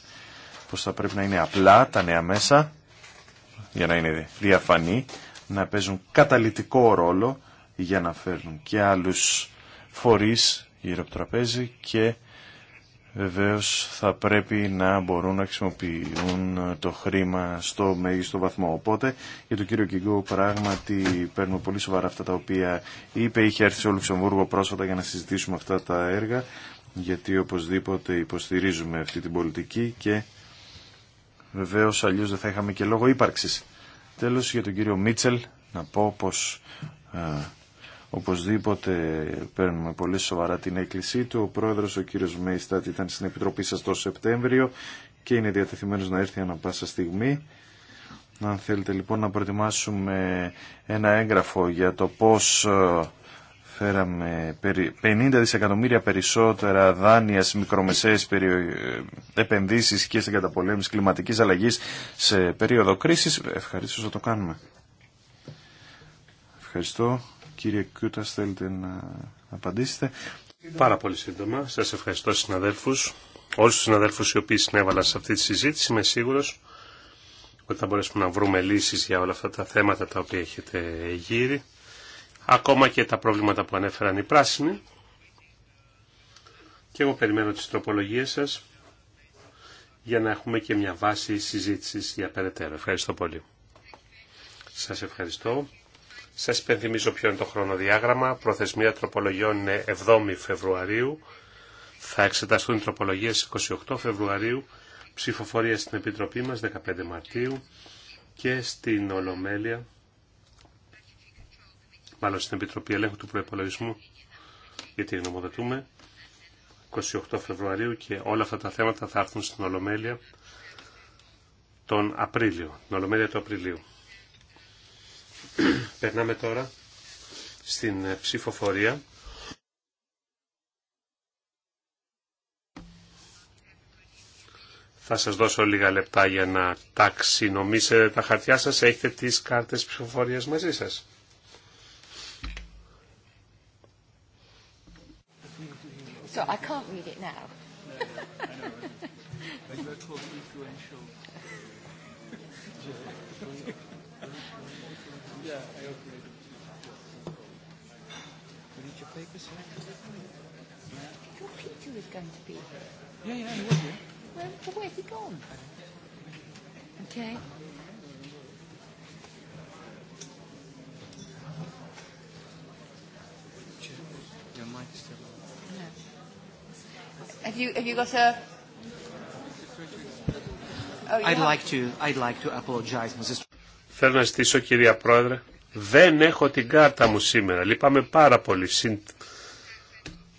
πως θα πρέπει να είναι απλά τα νέα μέσα, για να είναι διαφανή, να παίζουν καταλητικό ρόλο για να φέρνουν και άλλους φορείς γύρω από το τραπέζι και βεβαίως θα πρέπει να μπορούν να χρησιμοποιούν το χρήμα στο μέγιστο βαθμό. Οπότε για τον κύριο Κιγκό πράγματι παίρνουμε πολύ σοβαρά αυτά τα οποία είπε. Είχε έρθει στο Λουξεμβούργο πρόσφατα για να συζητήσουμε αυτά τα έργα γιατί οπωσδήποτε υποστηρίζουμε αυτή την πολιτική και βεβαίως αλλιώς δεν θα είχαμε και λόγο ύπαρξης. Τέλος για τον κύριο Μίτσελ να πω πως ε, Οπωσδήποτε παίρνουμε πολύ σοβαρά την έκκλησή του. Ο πρόεδρος, ο κύριος Μέιστατ, ήταν στην Επιτροπή σας το Σεπτέμβριο και είναι διατεθειμένος να έρθει ανα πάσα στιγμή. Αν θέλετε λοιπόν να προετοιμάσουμε ένα έγγραφο για το πώς ε, φέραμε 50 δισεκατομμύρια περισσότερα δάνεια σε μικρομεσαίες ε, επενδύσεις και στην καταπολέμηση κλιματικής αλλαγής σε περίοδο κρίσης, ευχαριστώ να το κάνουμε. Ευχαριστώ. Κύριε Κιούτας, θέλετε να απαντήσετε. Πάρα πολύ σύντομα. Σας ευχαριστώ συναδέλφους. Όλους τους συναδέλφους οι οποίοι συνέβαλαν σε αυτή τη συζήτηση είμαι σίγουρος ότι θα μπορέσουμε να βρούμε λύσεις για όλα αυτά τα θέματα τα οποία έχετε γύρει. Ακόμα και τα προβλήματα που ανέφεραν οι πράσινοι. Και εγώ περιμένω τις τροπολογίες σας για να έχουμε και μια βάση συζήτησης για περαιτέρω. Ευχαριστώ πολύ. Σας ευχαριστώ. Σα υπενθυμίζω ποιο είναι το χρονοδιάγραμμα. Προθεσμία τροπολογιών είναι 7η Φεβρουαρίου. Θα εξεταστούν τροπολογίες 28 Φεβρουαρίου. Ψηφοφορία στην Επιτροπή μας 15 Μαρτίου και στην Ολομέλεια, μάλλον στην Επιτροπή Ελέγχου του Προπολογισμού, γιατί γνωμοδοτούμε, 28 Φεβρουαρίου και όλα αυτά τα θέματα θα έρθουν στην Ολομέλεια τον Απρίλιο, την Ολομέλεια του Απριλίου. Περνάμε τώρα στην ε, ψηφοφορία. Θα σας δώσω λίγα λεπτά για να ταξινομήσετε τα χαρτιά σας. Έχετε τις κάρτες ψηφοφορίας μαζί σας. So I can't read it now. Your Peter was going to be here. Yeah, yeah, he was here. Well, where's he gone? Okay. Your mic is still on. No. Have you, have you got a... I'd like to I'd like to apologize, Mrs. Θέλω να ζητήσω κυρία Πρόεδρε. Δεν έχω την κάρτα μου σήμερα. Λυπάμαι πάρα πολύ.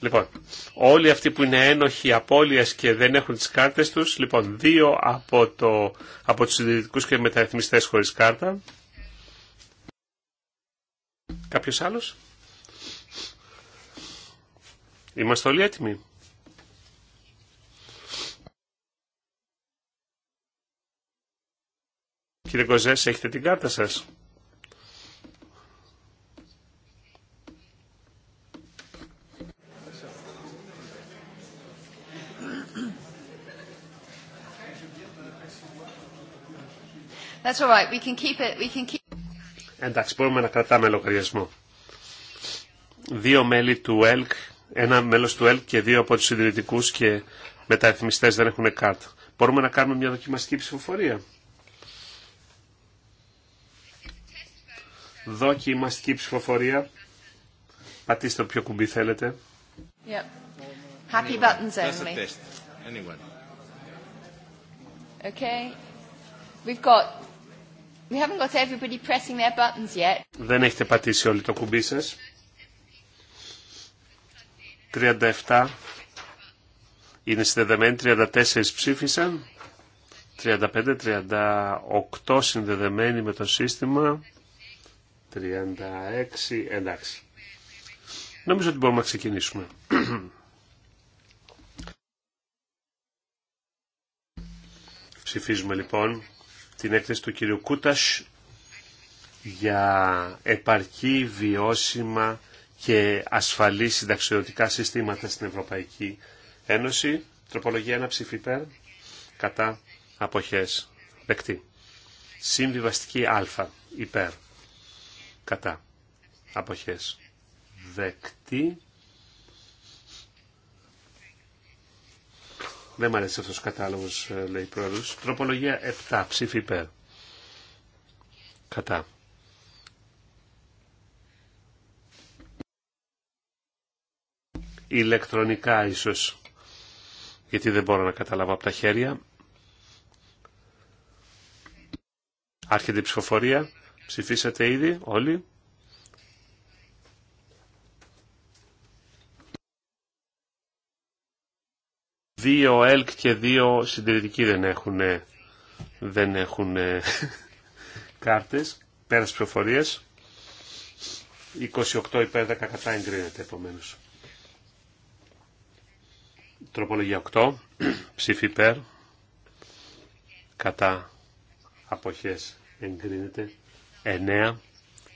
Λοιπόν, όλοι αυτοί που είναι ένοχοι απώλειας και δεν έχουν τις κάρτες τους, λοιπόν, δύο από, το, από τους συντηρητικούς και μεταρρυθμιστές χωρίς κάρτα. Κάποιος άλλος? Είμαστε όλοι έτοιμοι. Κύριε Κοζές, έχετε την κάρτα σας. That's all right. We can keep it. We can keep... Εντάξει, μπορούμε να κρατάμε λογαριασμό. Δύο μέλη του ΕΛΚ, ένα μέλος του ΕΛΚ και δύο από τους συντηρητικούς και μεταρρυθμιστές δεν έχουν κάρτα. Μπορούμε να κάνουμε μια δοκιμαστική ψηφοφορία. δοκιμαστική ψηφοφορία. Πατήστε όποιο κουμπί θέλετε. Yep. Happy buttons Okay. We've got We haven't got everybody pressing their buttons yet. Δεν έχετε πατήσει όλοι το κουμπί σας. 37 είναι συνδεδεμένοι, 34 ψήφισαν, 35-38 συνδεδεμένοι με το σύστημα. 36, εντάξει. Νομίζω ότι μπορούμε να ξεκινήσουμε. Ψηφίζουμε λοιπόν την έκθεση του κύριου Κούτας για επαρκή, βιώσιμα και ασφαλή συνταξιωτικά συστήματα στην Ευρωπαϊκή Ένωση. Τροπολογία 1 ψήφι κατά αποχές. Δεκτή. Συμβιβαστική α υπέρ κατά αποχές δεκτή. Δεν μου αρέσει αυτός ο κατάλογος, ε, λέει πρόεδρος. Τροπολογία 7, ψήφι υπέρ. Κατά. Ηλεκτρονικά ίσως, γιατί δεν μπορώ να καταλάβω από τα χέρια. Άρχεται η ψηφοφορία. Ψηφίσατε ήδη όλοι. Δύο ΕΛΚ και δύο συντηρητικοί δεν έχουν, δεν έχουν κάρτες. Πέρας προφορίες. 28 υπέρ 10 κατά εγκρίνεται επομένως. Τροπολογία 8. Ψήφι υπέρ. Κατά αποχές εγκρίνεται. 9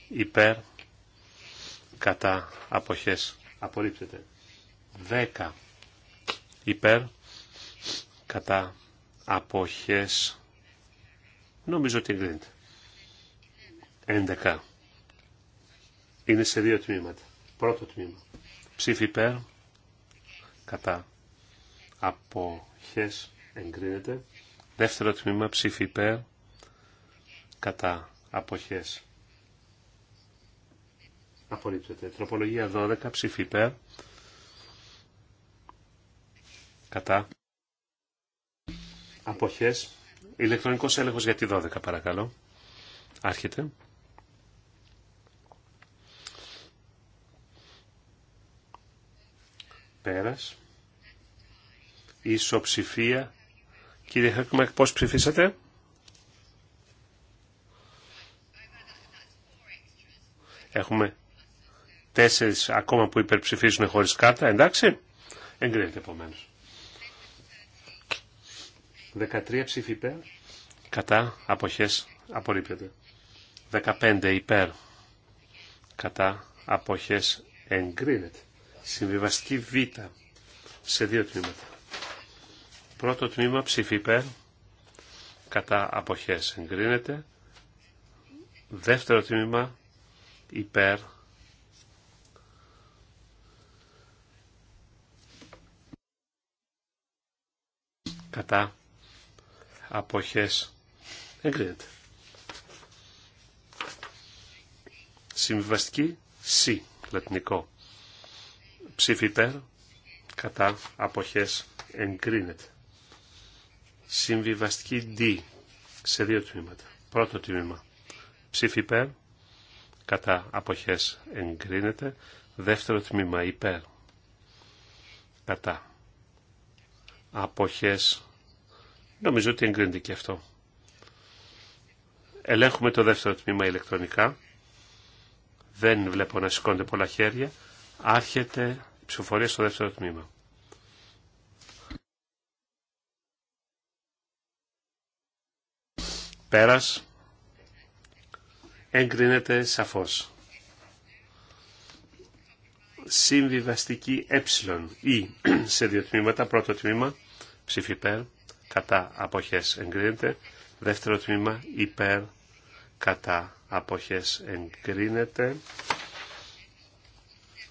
υπέρ κατά αποχές απορρίπτεται 10 υπέρ κατά αποχές νομίζω ότι εγκρίνεται 11 είναι σε δύο τμήματα πρώτο τμήμα ψήφι υπέρ κατά αποχές εγκρίνεται δεύτερο τμήμα ψήφι υπέρ κατά αποχές. Απορρίπτεται. Τροπολογία 12, ψήφι υπέρ. Κατά. Αποχές. Ηλεκτρονικός έλεγχος για τη 12, παρακαλώ. Άρχεται. Πέρας. Ισοψηφία. Κύριε Χαρκουμάκ, πώς ψηφίσατε. Έχουμε τέσσερις ακόμα που υπερψηφίζουν χωρίς κάρτα, εντάξει. Εγκρίνεται επομένω. 13 ψήφι υπέρ, κατά αποχές απορρίπτεται. 15 υπέρ, κατά αποχές εγκρίνεται. Συμβιβαστική Β σε δύο τμήματα. Πρώτο τμήμα ψήφι υπέρ, κατά αποχές εγκρίνεται. Δεύτερο τμήμα υπέρ κατά αποχές εγκρίνεται. Συμβιβαστική C, λατινικό. Ψήφι υπέρ, κατά αποχές εγκρίνεται. Συμβιβαστική D, σε δύο τμήματα. Πρώτο τμήμα. Ψήφι υπέρ, κατά αποχές εγκρίνεται, δεύτερο τμήμα υπέρ, κατά αποχές, νομίζω ότι εγκρίνεται και αυτό. Ελέγχουμε το δεύτερο τμήμα ηλεκτρονικά, δεν βλέπω να σηκώνται πολλά χέρια, άρχεται ψηφοφορία στο δεύτερο τμήμα. Πέρας εγκρίνεται σαφώς. Συμβιβαστική ε ή σε δύο τμήματα. Πρώτο τμήμα ψηφιπέρ κατά αποχές εγκρίνεται. Δεύτερο τμήμα υπέρ, κατά αποχές εγκρίνεται.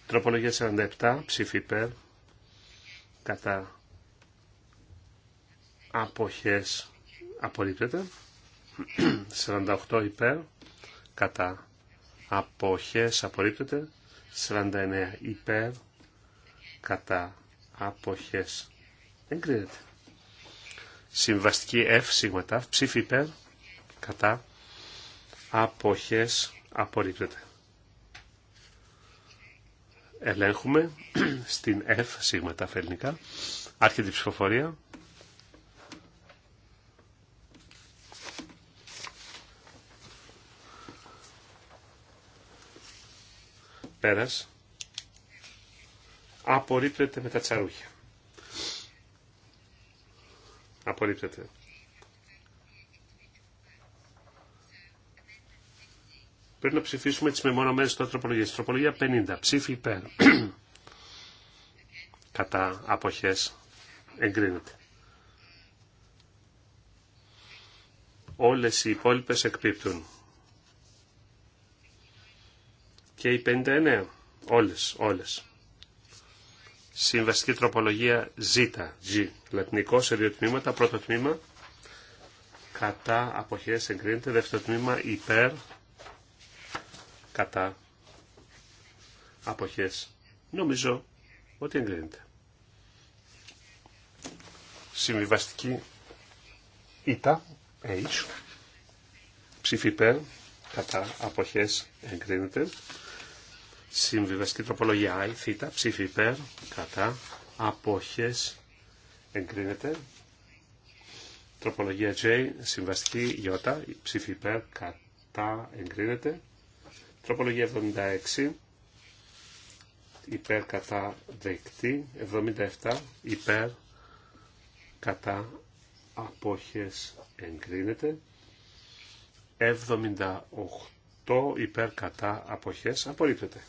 Τροπολογία 47, ψήφι κατά αποχές απορρίπτεται. 48 υπέρ, κατά αποχές απορρίπτεται 49 υπέρ κατά αποχές κρίνεται συμβαστική F σίγματα ψήφι υπέρ κατά αποχές απορρίπτεται ελέγχουμε στην F σίγματα φελνικά άρχεται η ψηφοφορία Πέρας. Απορρίπτεται με τα τσαρούχια. Απορρίπτεται. Πρέπει να ψηφίσουμε τις μεμονωμένες των τροπολογίες. Τροπολογία 50. Ψήφι υπέρ. Κατά αποχές εγκρίνεται. Όλες οι υπόλοιπες εκπίπτουν και οι 59. Όλες, όλες. Συμβαστική τροπολογία Z, Ζ. λατινικό σε δύο τμήματα. Πρώτο τμήμα, κατά αποχέ, εγκρίνεται. Δεύτερο τμήμα, υπέρ, κατά αποχές. Νομίζω ότι εγκρίνεται. Συμβιβαστική ΙΤΑ, H, ψήφι υπέρ, κατά αποχές εγκρίνεται. Συμβιβαστική τροπολογία I, θ, ψήφι υπέρ, κατά, απόχες, εγκρίνεται. Τροπολογία J, συμβαστική Ι, ψήφι υπέρ, κατά, εγκρίνεται. Τροπολογία 76, υπέρ, κατά, δεκτή. 77, υπέρ, κατά, απόχες, εγκρίνεται. 78 υπέρ κατά αποχές απορρίπτεται.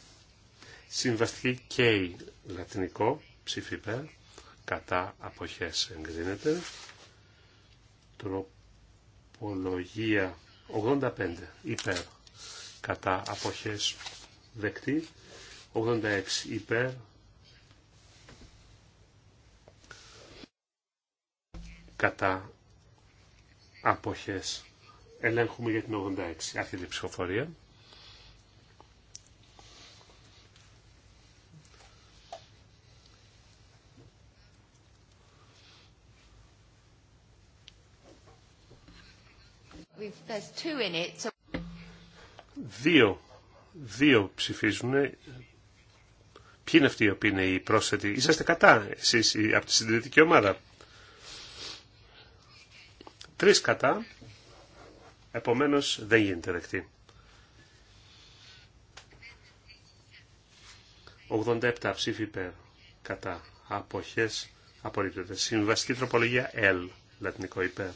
Συμβαστική K, λατινικό, ψήφι υπέρ, κατά αποχές εγκρίνεται. Τροπολογία 85, υπέρ, κατά αποχές δεκτή. 86, υπέρ, κατά αποχές. Ελέγχουμε για την 86, άρχεται ψηφοφορία. Δύο. Δύο ψηφίζουν. Ποιοι είναι αυτοί οι οποίοι είναι οι πρόσθετοι. Είσαστε κατά εσείς από τη συντηρητική ομάδα. Τρεις κατά. Επομένως δεν γίνεται δεκτή. 87 ψήφοι υπέρ κατά αποχές απορρίπτεται. Συμβαστική τροπολογία L, λατινικό υπέρ,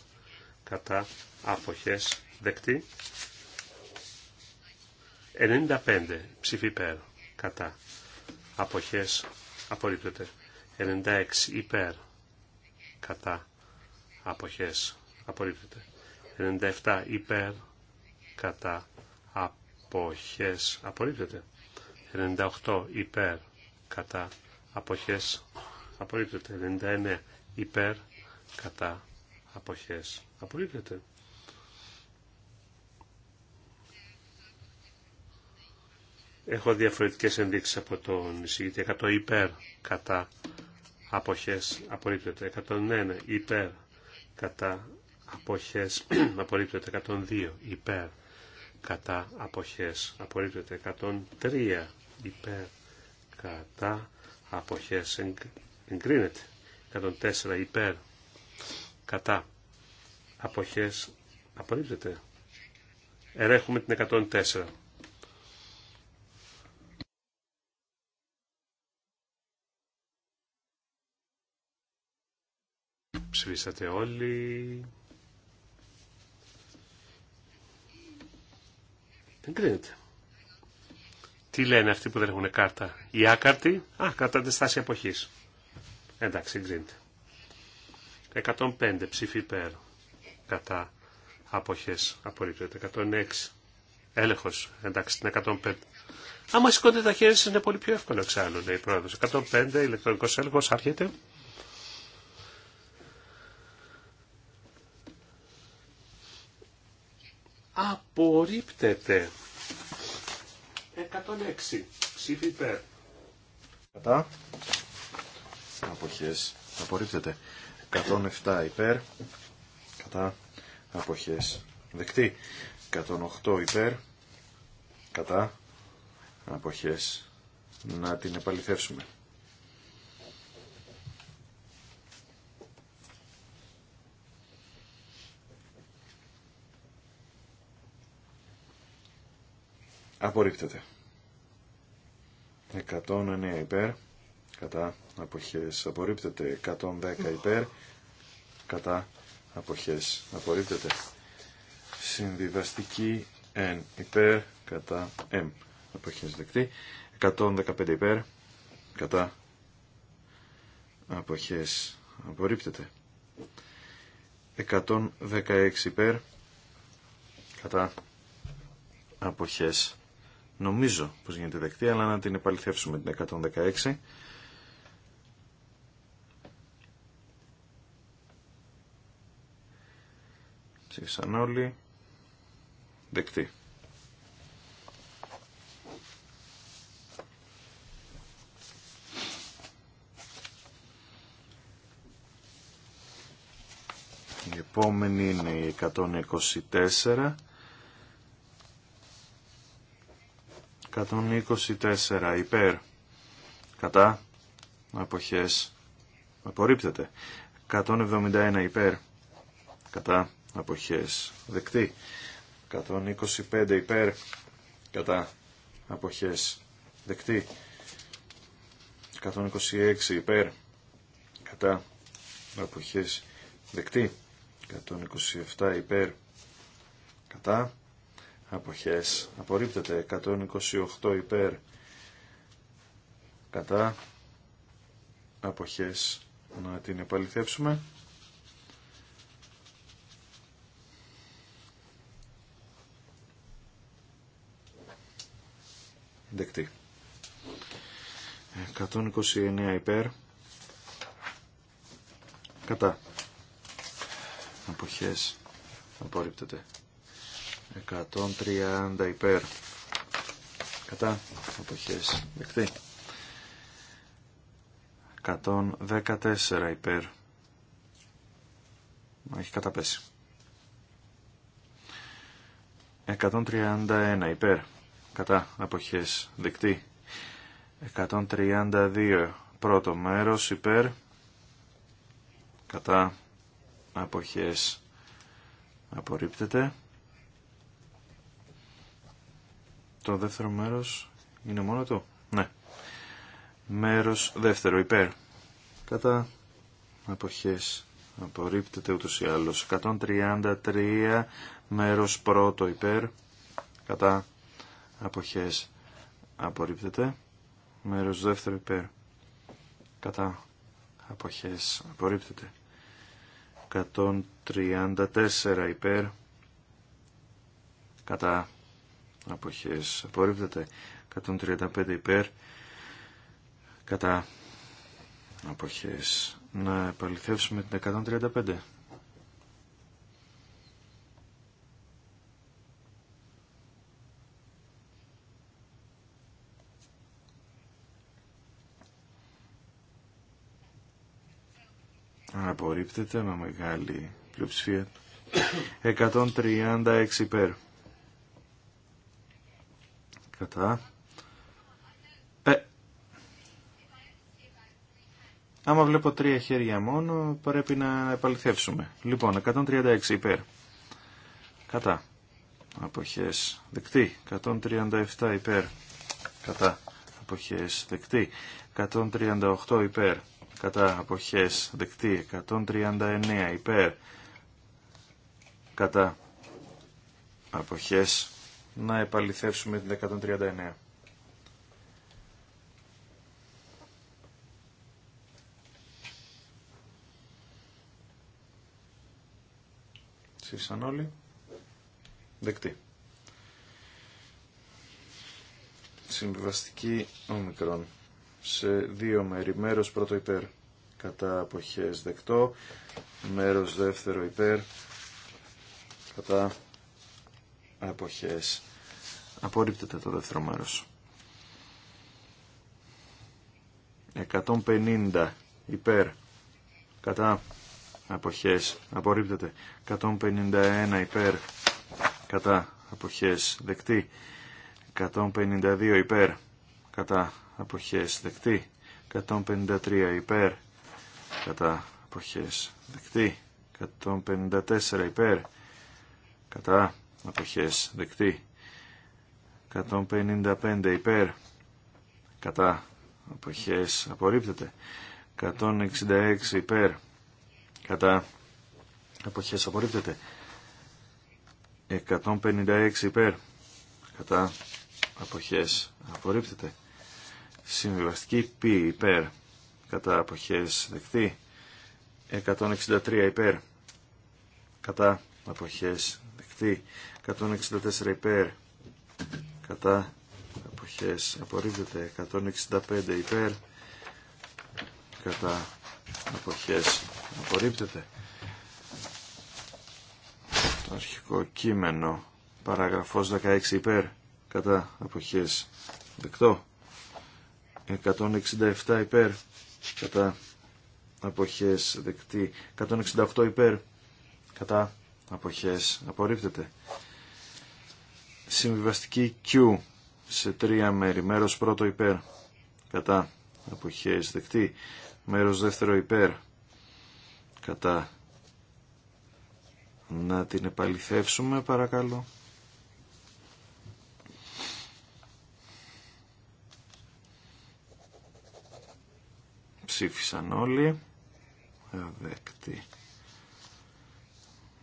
κατά αποχές δεκτή. 95 ψήφι υπέρ, κατά, αποχές, απορρίπτεται. 96 υπέρ, κατά, αποχές, απορρίπτεται. 97 υπέρ, κατά, αποχές, απορρίπτεται. 98 υπέρ, κατά, αποχές, απορρίπτεται. 99 υπέρ, κατά, αποχές, απορρίπτεται. Έχω διαφορετικές ενδείξεις από τον εισηγητή. 100 υπέρ κατά αποχές απορρίπτεται. 101 ναι, ναι, υπέρ κατά αποχές απορρίπτεται. 102 υπέρ κατά αποχές απορρίπτεται. 103 υπέρ κατά αποχές εγκρίνεται. 104 υπέρ κατά αποχές απορρίπτεται. Ερέχουμε την 104. Ψηφίσατε όλοι. Δεν κρίνεται. Τι λένε αυτοί που δεν έχουν κάρτα. ή άκαρτοι. Α, κάρτα στάση εποχής. Εντάξει, εγκρίνεται. 105 ψήφι υπέρ. Κατά αποχές. Απορρίπτεται. 106. Έλεγχος. Εντάξει, την 105. Άμα σηκώνετε τα χέρια σας είναι πολύ πιο εύκολο εξάλλου, λέει η 105 ηλεκτρονικός έλεγχος. Άρχεται. απορρίπτεται. 106 ψήφι υπέρ. Κατά. Αποχές. Απορρίπτεται. 107 υπέρ. Κατά. Αποχές. Δεκτή. 108 υπέρ. Κατά. Αποχές. Να την επαληθεύσουμε. απορρίπτεται. 109 υπέρ, κατά αποχές απορρίπτεται. 110 υπέρ, κατά αποχές απορρίπτεται. Συνδυαστική N υπέρ, κατά M αποχές δεκτή. 115 υπέρ, κατά αποχές απορρίπτεται. 116 υπέρ, κατά αποχές Νομίζω πως γίνεται δεκτή, αλλά να την επαληθεύσουμε την 116. Ψήφισαν όλοι. Δεκτή. Η επόμενη είναι η 124 124 υπέρ κατά αποχές απορρίπτεται 171 υπέρ κατά αποχές δεκτή 125 υπέρ κατά αποχές δεκτή 126 υπέρ κατά αποχές δεκτή 127 υπέρ κατά αποχές απορρίπτεται 128 υπέρ κατά αποχές να την επαληθεύσουμε δεκτή 129 υπέρ κατά αποχές απορρίπτεται 130 υπέρ. Κατά αποχές δεκτή. 114 υπέρ. Έχει καταπέσει. 131 υπέρ. Κατά αποχές δεκτή. 132 πρώτο μέρος υπέρ. Κατά αποχές απορρίπτεται. Το δεύτερο μέρος είναι μόνο το Ναι. Μέρος δεύτερο υπέρ. Κατά αποχές απορρίπτεται ούτως ή άλλως. 133 μέρος πρώτο υπέρ. Κατά αποχές απορρίπτεται. Μέρος δεύτερο υπέρ. Κατά αποχές απορρίπτεται. 134 υπέρ. Κατά αποχές απορρίπτεται 135 υπέρ κατά αποχές να επαληθεύσουμε την 135 Απορρίπτεται με μεγάλη πλειοψηφία. 136 υπέρ. Κατά. Ε. Άμα βλέπω τρία χέρια μόνο, πρέπει να επαληθεύσουμε. Λοιπόν, 136 υπέρ. Κατά. Αποχές δεκτή. 137 υπέρ. Κατά. Αποχές δεκτή. 138 υπέρ. Κατά. Αποχές δεκτή. 139 υπέρ. Κατά. Αποχές να επαληθεύσουμε την 139. Ψήφισαν όλοι. Δεκτή. Συμβιβαστική ομικρόν. Σε δύο μέρη. Μέρος πρώτο υπέρ. Κατά αποχές δεκτό. Μέρος δεύτερο υπέρ. Κατά αποχές απορρίπτεται το δεύτερο μέρος 150 υπέρ κατά αποχές απορρίπτεται 151 υπέρ κατά αποχές δεκτή 152 υπέρ κατά αποχές δεκτή 153 υπέρ κατά αποχές δεκτή 154 υπέρ κατά αποχές δεκτή 155 υπέρ κατά αποχές απορρίπτεται 166 υπέρ κατά αποχές απορρίπτεται 156 υπέρ κατά αποχές απορρίπτεται συμβιβαστική πι υπέρ κατά αποχές δεκτή 163 υπέρ κατά αποχές 164 υπέρ κατά αποχές απορρίπτεται. 165 υπέρ κατά αποχές απορρίπτεται. Το αρχικό κείμενο παραγραφός 16 υπέρ κατά αποχές δεκτό. 167 υπέρ κατά αποχές δεκτή 168 υπέρ κατά αποχές απορρίπτεται. Συμβιβαστική Q σε τρία μέρη. Μέρος πρώτο υπέρ κατά αποχές δεκτή. Μέρος δεύτερο υπέρ κατά να την επαληθεύσουμε παρακαλώ. Ψήφισαν όλοι. Δεκτή.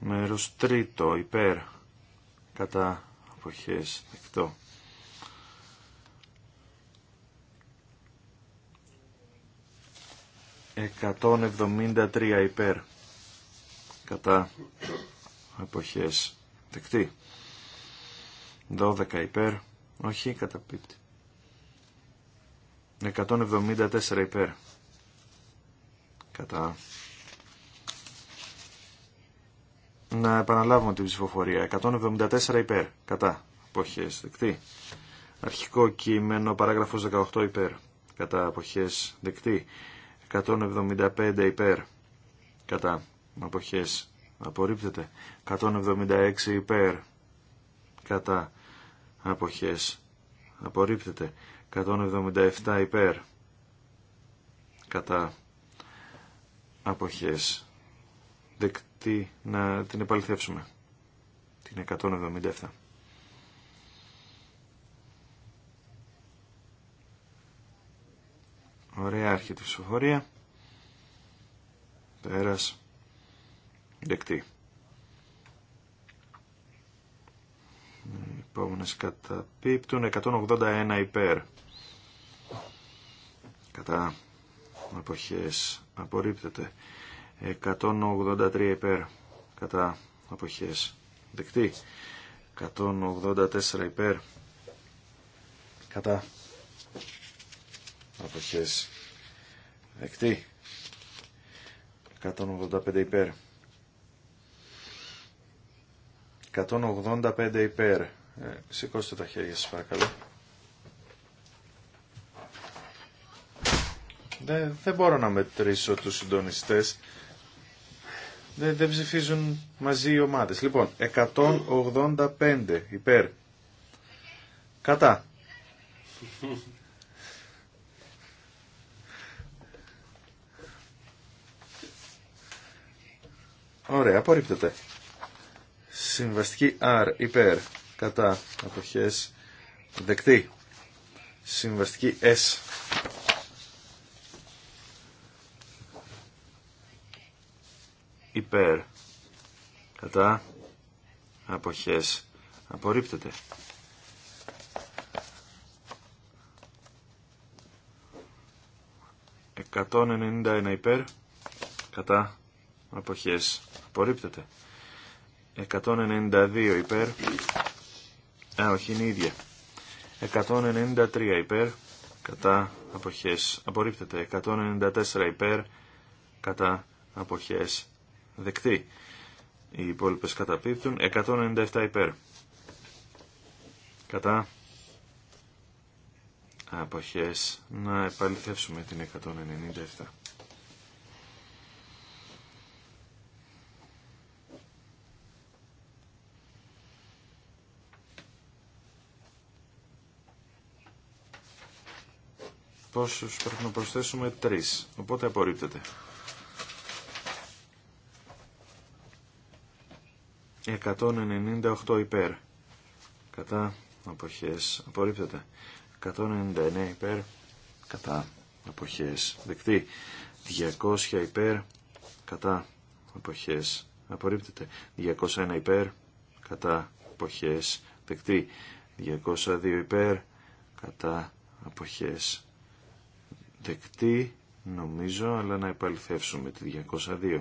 Μέρο τρίτο υπέρ κατά εποχέ δεκτό. 173 υπέρ κατά εποχέ δεκτή. 12 υπέρ. Όχι, κατά πίπτη. 174 υπέρ κατά. Να επαναλάβουμε την ψηφοφορία. 174 υπέρ. Κατά. Αποχές δεκτή. Αρχικό κείμενο παράγραφος 18 υπέρ. Κατά. Αποχές δεκτή. 175 υπέρ. Κατά. Αποχές απορρίπτεται. 176 υπέρ. Κατά. Αποχές απορρίπτεται. 177 υπέρ. Κατά. Αποχές δεκτή να την επαληθεύσουμε. Την 177. Ωραία άρχη τη ψηφοφορία. Πέρας. Δεκτή. Επόμενες καταπίπτουν 181 υπέρ. Κατά αποχές απορρίπτεται. 183 υπέρ κατά αποχές δεκτή 184 υπέρ κατά αποχές δεκτή 185 υπέρ 185 υπέρ ε, σηκώστε τα χέρια σας παρακαλώ δεν, δεν μπορώ να μετρήσω τους συντονιστές δεν, δεν ψηφίζουν μαζί οι ομάδες. Λοιπόν, 185 υπέρ. Κατά. Ωραία, απορρίπτεται. Συμβαστική R υπέρ κατά αποχές δεκτή. Συμβαστική S υπέρ κατά αποχές απορρίπτεται. 191 υπέρ κατά αποχές απορρίπτεται. 192 υπέρ. Α, όχι, είναι ίδια. 193 υπέρ. Κατά αποχές απορρίπτεται. 194 υπέρ. Κατά αποχές δεκτεί. Οι υπόλοιπε καταπίπτουν. 197 υπέρ. Κατά. Αποχές. Να επαληθεύσουμε την 197. Πόσους πρέπει να προσθέσουμε τρεις. Οπότε απορρίπτεται. 198 υπέρ. Κατά αποχές απορρίπτεται. 199 υπέρ. Κατά αποχές δεκτή. 200 υπέρ. Κατά αποχές απορρίπτεται. 201 υπέρ. Κατά αποχές δεκτή. 202 υπέρ. Κατά αποχές δεκτή. Νομίζω, αλλά να επαληθεύσουμε τη 202.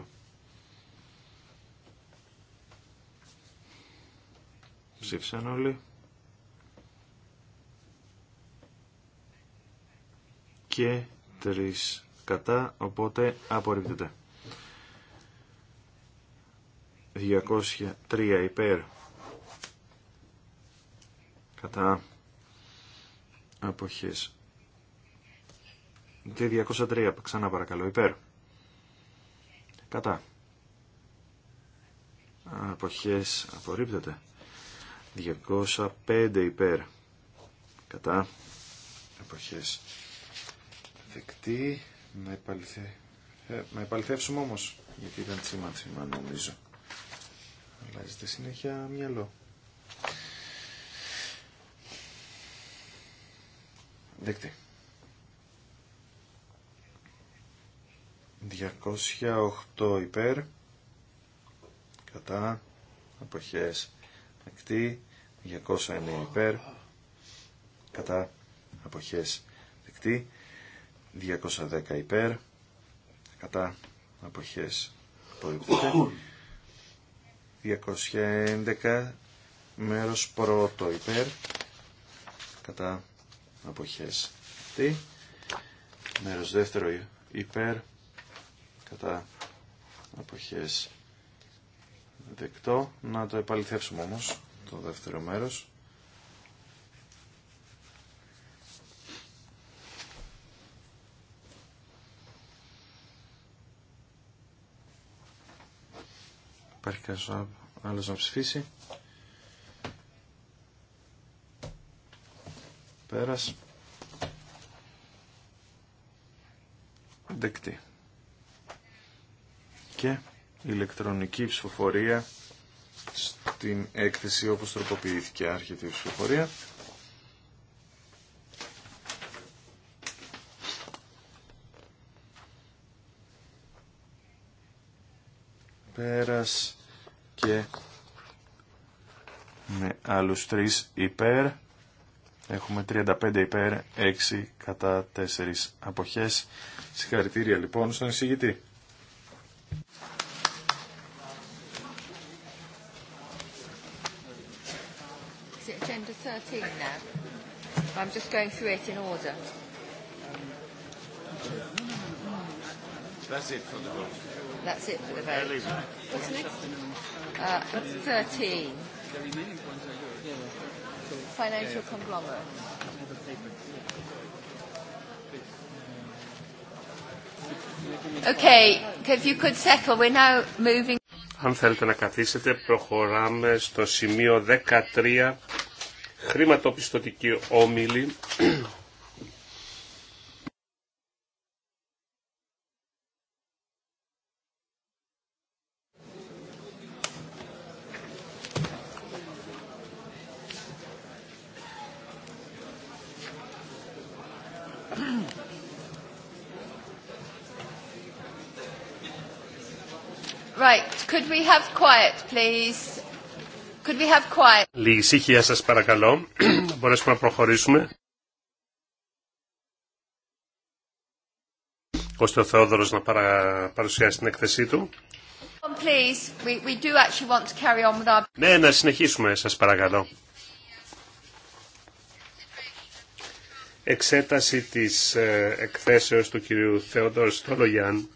Ψήφισαν όλοι. Και τρεις κατά, οπότε απορρίπτεται. 203 υπέρ. Κατά αποχές. Και 203, ξανά παρακαλώ, υπέρ. Κατά. Αποχές απορρίπτεται. 205 υπέρ κατά εποχές δεκτή να, επαληθε... Ε, να επαληθεύσουμε όμως γιατί ήταν τσίμα τσίμα νομίζω αλλάζεται συνέχεια μυαλό δεκτή 208 υπέρ κατά εποχές δεκτή 209 υπέρ κατά αποχές δεκτή 210 υπέρ κατά αποχές απορριπτείται 211 μέρος πρώτο υπέρ κατά αποχές δεκτή μέρος δεύτερο υπέρ κατά αποχές δεκτό. Να το επαληθεύσουμε όμως το δεύτερο μέρος. Υπάρχει κάποιος άλλος να ψηφίσει. Πέρας. Δεκτή. Και ηλεκτρονική ψηφοφορία στην έκθεση όπως τροποποιήθηκε άρχεται η ψηφοφορία. Πέρας και με άλλους τρεις υπέρ. Έχουμε 35 υπέρ, 6 κατά 4 αποχές. Συγχαρητήρια λοιπόν στον εισηγητή. 15 now. I'm just going through it in order. That's it for the vote. That's it for the vote. What's next? Uh, 13. The remaining are Financial conglomerate. Okay, if you could settle, we're now moving. Αν θέλετε να καθίσετε, προχωράμε στο σημείο 13 χρηματοπιστωτική ομίλη. Right, could we have quiet, please? Could we Λίγη ησυχία σας παρακαλώ. Μπορέσουμε να προχωρήσουμε. Ώστε ο Θεόδωρος να παρουσιάσει την εκθεσή του. we, we do want to carry on with Ναι, να συνεχίσουμε σας παρακαλώ. Εξέταση της ε, εκθέσεως του κυρίου Θεόδωρου Στολογιάν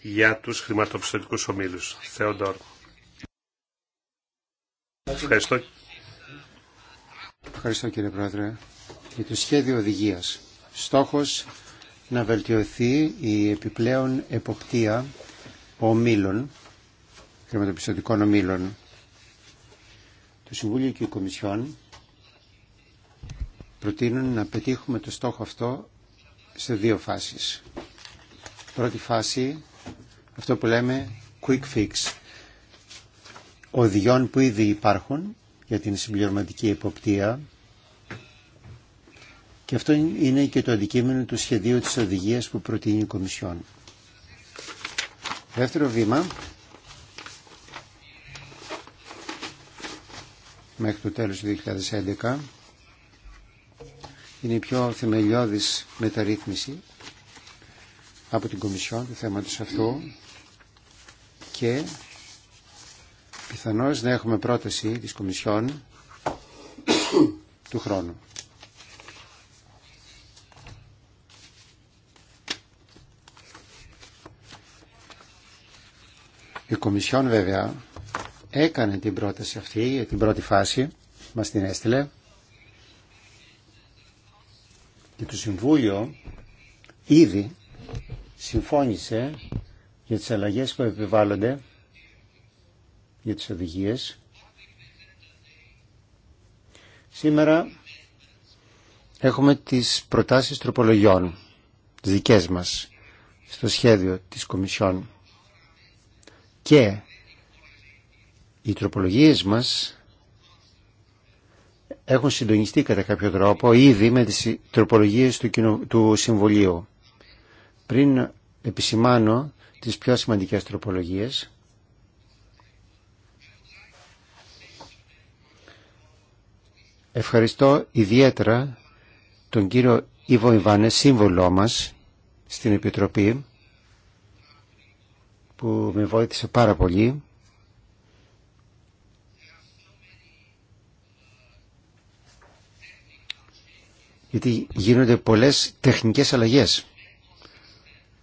για τους χρηματοπιστωτικούς ομίλους. Θεόδωρο. Ευχαριστώ. Ευχαριστώ κύριε Πρόεδρε για το σχέδιο οδηγίας. Στόχος να βελτιωθεί η επιπλέον εποπτεία ομίλων, χρηματοπιστωτικών ομίλων. Το Συμβούλιο και η Κομισιόν προτείνουν να πετύχουμε το στόχο αυτό σε δύο φάσεις. Πρώτη φάση, αυτό που λέμε quick fix, οδηγιών που ήδη υπάρχουν για την συμπληρωματική εποπτεία και αυτό είναι και το αντικείμενο του σχεδίου της οδηγίας που προτείνει η Κομισιόν. Δεύτερο βήμα, μέχρι το τέλος του 2011, είναι η πιο θεμελιώδης μεταρρύθμιση από την Κομισιόν του θέματος αυτού και πιθανώς να έχουμε πρόταση της Κομισιόν του χρόνου. Η Κομισιόν βέβαια έκανε την πρόταση αυτή την πρώτη φάση, μας την έστειλε και το Συμβούλιο ήδη συμφώνησε για τις αλλαγές που επιβάλλονται για τις οδηγίες. Σήμερα έχουμε τις προτάσεις τροπολογιών, τις δικές μας, στο σχέδιο της Κομισιόν. Και οι τροπολογίες μας έχουν συντονιστεί κατά κάποιο τρόπο ήδη με τις τροπολογίες του, κοινο... του Συμβουλίου. Πριν επισημάνω τις πιο σημαντικές τροπολογίες, Ευχαριστώ ιδιαίτερα τον κύριο Ιβο Ιβάνε, σύμβολό μας στην Επιτροπή, που με βοήθησε πάρα πολύ. Γιατί γίνονται πολλές τεχνικές αλλαγές,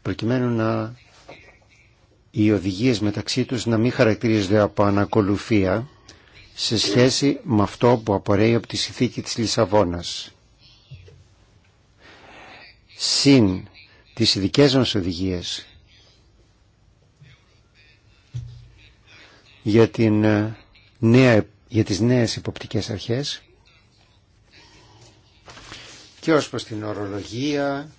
προκειμένου να οι οδηγίες μεταξύ τους να μην χαρακτηρίζονται από ανακολουθία, σε σχέση με αυτό που απορρέει από τη συνθήκη της Λισαβόνας. Συν τις ειδικέ μας οδηγίες για, την ε, νέα, για τις νέες υποπτικές αρχές και ως προς την ορολογία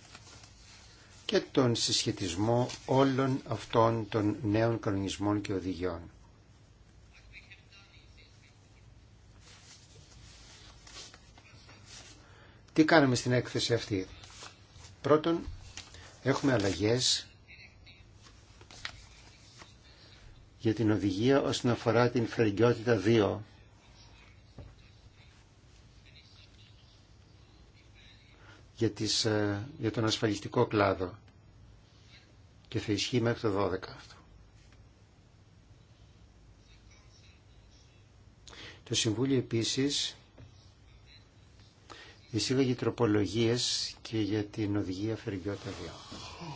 και τον συσχετισμό όλων αυτών των νέων κανονισμών και οδηγιών. Τι κάναμε στην έκθεση αυτή. Πρώτον, έχουμε αλλαγές για την οδηγία όσον αφορά την φερικιότητα 2. Ε, για, τον ασφαλιστικό κλάδο και θα ισχύει μέχρι το 12 αυτό. Το Συμβούλιο επίσης για τροπολογίες και για την οδηγία Φεργιώτα 2.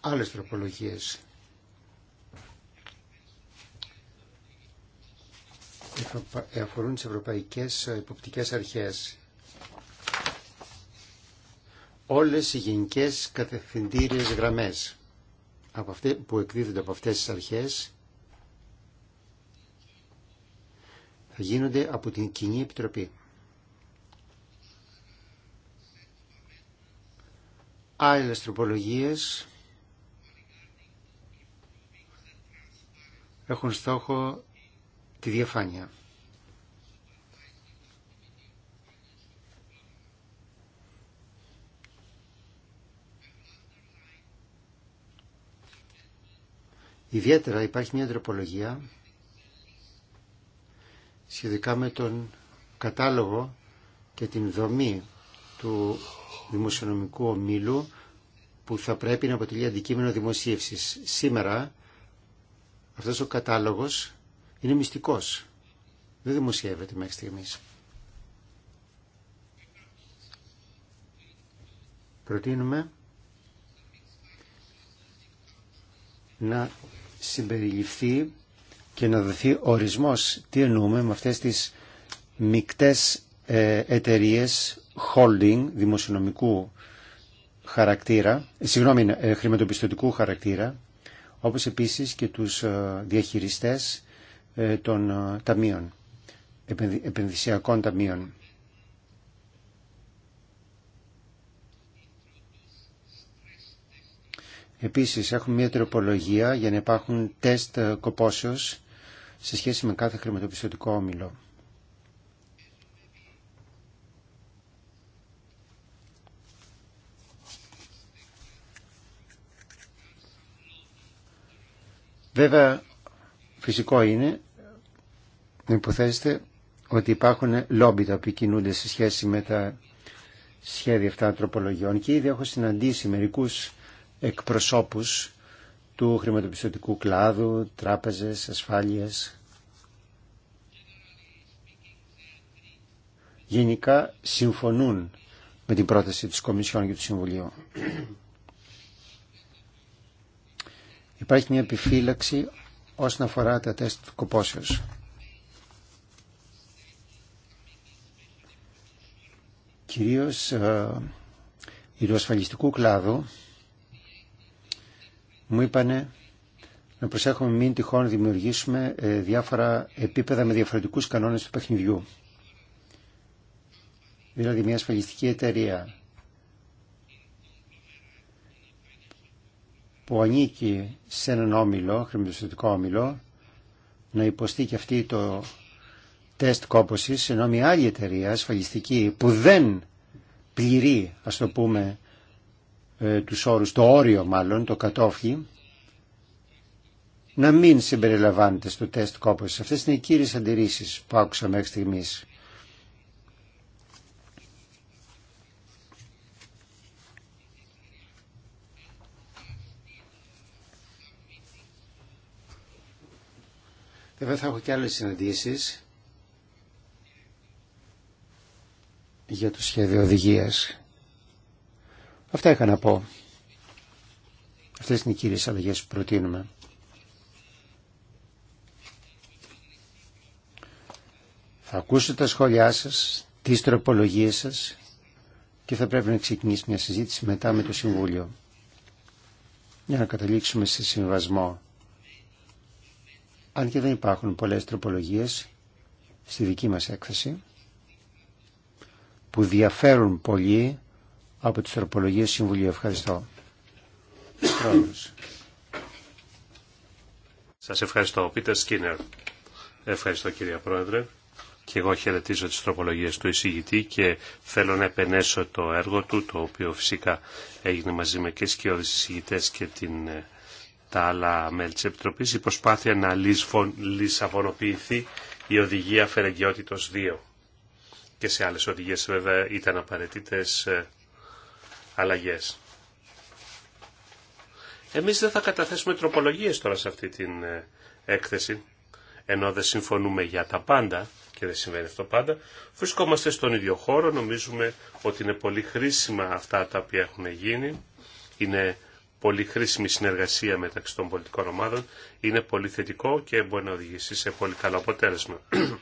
Άλλες τροπολογίες. Ε, αφορούν τις ευρωπαϊκές ε, υποπτικές αρχές. Όλες οι γενικές κατευθυντήριες γραμμές που εκδίδονται από αυτές τις αρχές θα γίνονται από την Κοινή Επιτροπή. Άλλες τροπολογίες έχουν στόχο τη διαφάνεια. Ιδιαίτερα υπάρχει μια τροπολογία σχετικά με τον κατάλογο και την δομή του δημοσιονομικού ομίλου που θα πρέπει να αποτελεί αντικείμενο δημοσίευσης. Σήμερα αυτός ο κατάλογος είναι μυστικός. Δεν δημοσιεύεται μέχρι στιγμής. Προτείνουμε να συμπεριληφθεί και να δοθεί ορισμός τι εννοούμε με αυτές τις μικτές ε, εταιρείε holding δημοσιονομικού χαρακτήρα, ε, συγγνώμη, ε, χρηματοπιστωτικού χαρακτήρα, όπως επίσης και τους διαχειριστές των ταμείων, επενδυσιακών ταμείων. Επίσης έχουμε μια τροπολογία για να υπάρχουν τεστ κοπόσεως σε σχέση με κάθε χρηματοπιστωτικό όμιλο. Βέβαια, φυσικό είναι να υποθέσετε ότι υπάρχουν λόμπι τα οποία κινούνται σε σχέση με τα σχέδια αυτά τροπολογιών και ήδη έχω συναντήσει μερικούς εκπροσώπους του χρηματοπιστωτικού κλάδου, τράπεζες, ασφάλειες. Γενικά συμφωνούν με την πρόταση της Κομισιόν και του Συμβουλίου. Υπάρχει μια επιφύλαξη όσον αφορά τα τεστ του κοπόσεως. Κυρίως ε, η του ασφαλιστικού κλάδου μου είπανε να προσέχουμε μην τυχόν δημιουργήσουμε ε, διάφορα επίπεδα με διαφορετικούς κανόνες του παιχνιδιού. Δηλαδή μια ασφαλιστική εταιρεία που ανήκει σε έναν όμιλο, χρηματοδοτικό όμιλο, να υποστεί και αυτή το τεστ κόπωσης, ενώ μια άλλη εταιρεία ασφαλιστική που δεν πληρεί, ας το πούμε, ε, τους όρους, το όριο μάλλον, το κατόφι να μην συμπεριλαμβάνεται στο τεστ κόπωση. Αυτές είναι οι κύριες αντιρρήσεις που άκουσα μέχρι στιγμής. Βέβαια θα έχω και άλλες συναντήσεις για το σχέδιο οδηγίας. Αυτά είχα να πω. Αυτές είναι οι κύριες αλλαγές που προτείνουμε. Θα ακούσω τα σχόλιά σας, τις τροπολογίες σας και θα πρέπει να ξεκινήσει μια συζήτηση μετά με το Συμβούλιο για να καταλήξουμε σε συμβασμό. Αν και δεν υπάρχουν πολλές τροπολογίες στη δική μας έκθεση που διαφέρουν πολύ από τις τροπολογίες Συμβουλίου. Ευχαριστώ. Σας ευχαριστώ. Πίτερ Σκίνερ. Ευχαριστώ κύριε Πρόεδρε. Και εγώ χαιρετίζω τις τροπολογίες του εισηγητή και θέλω να επενέσω το έργο του, το οποίο φυσικά έγινε μαζί με και σκιώδεις εισηγητές και την, ε, τα άλλα μέλη της Επιτροπής, η προσπάθεια να λησαβονοποιηθεί η οδηγία Φερεγγιότητος 2. Και σε άλλες οδηγίες βέβαια ήταν απαραίτητες ε, αλλαγές. Εμείς δεν θα καταθέσουμε τροπολογίες τώρα σε αυτή την ε, έκθεση, ενώ δεν συμφωνούμε για τα πάντα και δεν συμβαίνει αυτό πάντα. Βρισκόμαστε στον ίδιο χώρο, νομίζουμε ότι είναι πολύ χρήσιμα αυτά τα οποία έχουν γίνει. Είναι πολύ χρήσιμη συνεργασία μεταξύ των πολιτικών ομάδων. Είναι πολύ θετικό και μπορεί να οδηγήσει σε πολύ καλό αποτέλεσμα.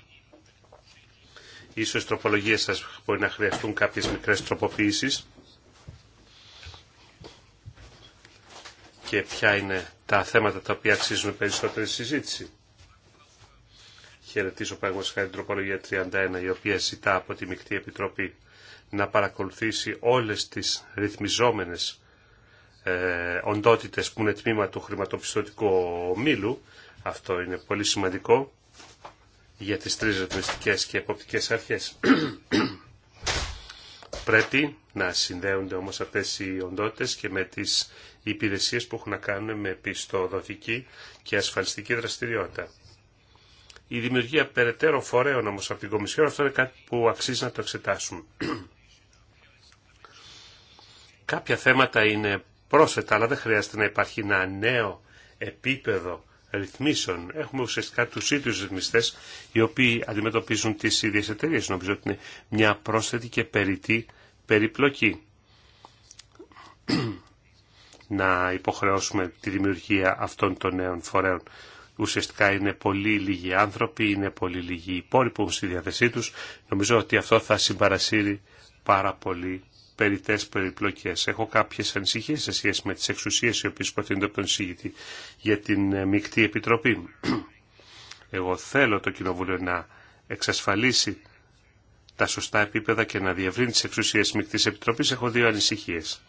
Ίσως οι τροπολογίες σας μπορεί να χρειαστούν κάποιες μικρές τροποποίησεις και ποια είναι τα θέματα τα οποία αξίζουν περισσότερη συζήτηση. Χαιρετίζω παραγωγικά χάρη την τροπολογία 31 η οποία ζητά από τη Μικτή Επιτροπή να παρακολουθήσει όλες τις ρυθμιζόμενες ε, οντότητες που είναι τμήμα του χρηματοπιστωτικού μήλου. Αυτό είναι πολύ σημαντικό για τις τρεις ρυθμιστικές και εποπτικές αρχές πρέπει να συνδέονται όμως αυτές οι οντότητες και με τις υπηρεσίες που έχουν να κάνουν με πιστοδοτική και ασφαλιστική δραστηριότητα. Η δημιουργία περαιτέρω φορέων όμως από την Κομισιόν αυτό είναι κάτι που αξίζει να το εξετάσουμε. Κάποια θέματα είναι πρόσθετα αλλά δεν χρειάζεται να υπάρχει ένα νέο επίπεδο ρυθμίσεων. Έχουμε ουσιαστικά τους ίδιους ρυθμιστές οι οποίοι αντιμετωπίζουν τις ίδιες εταιρείε. Νομίζω ότι είναι μια πρόσθετη και περιττή περιπλοκή. να υποχρεώσουμε τη δημιουργία αυτών των νέων φορέων. Ουσιαστικά είναι πολύ λίγοι άνθρωποι, είναι πολύ λίγοι υπόλοιποι που έχουν στη διάθεσή τους. Νομίζω ότι αυτό θα συμπαρασύρει πάρα πολύ περιτές περιπλοκές. Έχω κάποιες ανησυχίε σε σχέση με τις εξουσίες οι οποίε προτείνονται από τον εισηγητή για την ε, μεικτή επιτροπή. Εγώ θέλω το Κοινοβούλιο να εξασφαλίσει τα σωστά επίπεδα και να διευρύνει τις εξουσίες μεικτής επιτροπής. Έχω δύο ανησυχίες.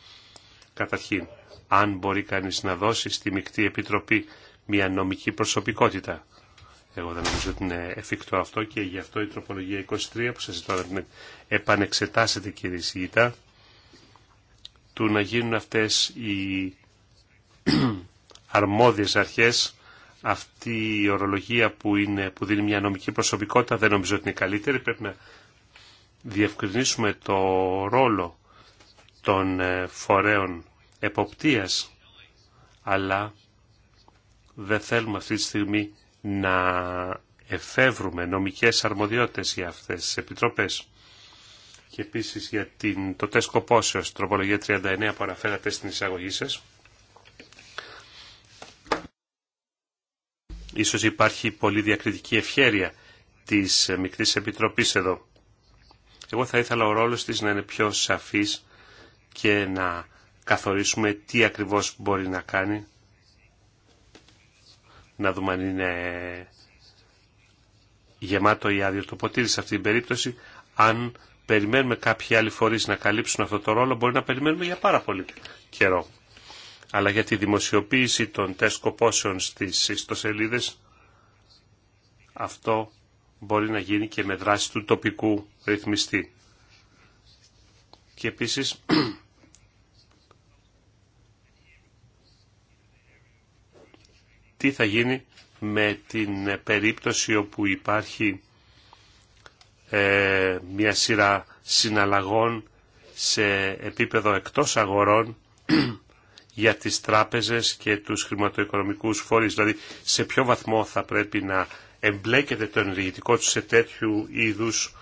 Καταρχήν, αν μπορεί κανεί να δώσει στη μεικτή επιτροπή μια νομική προσωπικότητα. Εγώ δεν νομίζω ότι είναι εφικτό αυτό και γι' αυτό η τροπολογία 23 που σας ζητώ να την επανεξετάσετε κύριε Σιγητά του να γίνουν αυτές οι αρμόδιες αρχές αυτή η ορολογία που, είναι, που δίνει μια νομική προσωπικότητα δεν νομίζω ότι είναι καλύτερη. Πρέπει να διευκρινίσουμε το ρόλο των ε, φορέων εποπτείας αλλά δεν θέλουμε αυτή τη στιγμή να εφεύρουμε νομικές αρμοδιότητες για αυτές τις επιτροπές και επίσης για την, το τεστ τροπολογία 39 που αναφέρατε στην εισαγωγή σας. Ίσως υπάρχει πολύ διακριτική ευχέρεια της ε, Μικρής Επιτροπής εδώ. Εγώ θα ήθελα ο ρόλος της να είναι πιο σαφής και να καθορίσουμε τι ακριβώς μπορεί να κάνει. Να δούμε αν είναι γεμάτο ή άδειο το ποτήρι σε αυτή την περίπτωση. Αν περιμένουμε κάποιοι άλλοι φορείς να καλύψουν αυτό το ρόλο, μπορεί να περιμένουμε για πάρα πολύ καιρό. Αλλά για τη δημοσιοποίηση των τεστ κοπόσεων στις ιστοσελίδες, αυτό μπορεί να γίνει και με δράση του τοπικού ρυθμιστή. Και επίσης, τι θα γίνει με την περίπτωση όπου υπάρχει ε, μια σειρά συναλλαγών σε επίπεδο εκτός αγορών για τις τράπεζες και τους χρηματοοικονομικούς φορείς. Δηλαδή σε ποιο βαθμό θα πρέπει να εμπλέκεται το ενεργητικό του σε τέτοιου είδους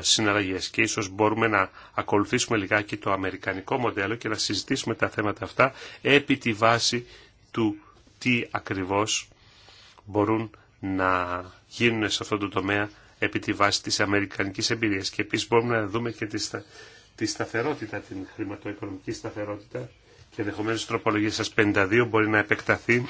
συναλλαγές και ίσως μπορούμε να ακολουθήσουμε λιγάκι το αμερικανικό μοντέλο και να συζητήσουμε τα θέματα αυτά επί τη βάση του τι ακριβώς μπορούν να γίνουν σε αυτό το τομέα επί τη βάση της αμερικανικής εμπειρίας. Και επίσης μπορούμε να δούμε και τη, σταθερότητα, την χρηματοοικονομική σταθερότητα και ενδεχομένω η τροπολογία σας 52 μπορεί να επεκταθεί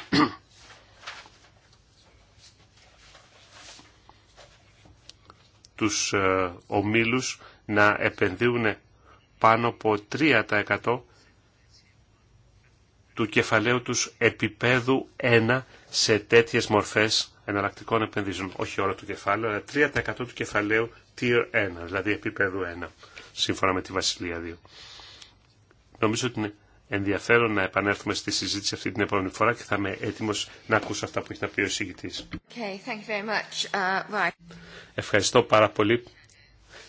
τους ε, ομίλους να επενδύουν πάνω από 3% του κεφαλαίου τους επίπεδου 1 σε τέτοιες μορφές εναλλακτικών επενδύσεων. Όχι όλο το κεφάλαιο, αλλά 3% του κεφαλαίου tier 1, δηλαδή επίπεδου 1, σύμφωνα με τη Βασιλεία 2. Νομίζω ότι είναι ενδιαφέρον να επανέλθουμε στη συζήτηση αυτή την επόμενη φορά και θα είμαι έτοιμο να ακούσω αυτά που έχει να πει ο εισηγητή. Okay, Uh, right. Ευχαριστώ πάρα πολύ.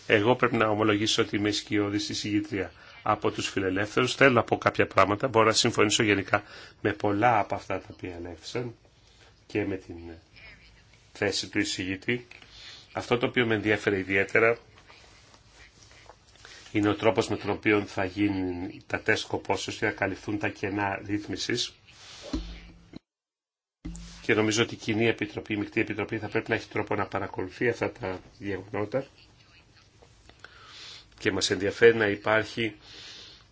Εγώ πρέπει να ομολογήσω ότι είμαι σκιώδη εισηγήτρια από του φιλελεύθερου. Θέλω να πω κάποια πράγματα. Μπορώ να συμφωνήσω γενικά με πολλά από αυτά τα οποία ελέγχθησαν και με την θέση του εισηγητή. Αυτό το οποίο με ενδιαφέρει ιδιαίτερα είναι ο τρόπος με τον οποίο θα γίνουν τα τεστ κοπόσεως ώστε να καλυφθούν τα κενά ρύθμισης. Και νομίζω ότι η κοινή επιτροπή, η μεικτή επιτροπή θα πρέπει να έχει τρόπο να παρακολουθεί αυτά τα γεγονότα και μας ενδιαφέρει να υπάρχει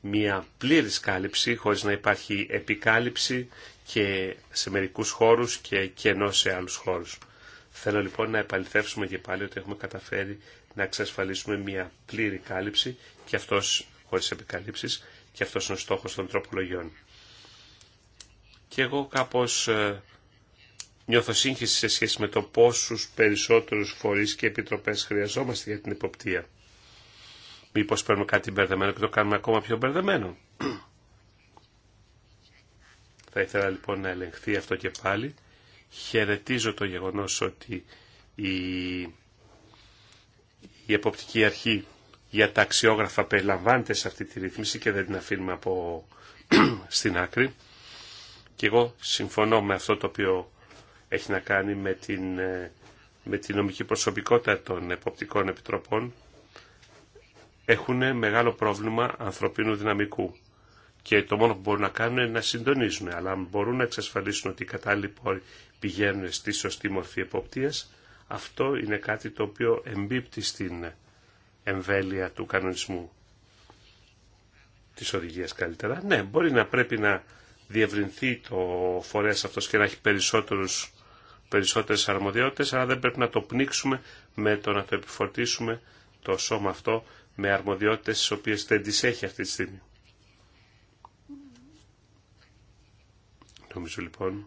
μια πλήρης κάλυψη χωρίς να υπάρχει επικάλυψη και σε μερικούς χώρους και κενό σε άλλους χώρους. Θέλω λοιπόν να επαληθεύσουμε και πάλι ότι έχουμε καταφέρει να εξασφαλίσουμε μια πλήρη κάλυψη και αυτός χωρίς επικαλύψεις και αυτός είναι ο στόχος των τροπολογιών. Και εγώ κάπως ε, νιώθω σύγχυση σε σχέση με το πόσους περισσότερους φορείς και επιτροπές χρειαζόμαστε για την υποπτία. Μήπως παίρνουμε κάτι μπερδεμένο και το κάνουμε ακόμα πιο μπερδεμένο. Θα ήθελα λοιπόν να ελεγχθεί αυτό και πάλι χαιρετίζω το γεγονός ότι η, εποπτική αρχή για τα αξιόγραφα περιλαμβάνεται σε αυτή τη ρύθμιση και δεν την αφήνουμε από στην άκρη. Και εγώ συμφωνώ με αυτό το οποίο έχει να κάνει με την, ε, με την νομική προσωπικότητα των εποπτικών επιτροπών. Έχουν μεγάλο πρόβλημα ανθρωπίνου δυναμικού και το μόνο που μπορούν να κάνουν είναι να συντονίζουν. Αλλά αν μπορούν να εξασφαλίσουν ότι οι κατάλληλοι πόροι πηγαίνουν στη σωστή μορφή εποπτείας, αυτό είναι κάτι το οποίο εμπίπτει στην εμβέλεια του κανονισμού της οδηγίας καλύτερα. Ναι, μπορεί να πρέπει να διευρυνθεί το φορέας αυτός και να έχει περισσότερους, περισσότερες αρμοδιότητες, αλλά δεν πρέπει να το πνίξουμε με το να το επιφορτήσουμε το σώμα αυτό με αρμοδιότητες τις οποίες δεν τις έχει αυτή τη στιγμή. Νομίζω λοιπόν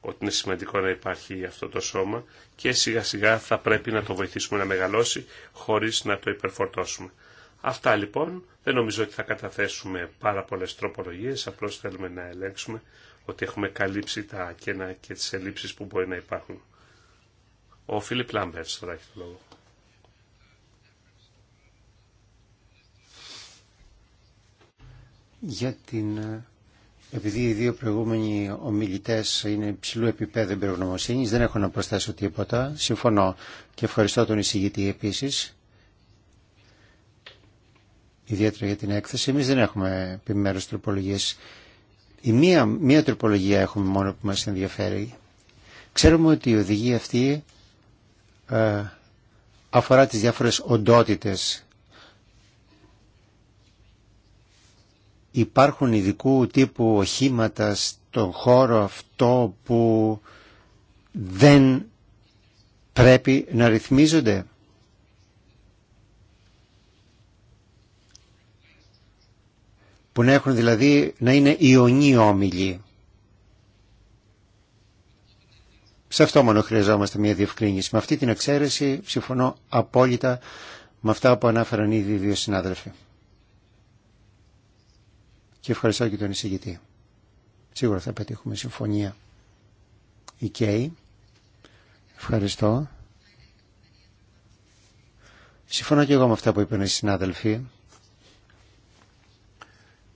ότι είναι σημαντικό να υπάρχει αυτό το σώμα και σιγά σιγά θα πρέπει να το βοηθήσουμε να μεγαλώσει χωρίς να το υπερφορτώσουμε. Αυτά λοιπόν, δεν νομίζω ότι θα καταθέσουμε πάρα πολλές τροπολογίες, απλώς θέλουμε να ελέγξουμε ότι έχουμε καλύψει τα κένα και τις ελλείψεις που μπορεί να υπάρχουν. Ο Φίλιπ Λάμπερτς τώρα έχει το λόγο. Για την ε, επειδή οι δύο προηγούμενοι ομιλητέ είναι υψηλού επίπεδου εμπειρογνωμοσύνη, δεν έχω να προσθέσω τίποτα. Συμφωνώ και ευχαριστώ τον εισηγητή επίση. Ιδιαίτερα για την έκθεση. Εμεί δεν έχουμε επιμέρου τροπολογίε. Η μία, μία τροπολογία έχουμε μόνο που μα ενδιαφέρει. Ξέρουμε ότι η οδηγία αυτή ε, αφορά τις διάφορε οντότητε. υπάρχουν ειδικού τύπου οχήματα στον χώρο αυτό που δεν πρέπει να ρυθμίζονται. Που να έχουν δηλαδή να είναι ιονοί όμιλοι. Σε αυτό μόνο χρειαζόμαστε μια διευκρίνηση. Με αυτή την εξαίρεση συμφωνώ απόλυτα με αυτά που ανάφεραν ήδη οι δύο συνάδελφοι και ευχαριστώ και τον εισηγητή. Σίγουρα θα πετύχουμε συμφωνία. Η Ευχαριστώ. Συμφωνώ και εγώ με αυτά που είπαν οι συνάδελφοι.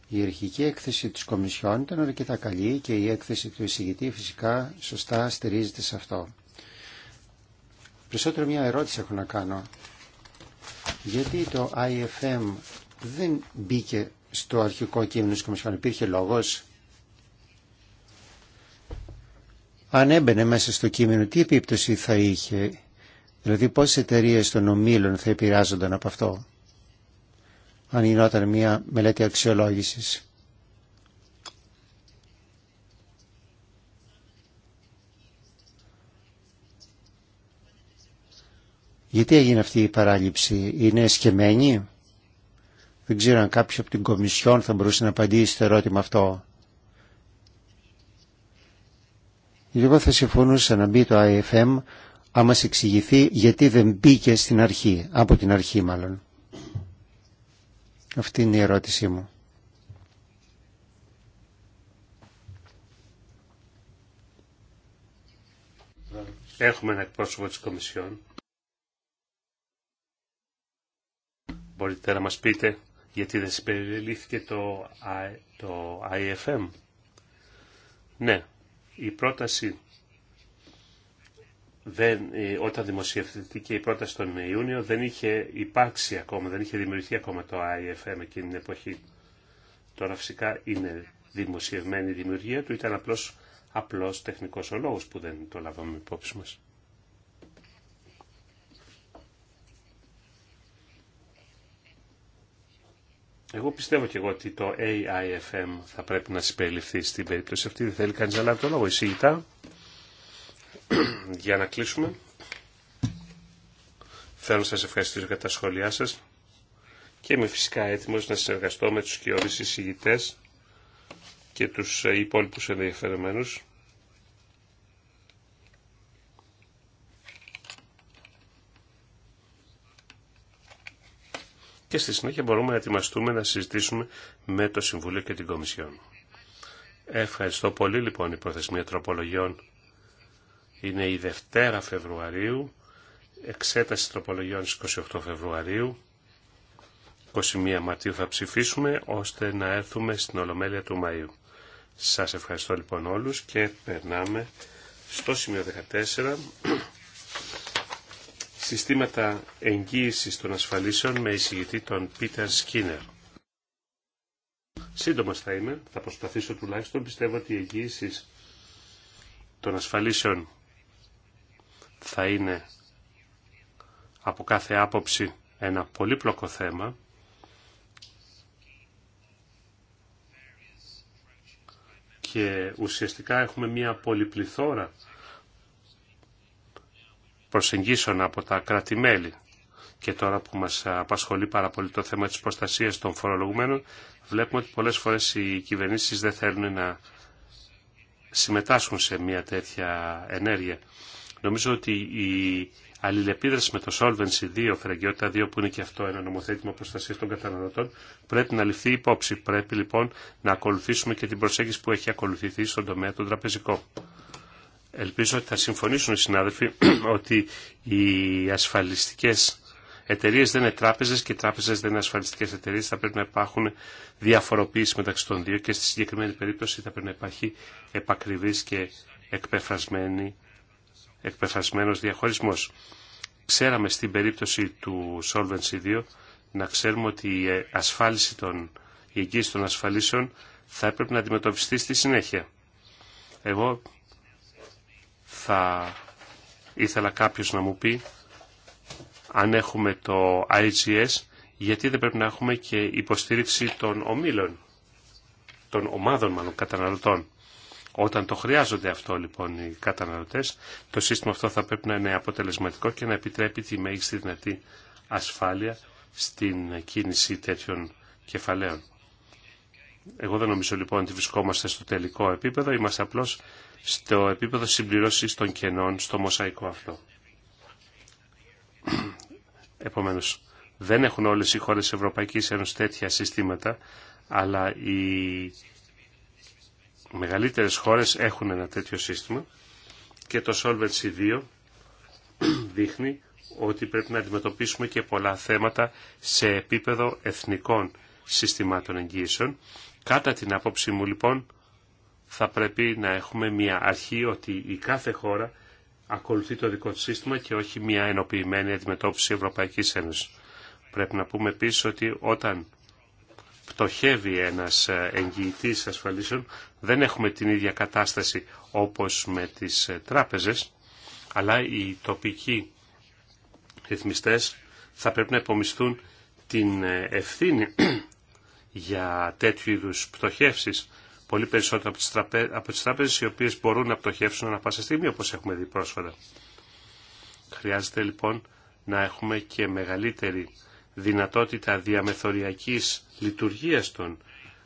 Η αρχική έκθεση της Κομισιόν ήταν αρκετά καλή και η έκθεση του εισηγητή φυσικά σωστά στηρίζεται σε αυτό. Περισσότερο μια ερώτηση έχω να κάνω. Γιατί το IFM δεν μπήκε στο αρχικό κείμενο της Κομισιόν υπήρχε λόγος. Αν έμπαινε μέσα στο κείμενο, τι επίπτωση θα είχε, δηλαδή πόσες εταιρείε των ομίλων θα επηρεάζονταν από αυτό, αν γινόταν μια μελέτη αξιολόγησης. Γιατί έγινε αυτή η παράληψη, είναι σκεμμένη. Δεν ξέρω αν κάποιος από την Κομισιόν θα μπορούσε να απαντήσει στο ερώτημα αυτό. Λοιπόν, θα συμφωνούσα να μπει το IFM άμα σε εξηγηθεί γιατί δεν μπήκε στην αρχή, από την αρχή μάλλον. Αυτή είναι η ερώτησή μου. Έχουμε ένα εκπρόσωπο της Κομισιόν. Μπορείτε να μας πείτε γιατί δεν συμπεριλήφθηκε το, το IFM. Ναι, η πρόταση δεν, ε, όταν δημοσιευθήκε η πρόταση τον Ιούνιο δεν είχε υπάρξει ακόμα, δεν είχε δημιουργηθεί ακόμα το IFM εκείνη την εποχή. Τώρα φυσικά είναι δημοσιευμένη η δημιουργία του, ήταν απλώς, απλώς τεχνικός ο λόγος που δεν το λάβαμε υπόψη μας. Εγώ πιστεύω και εγώ ότι το AIFM θα πρέπει να συμπεριληφθεί στην περίπτωση αυτή. Δεν θέλει κανείς να λάβει το λόγο. Εισηγητά, για να κλείσουμε. Θέλω να σας ευχαριστήσω για τα σχόλιά σας και είμαι φυσικά έτοιμος να συνεργαστώ με τους οι εισηγητές και τους ε, υπόλοιπους ενδιαφερεμένους και στη συνέχεια μπορούμε να ετοιμαστούμε να συζητήσουμε με το Συμβούλιο και την Κομισιόν. Ευχαριστώ πολύ λοιπόν η προθεσμία τροπολογιών. Είναι η Δευτέρα Φεβρουαρίου, εξέταση τροπολογιών στις 28 Φεβρουαρίου. 21 Μαρτίου θα ψηφίσουμε ώστε να έρθουμε στην Ολομέλεια του Μαΐου. Σας ευχαριστώ λοιπόν όλους και περνάμε στο σημείο 14 συστήματα εγγύησης των ασφαλίσεων με εισηγητή τον Πίτερ Σκίνερ. Σύντομα θα είμαι, θα προσπαθήσω τουλάχιστον, πιστεύω ότι η εγγύηση των ασφαλίσεων θα είναι από κάθε άποψη ένα πολύπλοκο θέμα. Και ουσιαστικά έχουμε μια πολυπληθώρα προσεγγίσεων από τα κράτη-μέλη και τώρα που μας απασχολεί πάρα πολύ το θέμα της προστασίας των φορολογουμένων, βλέπουμε ότι πολλές φορές οι κυβερνήσεις δεν θέλουν να συμμετάσχουν σε μια τέτοια ενέργεια. Νομίζω ότι η αλληλεπίδραση με το Solvency 2, φεραγκαιότητα 2, που είναι και αυτό ένα νομοθέτημα προστασία των καταναλωτών, πρέπει να ληφθεί υπόψη. Πρέπει λοιπόν να ακολουθήσουμε και την προσέγγιση που έχει ακολουθηθεί στον τομέα του τραπεζικό. Ελπίζω ότι θα συμφωνήσουν οι συνάδελφοι ότι οι ασφαλιστικές εταιρείε δεν είναι τράπεζε και οι τράπεζε δεν είναι ασφαλιστικέ εταιρείε. Θα πρέπει να υπάρχουν διαφοροποίηση μεταξύ των δύο και στη συγκεκριμένη περίπτωση θα πρέπει να υπάρχει επακριβή και εκπεφρασμένος διαχωρισμό. Ξέραμε στην περίπτωση του Solvency 2 να ξέρουμε ότι η ασφάλιση των η εγγύηση των ασφαλίσεων θα έπρεπε να αντιμετωπιστεί στη συνέχεια. Εγώ θα ήθελα κάποιος να μου πει αν έχουμε το IGS γιατί δεν πρέπει να έχουμε και υποστήριξη των ομίλων, των ομάδων μάλλον καταναλωτών. Όταν το χρειάζονται αυτό λοιπόν οι καταναλωτές, το σύστημα αυτό θα πρέπει να είναι αποτελεσματικό και να επιτρέπει τη μέγιστη δυνατή ασφάλεια στην κίνηση τέτοιων κεφαλαίων. Εγώ δεν νομίζω λοιπόν ότι βρισκόμαστε στο τελικό επίπεδο, είμαστε απλώς στο επίπεδο συμπληρώσης των κενών στο μοσαϊκό αυτό. Επομένως, δεν έχουν όλες οι χώρες Ευρωπαϊκής Ένωσης τέτοια συστήματα, αλλά οι μεγαλύτερες χώρες έχουν ένα τέτοιο σύστημα και το Solvency 2 δείχνει ότι πρέπει να αντιμετωπίσουμε και πολλά θέματα σε επίπεδο εθνικών συστημάτων εγγύησεων Κατά την άποψή μου λοιπόν θα πρέπει να έχουμε μια αρχή ότι η κάθε χώρα ακολουθεί το δικό της σύστημα και όχι μια ενοποιημένη αντιμετώπιση Ευρωπαϊκής Ένωσης. Πρέπει να πούμε επίσης ότι όταν πτωχεύει ένας ε, εγγυητής ασφαλίσεων δεν έχουμε την ίδια κατάσταση όπως με τις ε, τράπεζες αλλά οι τοπικοί ρυθμιστές θα πρέπει να υπομισθούν την ε, ευθύνη για τέτοιου είδου πτωχεύσει, πολύ περισσότερο από τις, τραπέ... οι οποίες μπορούν να πτωχεύσουν ανα πάσα στιγμή όπως έχουμε δει πρόσφατα. Χρειάζεται λοιπόν να έχουμε και μεγαλύτερη δυνατότητα διαμεθοριακής λειτουργίας των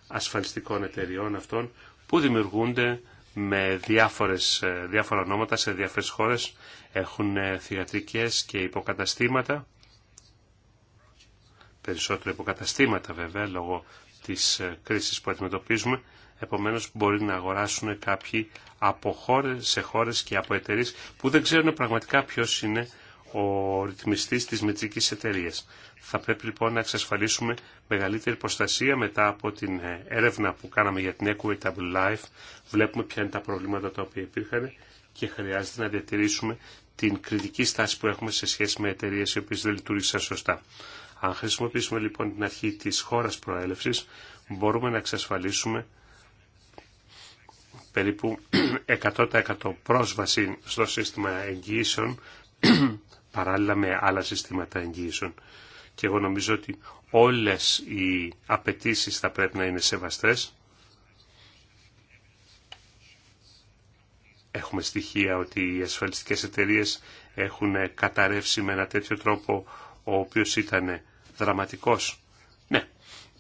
ασφαλιστικών εταιριών αυτών που δημιουργούνται με διάφορες, ε, διάφορα ονόματα σε διάφορες χώρες έχουν ε, θηγατρικές και υποκαταστήματα περισσότερο υποκαταστήματα βέβαια λόγω της ε, κρίσης που αντιμετωπίζουμε. Επομένως μπορεί να αγοράσουν κάποιοι από χώρες, σε χώρες και από εταιρείε που δεν ξέρουν πραγματικά ποιος είναι ο ρυθμιστής της μετρικής εταιρεία. Θα πρέπει λοιπόν να εξασφαλίσουμε μεγαλύτερη προστασία μετά από την ε, έρευνα που κάναμε για την Equitable Life. Βλέπουμε ποια είναι τα προβλήματα τα οποία υπήρχαν και χρειάζεται να διατηρήσουμε την κριτική στάση που έχουμε σε σχέση με εταιρείε οι οποίε δεν λειτουργήσαν σωστά. Αν χρησιμοποιήσουμε λοιπόν την αρχή της χώρας προέλευσης, μπορούμε να εξασφαλίσουμε περίπου 100% πρόσβαση στο σύστημα εγγύησεων παράλληλα με άλλα συστήματα εγγύησεων. Και εγώ νομίζω ότι όλες οι απαιτήσεις θα πρέπει να είναι σεβαστές. Έχουμε στοιχεία ότι οι ασφαλιστικές εταιρείες έχουν καταρρεύσει με ένα τέτοιο τρόπο ο οποίος ήταν ναι,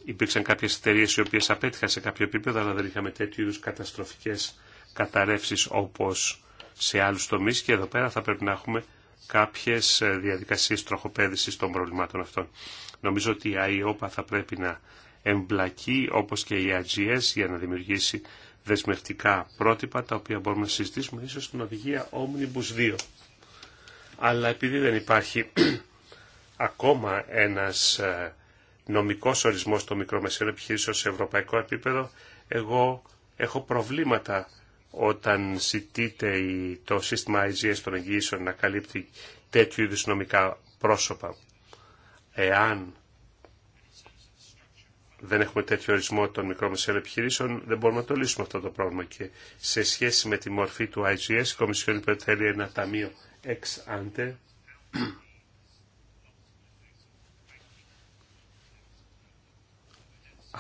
υπήρξαν κάποιες εταιρείε οι οποίες απέτυχαν σε κάποιο επίπεδο, αλλά δεν είχαμε τέτοιου είδου καταστροφικές καταρρεύσεις όπως σε άλλους τομείς και εδώ πέρα θα πρέπει να έχουμε κάποιες ε, διαδικασίες τροχοπέδησης των προβλημάτων αυτών. Νομίζω ότι η ΑΕΟΠΑ θα πρέπει να εμπλακεί όπως και η AGS για να δημιουργήσει δεσμευτικά πρότυπα τα οποία μπορούμε να συζητήσουμε ίσως στην οδηγία Omnibus 2. Αλλά επειδή δεν υπάρχει ακόμα ένας ε, νομικός ορισμός των μικρομεσαίων επιχειρήσεων σε ευρωπαϊκό επίπεδο. Εγώ έχω προβλήματα όταν ζητείται το σύστημα IGS των εγγυήσεων να καλύπτει τέτοιου είδους νομικά πρόσωπα. Εάν δεν έχουμε τέτοιο ορισμό των μικρομεσαίων επιχειρήσεων, δεν μπορούμε να το λύσουμε αυτό το πρόβλημα. Και σε σχέση με τη μορφή του IGS, η Κομισιόν υπερθέλει ένα ταμείο ex ante,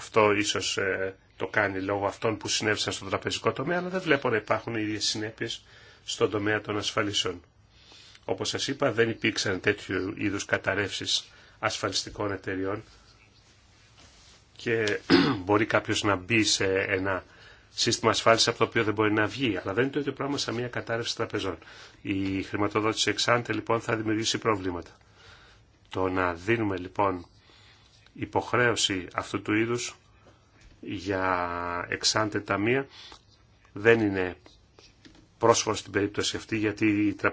Αυτό ίσως ε, το κάνει λόγω αυτών που συνέβησαν στον τραπεζικό τομέα, αλλά δεν βλέπω να υπάρχουν οι ίδιες συνέπειες στον τομέα των ασφαλίσεων. Όπως σας είπα, δεν υπήρξαν τέτοιου είδους καταρρεύσεις ασφαλιστικών εταιριών και μπορεί κάποιος να μπει σε ένα σύστημα ασφάλισης από το οποίο δεν μπορεί να βγει, αλλά δεν είναι το ίδιο πράγμα σαν μια κατάρρευση τραπεζών. Η χρηματοδότηση εξάντε λοιπόν θα δημιουργήσει προβλήματα. Το να δίνουμε λοιπόν υποχρέωση αυτού του είδους για εξάντε ταμεία δεν είναι πρόσφορο στην περίπτωση αυτή γιατί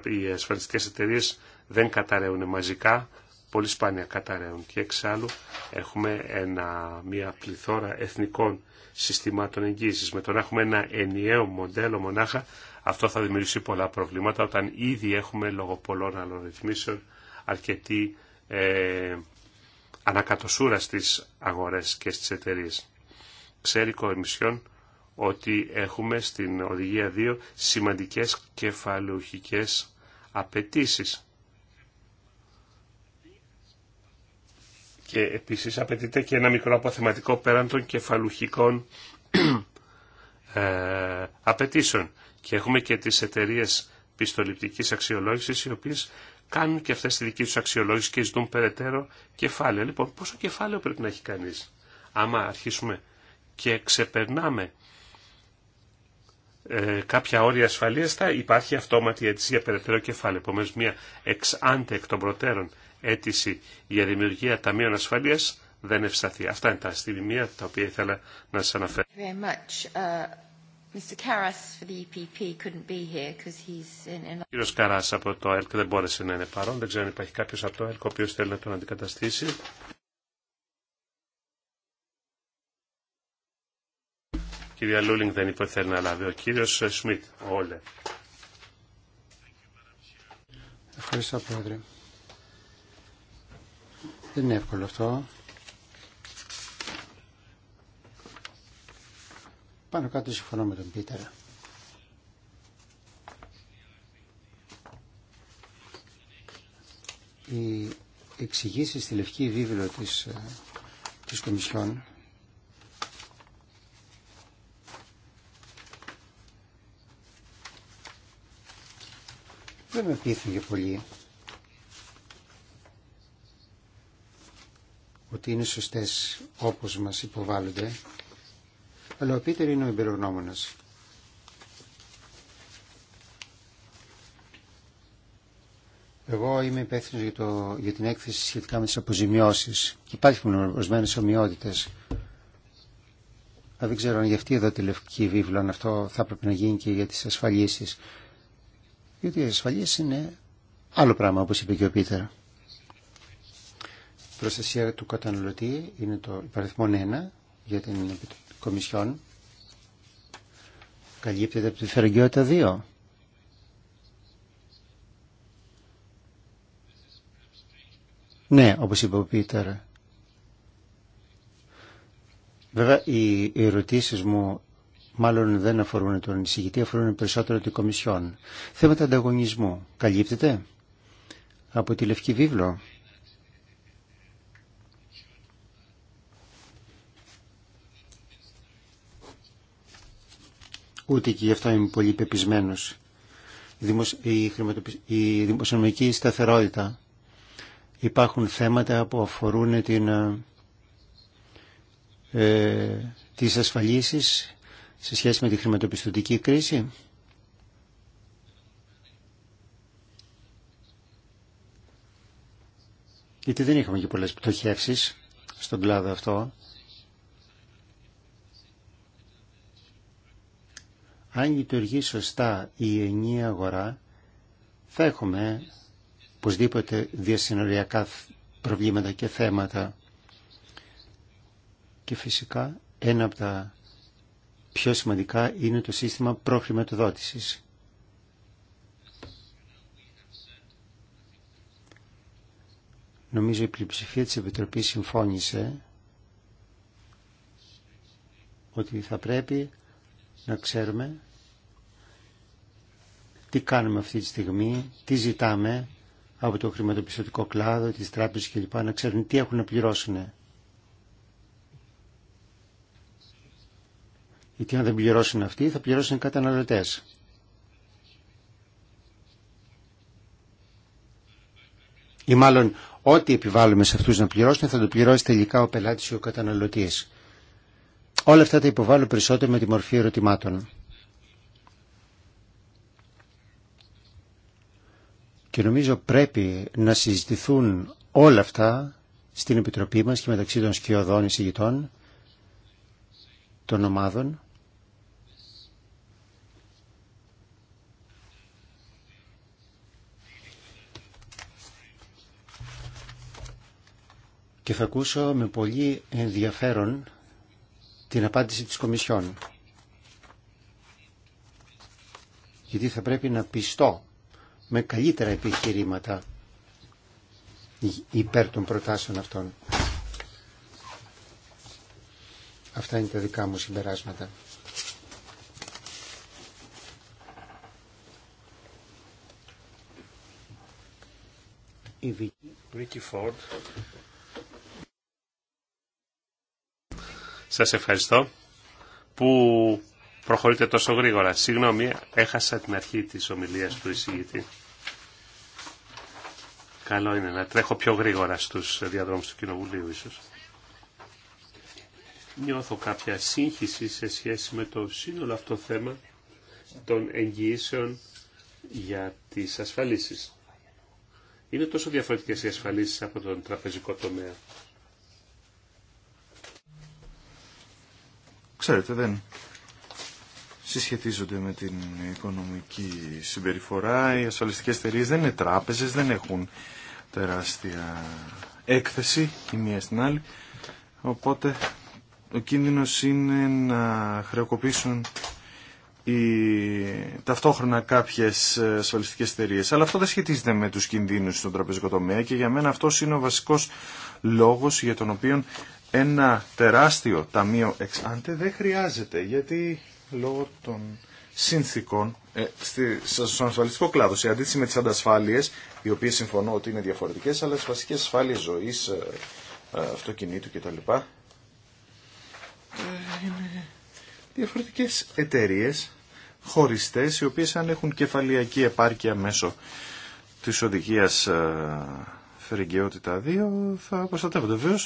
οι ασφαλιστικές εταιρείε δεν καταραίουν μαζικά, πολύ σπάνια καταραίουν και εξάλλου έχουμε ένα, μια πληθώρα εθνικών συστημάτων εγγύησης. Με το να έχουμε ένα ενιαίο μοντέλο μονάχα αυτό θα δημιουργήσει πολλά προβλήματα όταν ήδη έχουμε λόγω πολλών αλλορυθμίσεων αρκετή ε, ανακατοσούρα στις αγορές και στις εταιρείε. Ξέρει η Κομισιόν ότι έχουμε στην Οδηγία 2 σημαντικές κεφαλουχικές απαιτήσεις. Και επίσης απαιτείται και ένα μικρό αποθεματικό πέραν των κεφαλουχικών ε, απαιτήσεων. Και έχουμε και τις εταιρείε πιστοληπτικής αξιολόγησης οι οποίες κάνουν και αυτές τη δική τους αξιολόγηση και ζητούν περαιτέρω κεφάλαιο. Λοιπόν, πόσο κεφάλαιο πρέπει να έχει κανείς, άμα αρχίσουμε και ξεπερνάμε ε, κάποια όρια ασφαλείας, θα υπάρχει αυτόματη αίτηση για περαιτέρω κεφάλαιο. Επομένως, μια εξάντεκτον εκ των προτέρων αίτηση για δημιουργία ταμείων ασφαλείας δεν ευσταθεί. Αυτά είναι τα στιγμή τα οποία ήθελα να σας αναφέρω. Uh, ο e κύριος Καράς από το ΕΛΚ δεν μπόρεσε να είναι παρόν. Δεν ξέρω αν υπάρχει κάποιος από το ΕΛΚ ο οποίος θέλει να τον αντικαταστήσει. κυρία Λούλινγκ δεν είπε ότι θέλει να λάβει. Ο κύριος Σμιτ, Όλε. Ευχαριστώ, Πρόεδρε. Δεν είναι εύκολο αυτό. Πάνω κάτω συμφωνώ με τον Πίτερ. Οι εξηγήσει στη Λευκή Βίβλο της, ε, της Κομισιόν δεν με πείθουν για πολύ ότι είναι σωστές όπως μας υποβάλλονται αλλά ο Πίτερ είναι ο εμπειρογνώμονας. Εγώ είμαι υπεύθυνο για, για την έκθεση σχετικά με τι αποζημιώσει και υπάρχουν ορισμένε ομοιότητε. Δεν ξέρω αν για αυτή εδώ τη λευκή βίβλο, αν αυτό θα έπρεπε να γίνει και για τι ασφαλίσει. Γιατί οι ασφαλίσει είναι άλλο πράγμα, όπω είπε και ο Πίτερ. Η προστασία του καταναλωτή είναι το υπαριθμό 1 για την Κομισιόν καλύπτεται από τη Φεραγγιότητα 2. Ναι, όπως είπε ο Πίτερ. Βέβαια, οι ερωτήσεις μου μάλλον δεν αφορούν τον εισηγητή, αφορούν περισσότερο την Κομισιόν. Θέματα ανταγωνισμού. Καλύπτεται από τη Λευκή Βίβλο. ούτε και γι' αυτό είμαι πολύ πεπισμένο. Η, η δημοσιονομική σταθερότητα. Υπάρχουν θέματα που αφορούν την, ε, ε, τις ασφαλίσεις σε σχέση με τη χρηματοπιστωτική κρίση. Γιατί δεν είχαμε και πολλές πτωχεύσεις στον κλάδο αυτό. Αν λειτουργεί σωστά η ενιαία αγορά, θα έχουμε οπωσδήποτε διασυνοριακά προβλήματα και θέματα. Και φυσικά ένα από τα πιο σημαντικά είναι το σύστημα προχρηματοδότησης. Νομίζω η πλειοψηφία της Επιτροπής συμφώνησε ότι θα πρέπει να ξέρουμε τι κάνουμε αυτή τη στιγμή, τι ζητάμε από το χρηματοπιστωτικό κλάδο, τις τράπεζες κλπ. να ξέρουν τι έχουν να πληρώσουν. Γιατί αν δεν πληρώσουν αυτοί θα πληρώσουν οι καταναλωτές. Ή μάλλον ό,τι επιβάλλουμε σε αυτούς να πληρώσουν θα το πληρώσει τελικά ο πελάτης ή ο καταναλωτής. Όλα αυτά τα υποβάλλω περισσότερο με τη μορφή ερωτημάτων. Και νομίζω πρέπει να συζητηθούν όλα αυτά στην Επιτροπή μας και μεταξύ των σκιωδών εισηγητών των ομάδων. Και θα ακούσω με πολύ ενδιαφέρον την απάντηση της Κομισιόν. Γιατί θα πρέπει να πιστώ με καλύτερα επιχειρήματα υπέρ των προτάσεων αυτών. Αυτά είναι τα δικά μου συμπεράσματα. Η Βίκη Σας ευχαριστώ που προχωρείτε τόσο γρήγορα. Συγγνώμη, έχασα την αρχή της ομιλίας του εισηγητή. Καλό είναι να τρέχω πιο γρήγορα στους διαδρόμους του Κοινοβουλίου ίσως. Νιώθω κάποια σύγχυση σε σχέση με το σύνολο αυτό θέμα των εγγυήσεων για τις ασφαλίσεις. Είναι τόσο διαφορετικές οι ασφαλίσεις από τον τραπεζικό τομέα. Ξέρετε, δεν σχετίζονται με την οικονομική συμπεριφορά. Οι ασφαλιστικές εταιρείε δεν είναι τράπεζε, δεν έχουν τεράστια έκθεση η μία στην άλλη. Οπότε ο κίνδυνος είναι να χρεοκοπήσουν οι... ταυτόχρονα κάποιες ασφαλιστικές εταιρείε. Αλλά αυτό δεν σχετίζεται με τους κινδύνου στον τραπεζικό τομέα και για μένα αυτό είναι ο βασικό λόγο για τον οποίο ένα τεράστιο ταμείο εξάντε δεν χρειάζεται γιατί λόγω των συνθήκων ε, στη, στον ασφαλιστικό κλάδο. Σε αντίθεση με τις αντασφάλειες, οι οποίες συμφωνώ ότι είναι διαφορετικές, αλλά τις βασικές ασφάλειες ζωής, ε, ε, αυτοκινήτου κτλ. είναι διαφορετικές εταιρείε χωριστές, οι οποίες αν έχουν κεφαλιακή επάρκεια μέσω της οδηγίας φερεγκαιότητα 2 θα προστατεύονται. Βεβαίω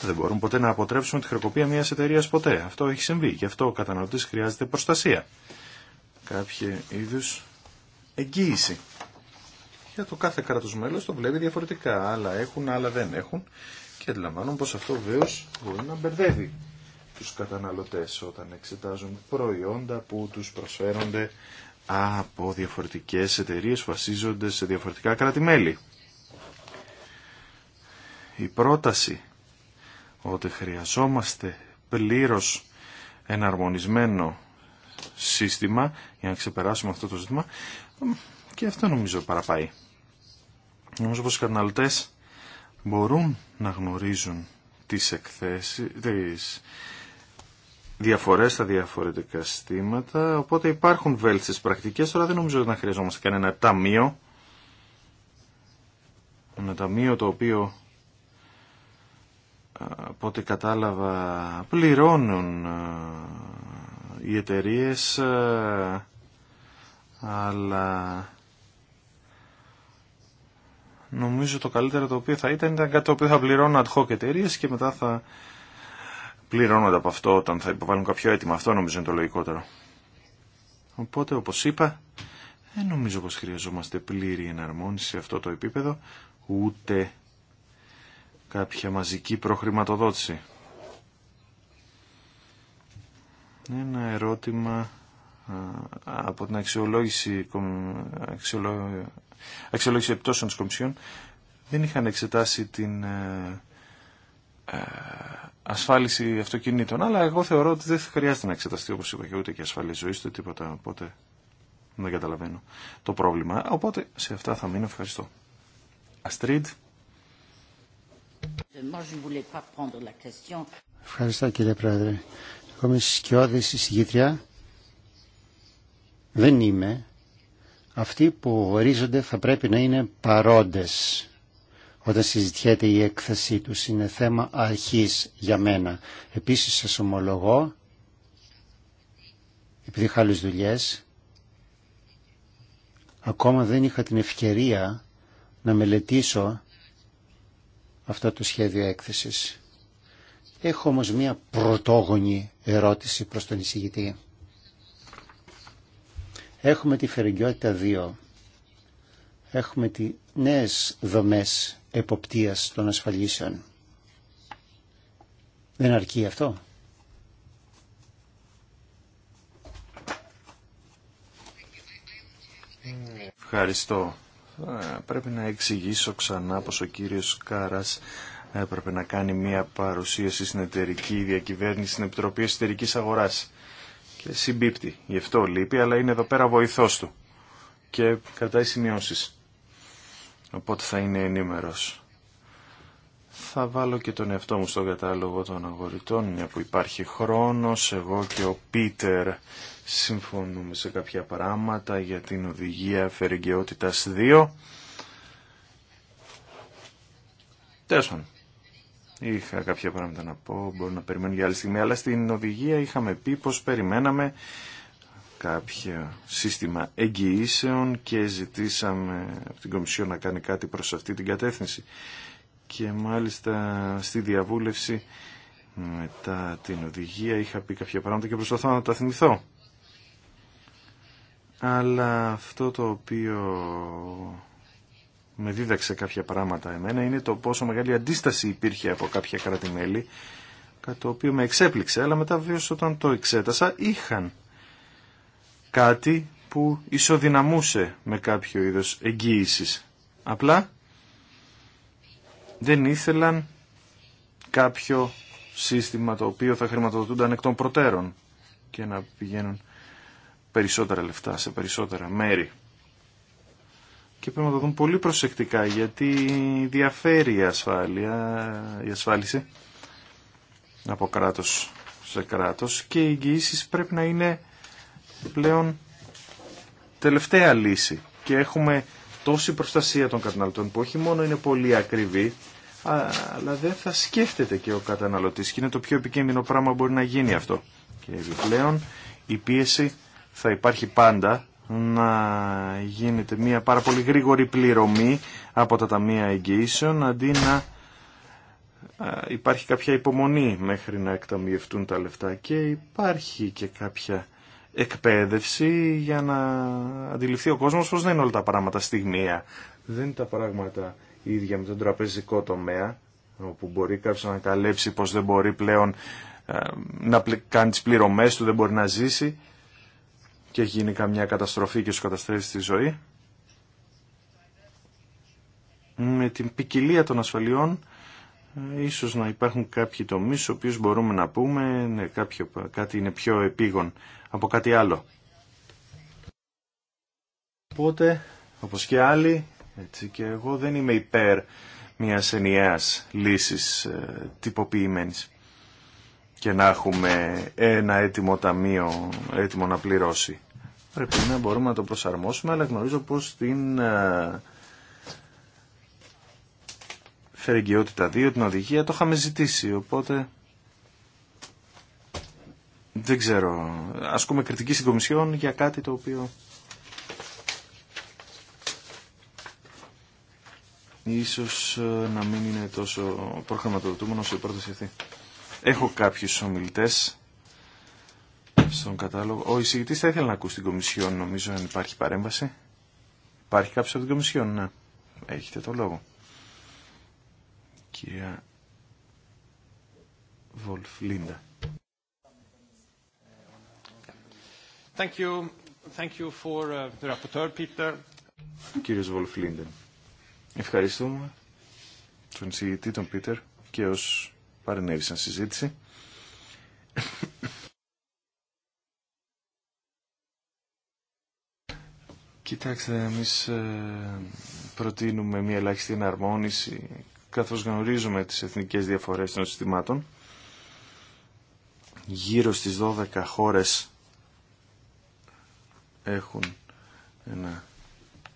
δεν μπορούμε ποτέ να αποτρέψουμε τη χρεοκοπία μια εταιρεία ποτέ. Αυτό έχει συμβεί. Γι' αυτό ο καταναλωτή χρειάζεται προστασία. Κάποια είδου εγγύηση. Για το κάθε κράτο μέλο το βλέπει διαφορετικά. Άλλα έχουν, άλλα δεν έχουν. Και αντιλαμβάνομαι πω αυτό βεβαίω μπορεί να μπερδεύει του καταναλωτέ όταν εξετάζουν προϊόντα που του προσφέρονται από διαφορετικές εταιρείες βασίζονται σε διαφορετικά κράτη-μέλη η πρόταση ότι χρειαζόμαστε πλήρως εναρμονισμένο σύστημα για να ξεπεράσουμε αυτό το ζήτημα και αυτό νομίζω παραπάει. Νομίζω πως οι καταναλωτές μπορούν να γνωρίζουν τις εκθέσεις, διαφορές στα διαφορετικά συστήματα, οπότε υπάρχουν βέλτιστες πρακτικές, τώρα δεν νομίζω ότι να χρειαζόμαστε κανένα ταμείο, ένα ταμείο το οποίο από ό,τι κατάλαβα πληρώνουν ε, οι εταιρείε, ε, αλλά νομίζω το καλύτερο το οποίο θα ήταν ήταν κάτι το οποίο θα πληρώνουν ad hoc εταιρείε και μετά θα πληρώνονται από αυτό όταν θα υποβάλουν κάποιο αίτημα. Αυτό νομίζω είναι το λογικότερο. Οπότε όπως είπα δεν νομίζω πως χρειαζόμαστε πλήρη εναρμόνιση σε αυτό το επίπεδο ούτε κάποια μαζική προχρηματοδότηση. Ένα ερώτημα από την αξιολόγηση, αξιολό, αξιολόγηση επιπτώσεων της δεν είχαν εξετάσει την ε, ε, ασφάλιση αυτοκινήτων, αλλά εγώ θεωρώ ότι δεν χρειάζεται να εξεταστεί όπως είπα και ούτε και ασφάλιση ζωής ούτε τίποτα, οπότε δεν καταλαβαίνω το πρόβλημα. Οπότε σε αυτά θα μείνω ευχαριστώ. Αστρίτ. Ευχαριστώ κύριε Πρόεδρε. Εγώ είμαι σκιώδης εισηγήτρια. Δεν είμαι. Αυτοί που ορίζονται θα πρέπει να είναι παρόντες όταν συζητιέται η έκθεσή τους. Είναι θέμα αρχής για μένα. Επίσης σας ομολογώ, επειδή είχα άλλες δουλειές, ακόμα δεν είχα την ευκαιρία να μελετήσω αυτό το σχέδιο έκθεσης. Έχω όμως μία πρωτόγονη ερώτηση προς τον εισηγητή. Έχουμε τη φερεγγιότητα 2. Έχουμε τι νέες δομές εποπτείας των ασφαλίσεων. Δεν αρκεί αυτό. Ευχαριστώ πρέπει να εξηγήσω ξανά πως ο κύριος Κάρας έπρεπε να κάνει μια παρουσίαση στην εταιρική διακυβέρνηση στην Επιτροπή Εσωτερικής Αγοράς και συμπίπτει. Γι' αυτό λείπει, αλλά είναι εδώ πέρα βοηθός του και κρατάει σημειώσεις. Οπότε θα είναι ενήμερος. Θα βάλω και τον εαυτό μου στον κατάλογο των αγορητών, μια που υπάρχει χρόνος, εγώ και ο Πίτερ συμφωνούμε σε κάποια πράγματα για την οδηγία Φερικαιότητας 2. Τέσσερα. Είχα κάποια πράγματα να πω, μπορώ να περιμένω για άλλη στιγμή, αλλά στην οδηγία είχαμε πει πως περιμέναμε κάποιο σύστημα εγγυήσεων και ζητήσαμε από την Κομισιό να κάνει κάτι προς αυτή την κατεύθυνση. Και μάλιστα στη διαβούλευση μετά την οδηγία είχα πει κάποια πράγματα και προσπαθώ να τα θυμηθώ αλλά αυτό το οποίο με δίδαξε κάποια πράγματα εμένα είναι το πόσο μεγάλη αντίσταση υπήρχε από κάποια κράτη-μέλη, κάτι το οποίο με εξέπληξε, αλλά μετά βίωσε όταν το εξέτασα είχαν κάτι που ισοδυναμούσε με κάποιο είδος εγγύησης. Απλά δεν ήθελαν κάποιο σύστημα το οποίο θα χρηματοδοτούνταν εκ των προτέρων και να πηγαίνουν περισσότερα λεφτά σε περισσότερα μέρη. Και πρέπει να το δουν πολύ προσεκτικά γιατί διαφέρει η ασφάλεια, η ασφάλιση από κράτος σε κράτος και οι εγγυήσεις πρέπει να είναι πλέον τελευταία λύση και έχουμε τόση προστασία των καταναλωτών που όχι μόνο είναι πολύ ακριβή αλλά δεν θα σκέφτεται και ο καταναλωτής και είναι το πιο επικίνδυνο πράγμα που μπορεί να γίνει αυτό. Και επιπλέον η πίεση θα υπάρχει πάντα να γίνεται μια πάρα πολύ γρήγορη πληρωμή από τα ταμεία εγγυήσεων αντί να υπάρχει κάποια υπομονή μέχρι να εκταμιευτούν τα λεφτά και υπάρχει και κάποια εκπαίδευση για να αντιληφθεί ο κόσμος πως δεν είναι όλα τα πράγματα στιγμία. Δεν είναι τα πράγματα ίδια με τον τραπεζικό τομέα όπου μπορεί κάποιος να καλέψει πως δεν μπορεί πλέον να κάνει τις πληρωμές του, δεν μπορεί να ζήσει και γίνει καμιά καταστροφή και σου καταστρέφει τη ζωή. Με την ποικιλία των ασφαλιών ε, ίσως να υπάρχουν κάποιοι τομείς στους οποίους μπορούμε να πούμε ναι, κάποιο, κάτι είναι πιο επίγον από κάτι άλλο. Οπότε, όπως και άλλοι, έτσι, και εγώ δεν είμαι υπέρ μιας ενιαίας λύσης ε, τυποποιημένης και να έχουμε ένα έτοιμο ταμείο έτοιμο να πληρώσει πρέπει να μπορούμε να το προσαρμόσουμε, αλλά γνωρίζω πως την ε, φερεγγιότητα 2, την οδηγία, το είχαμε ζητήσει, οπότε δεν ξέρω. Ασκούμε κριτική στην Κομισιόν για κάτι το οποίο ίσως ε, να μην είναι τόσο προχρηματοδοτούμενο σε πρόταση αυτή. Έχω κάποιους ομιλητές στον κατάλογο. Ο εισηγητή θα ήθελε να ακούσει την Κομισιόν, νομίζω, αν υπάρχει παρέμβαση. Υπάρχει κάποιος από την Κομισιόν, ναι. Έχετε το λόγο. Κυρία Βολφ Λίντα. Thank you. Thank you for uh, the rapporteur, Peter. Κύριος Βολφ Λίντεν. Ευχαριστούμε τον εισηγητή, τον Πίτερ, και ως παρενέβησαν συζήτηση. Κοιτάξτε, εμείς ε, προτείνουμε μια ελάχιστη εναρμόνιση καθώς γνωρίζουμε τις εθνικές διαφορές των συστημάτων. Γύρω στις 12 χώρες έχουν ένα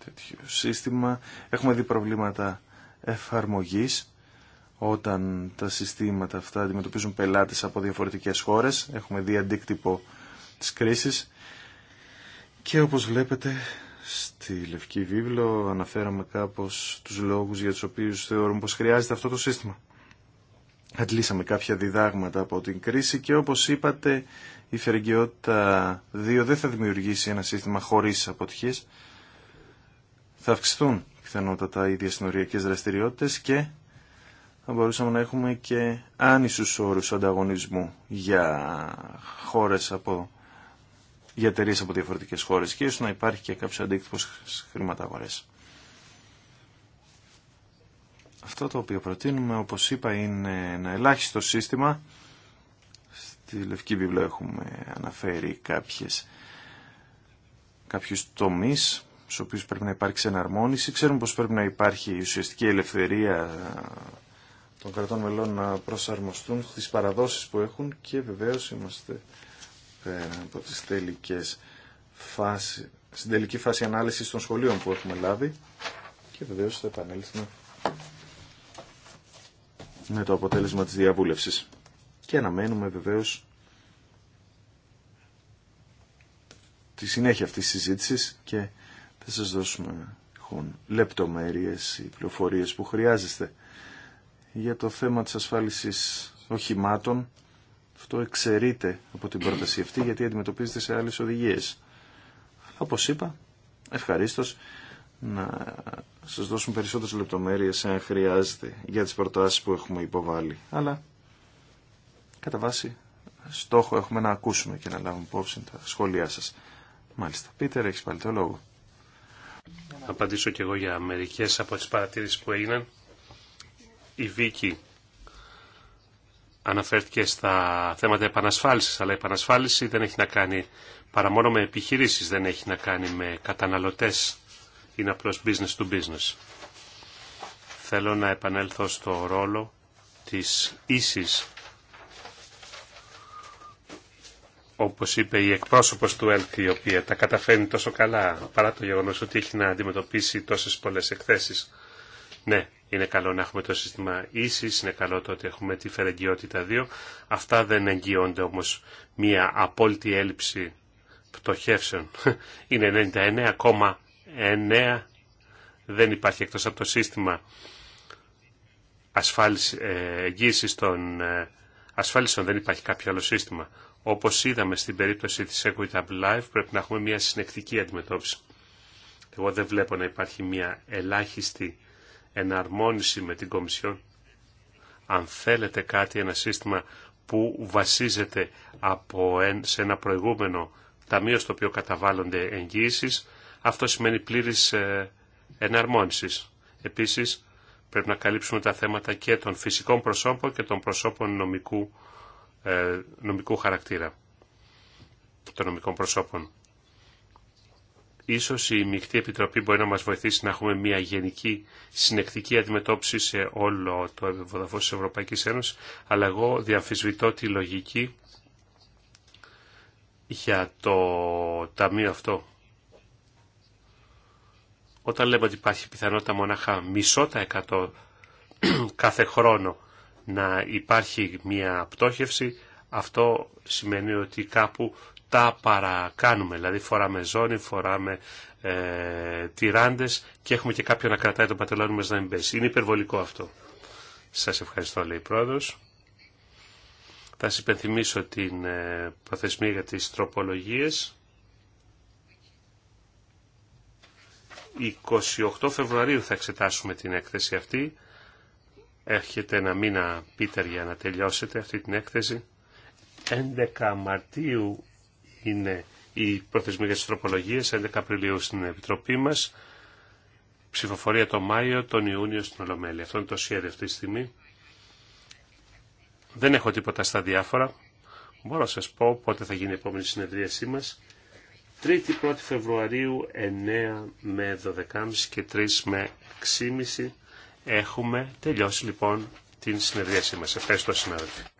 τέτοιο σύστημα. Έχουμε δει προβλήματα εφαρμογής όταν τα συστήματα αυτά αντιμετωπίζουν πελάτες από διαφορετικές χώρες. Έχουμε δει αντίκτυπο της κρίσης και όπως βλέπετε Στη Λευκή Βίβλο αναφέραμε κάπως τους λόγους για τους οποίους θεωρούμε πως χρειάζεται αυτό το σύστημα. Αντλήσαμε κάποια διδάγματα από την κρίση και όπως είπατε η φερεγγιότητα 2 δεν θα δημιουργήσει ένα σύστημα χωρίς αποτυχίες. Θα αυξηθούν πιθανότατα οι διασυνοριακές δραστηριότητες και θα μπορούσαμε να έχουμε και άνισους όρους ανταγωνισμού για χώρες από για εταιρείε από διαφορετικέ χώρε και ίσω να υπάρχει και κάποιο αντίκτυπο στι χρηματαγορέ. Αυτό το οποίο προτείνουμε, όπω είπα, είναι ένα ελάχιστο σύστημα. Στη Λευκή Βιβλία έχουμε αναφέρει κάποιες, τομεί τομείς στους οποίους πρέπει να υπάρξει εναρμόνιση. Ξέρουμε πως πρέπει να υπάρχει η ουσιαστική ελευθερία των κρατών μελών να προσαρμοστούν στις παραδόσεις που έχουν και βεβαίως είμαστε από τις τελικές φάσεις, στην τελική φάση ανάλυση των σχολείων που έχουμε λάβει και βεβαίως θα επανέλθουμε με το αποτέλεσμα της διαβούλευσης. Και αναμένουμε βεβαίως τη συνέχεια αυτής της συζήτησης και θα σας δώσουμε λοιπόν, λεπτομέρειες ή πληροφορίες που χρειάζεστε για το θέμα της ασφάλισης οχημάτων αυτό εξαιρείται από την πρόταση αυτή γιατί αντιμετωπίζεται σε άλλες οδηγίες. Αλλά όπως είπα, ευχαρίστως να σας δώσουμε περισσότερες λεπτομέρειες αν χρειάζεται για τις προτάσεις που έχουμε υποβάλει. Αλλά κατά βάση στόχο έχουμε να ακούσουμε και να λάβουμε υπόψη τα σχόλιά σας. Μάλιστα. Πίτερ, έχεις πάλι το λόγο. Θα απαντήσω και εγώ για μερικές από τις παρατήρησεις που έγιναν. Η Βίκη αναφέρθηκε στα θέματα επανασφάλισης, αλλά η επανασφάλιση δεν έχει να κάνει παρά μόνο με επιχειρήσεις, δεν έχει να κάνει με καταναλωτές, είναι απλώς business to business. Θέλω να επανέλθω στο ρόλο της ίσης, όπως είπε η εκπρόσωπος του ΕΛΚ, η οποία τα καταφέρνει τόσο καλά, παρά το γεγονός ότι έχει να αντιμετωπίσει τόσες πολλές εκθέσεις. Ναι, είναι καλό να έχουμε το σύστημα ίσης, είναι καλό το ότι έχουμε τη φερεγγιότητα 2. Αυτά δεν εγγυώνται όμως μία απόλυτη έλλειψη πτωχεύσεων. Είναι 99,9. Δεν υπάρχει εκτός από το σύστημα ασφάλιση, ε, των ε, ασφάλισεων, δεν υπάρχει κάποιο άλλο σύστημα. Όπως είδαμε στην περίπτωση της Equitable Life, πρέπει να έχουμε μια συνεκτική αντιμετώπιση. Εγώ δεν βλέπω να υπάρχει μια ελάχιστη εναρμόνιση με την Κομισιόν. Αν θέλετε κάτι, ένα σύστημα που βασίζεται από σε ένα προηγούμενο ταμείο στο οποίο καταβάλλονται εγγύησεις, αυτό σημαίνει πλήρης ε, εναρμόνισης. Επίσης, πρέπει να καλύψουμε τα θέματα και των φυσικών προσώπων και των προσώπων νομικού, ε, νομικού χαρακτήρα των νομικών προσώπων. Ίσως η Μικτή Επιτροπή μπορεί να μας βοηθήσει να έχουμε μια γενική συνεκτική αντιμετώπιση σε όλο το ευρωδαφός της Ευρωπαϊκής Ένωσης, αλλά εγώ διαμφισβητώ τη λογική για το ταμείο αυτό. Όταν λέμε ότι υπάρχει πιθανότητα μονάχα μισό τα εκατό κάθε χρόνο να υπάρχει μια πτώχευση, αυτό σημαίνει ότι κάπου τα παρακάνουμε. Δηλαδή φοράμε ζώνη, φοράμε ε, τυράντες και έχουμε και κάποιον να κρατάει το πατελόνι μας να μην πέσει. Είναι υπερβολικό αυτό. Σας ευχαριστώ λέει η πρόεδρος. Θα σας υπενθυμίσω την ε, προθεσμία για τις τροπολογίες. 28 Φεβρουαρίου θα εξετάσουμε την έκθεση αυτή. Έρχεται ένα μήνα, Πίτερ, για να τελειώσετε αυτή την έκθεση. 11 Μαρτίου είναι η προθεσμία για τις τροπολογίες, 11 Απριλίου στην Επιτροπή μας, ψηφοφορία το Μάιο, τον Ιούνιο στην Ολομέλη. Αυτό είναι το σχέδιο αυτή τη στιγμή. Δεν έχω τίποτα στα διάφορα. Μπορώ να σας πω πότε θα γίνει η επόμενη συνεδρίασή μας. 3η 1η Φεβρουαρίου 9 με 12.30 και 3 με 6.30 έχουμε τελειώσει λοιπόν την συνεδρίασή μας. Ευχαριστώ συνάδελφοι.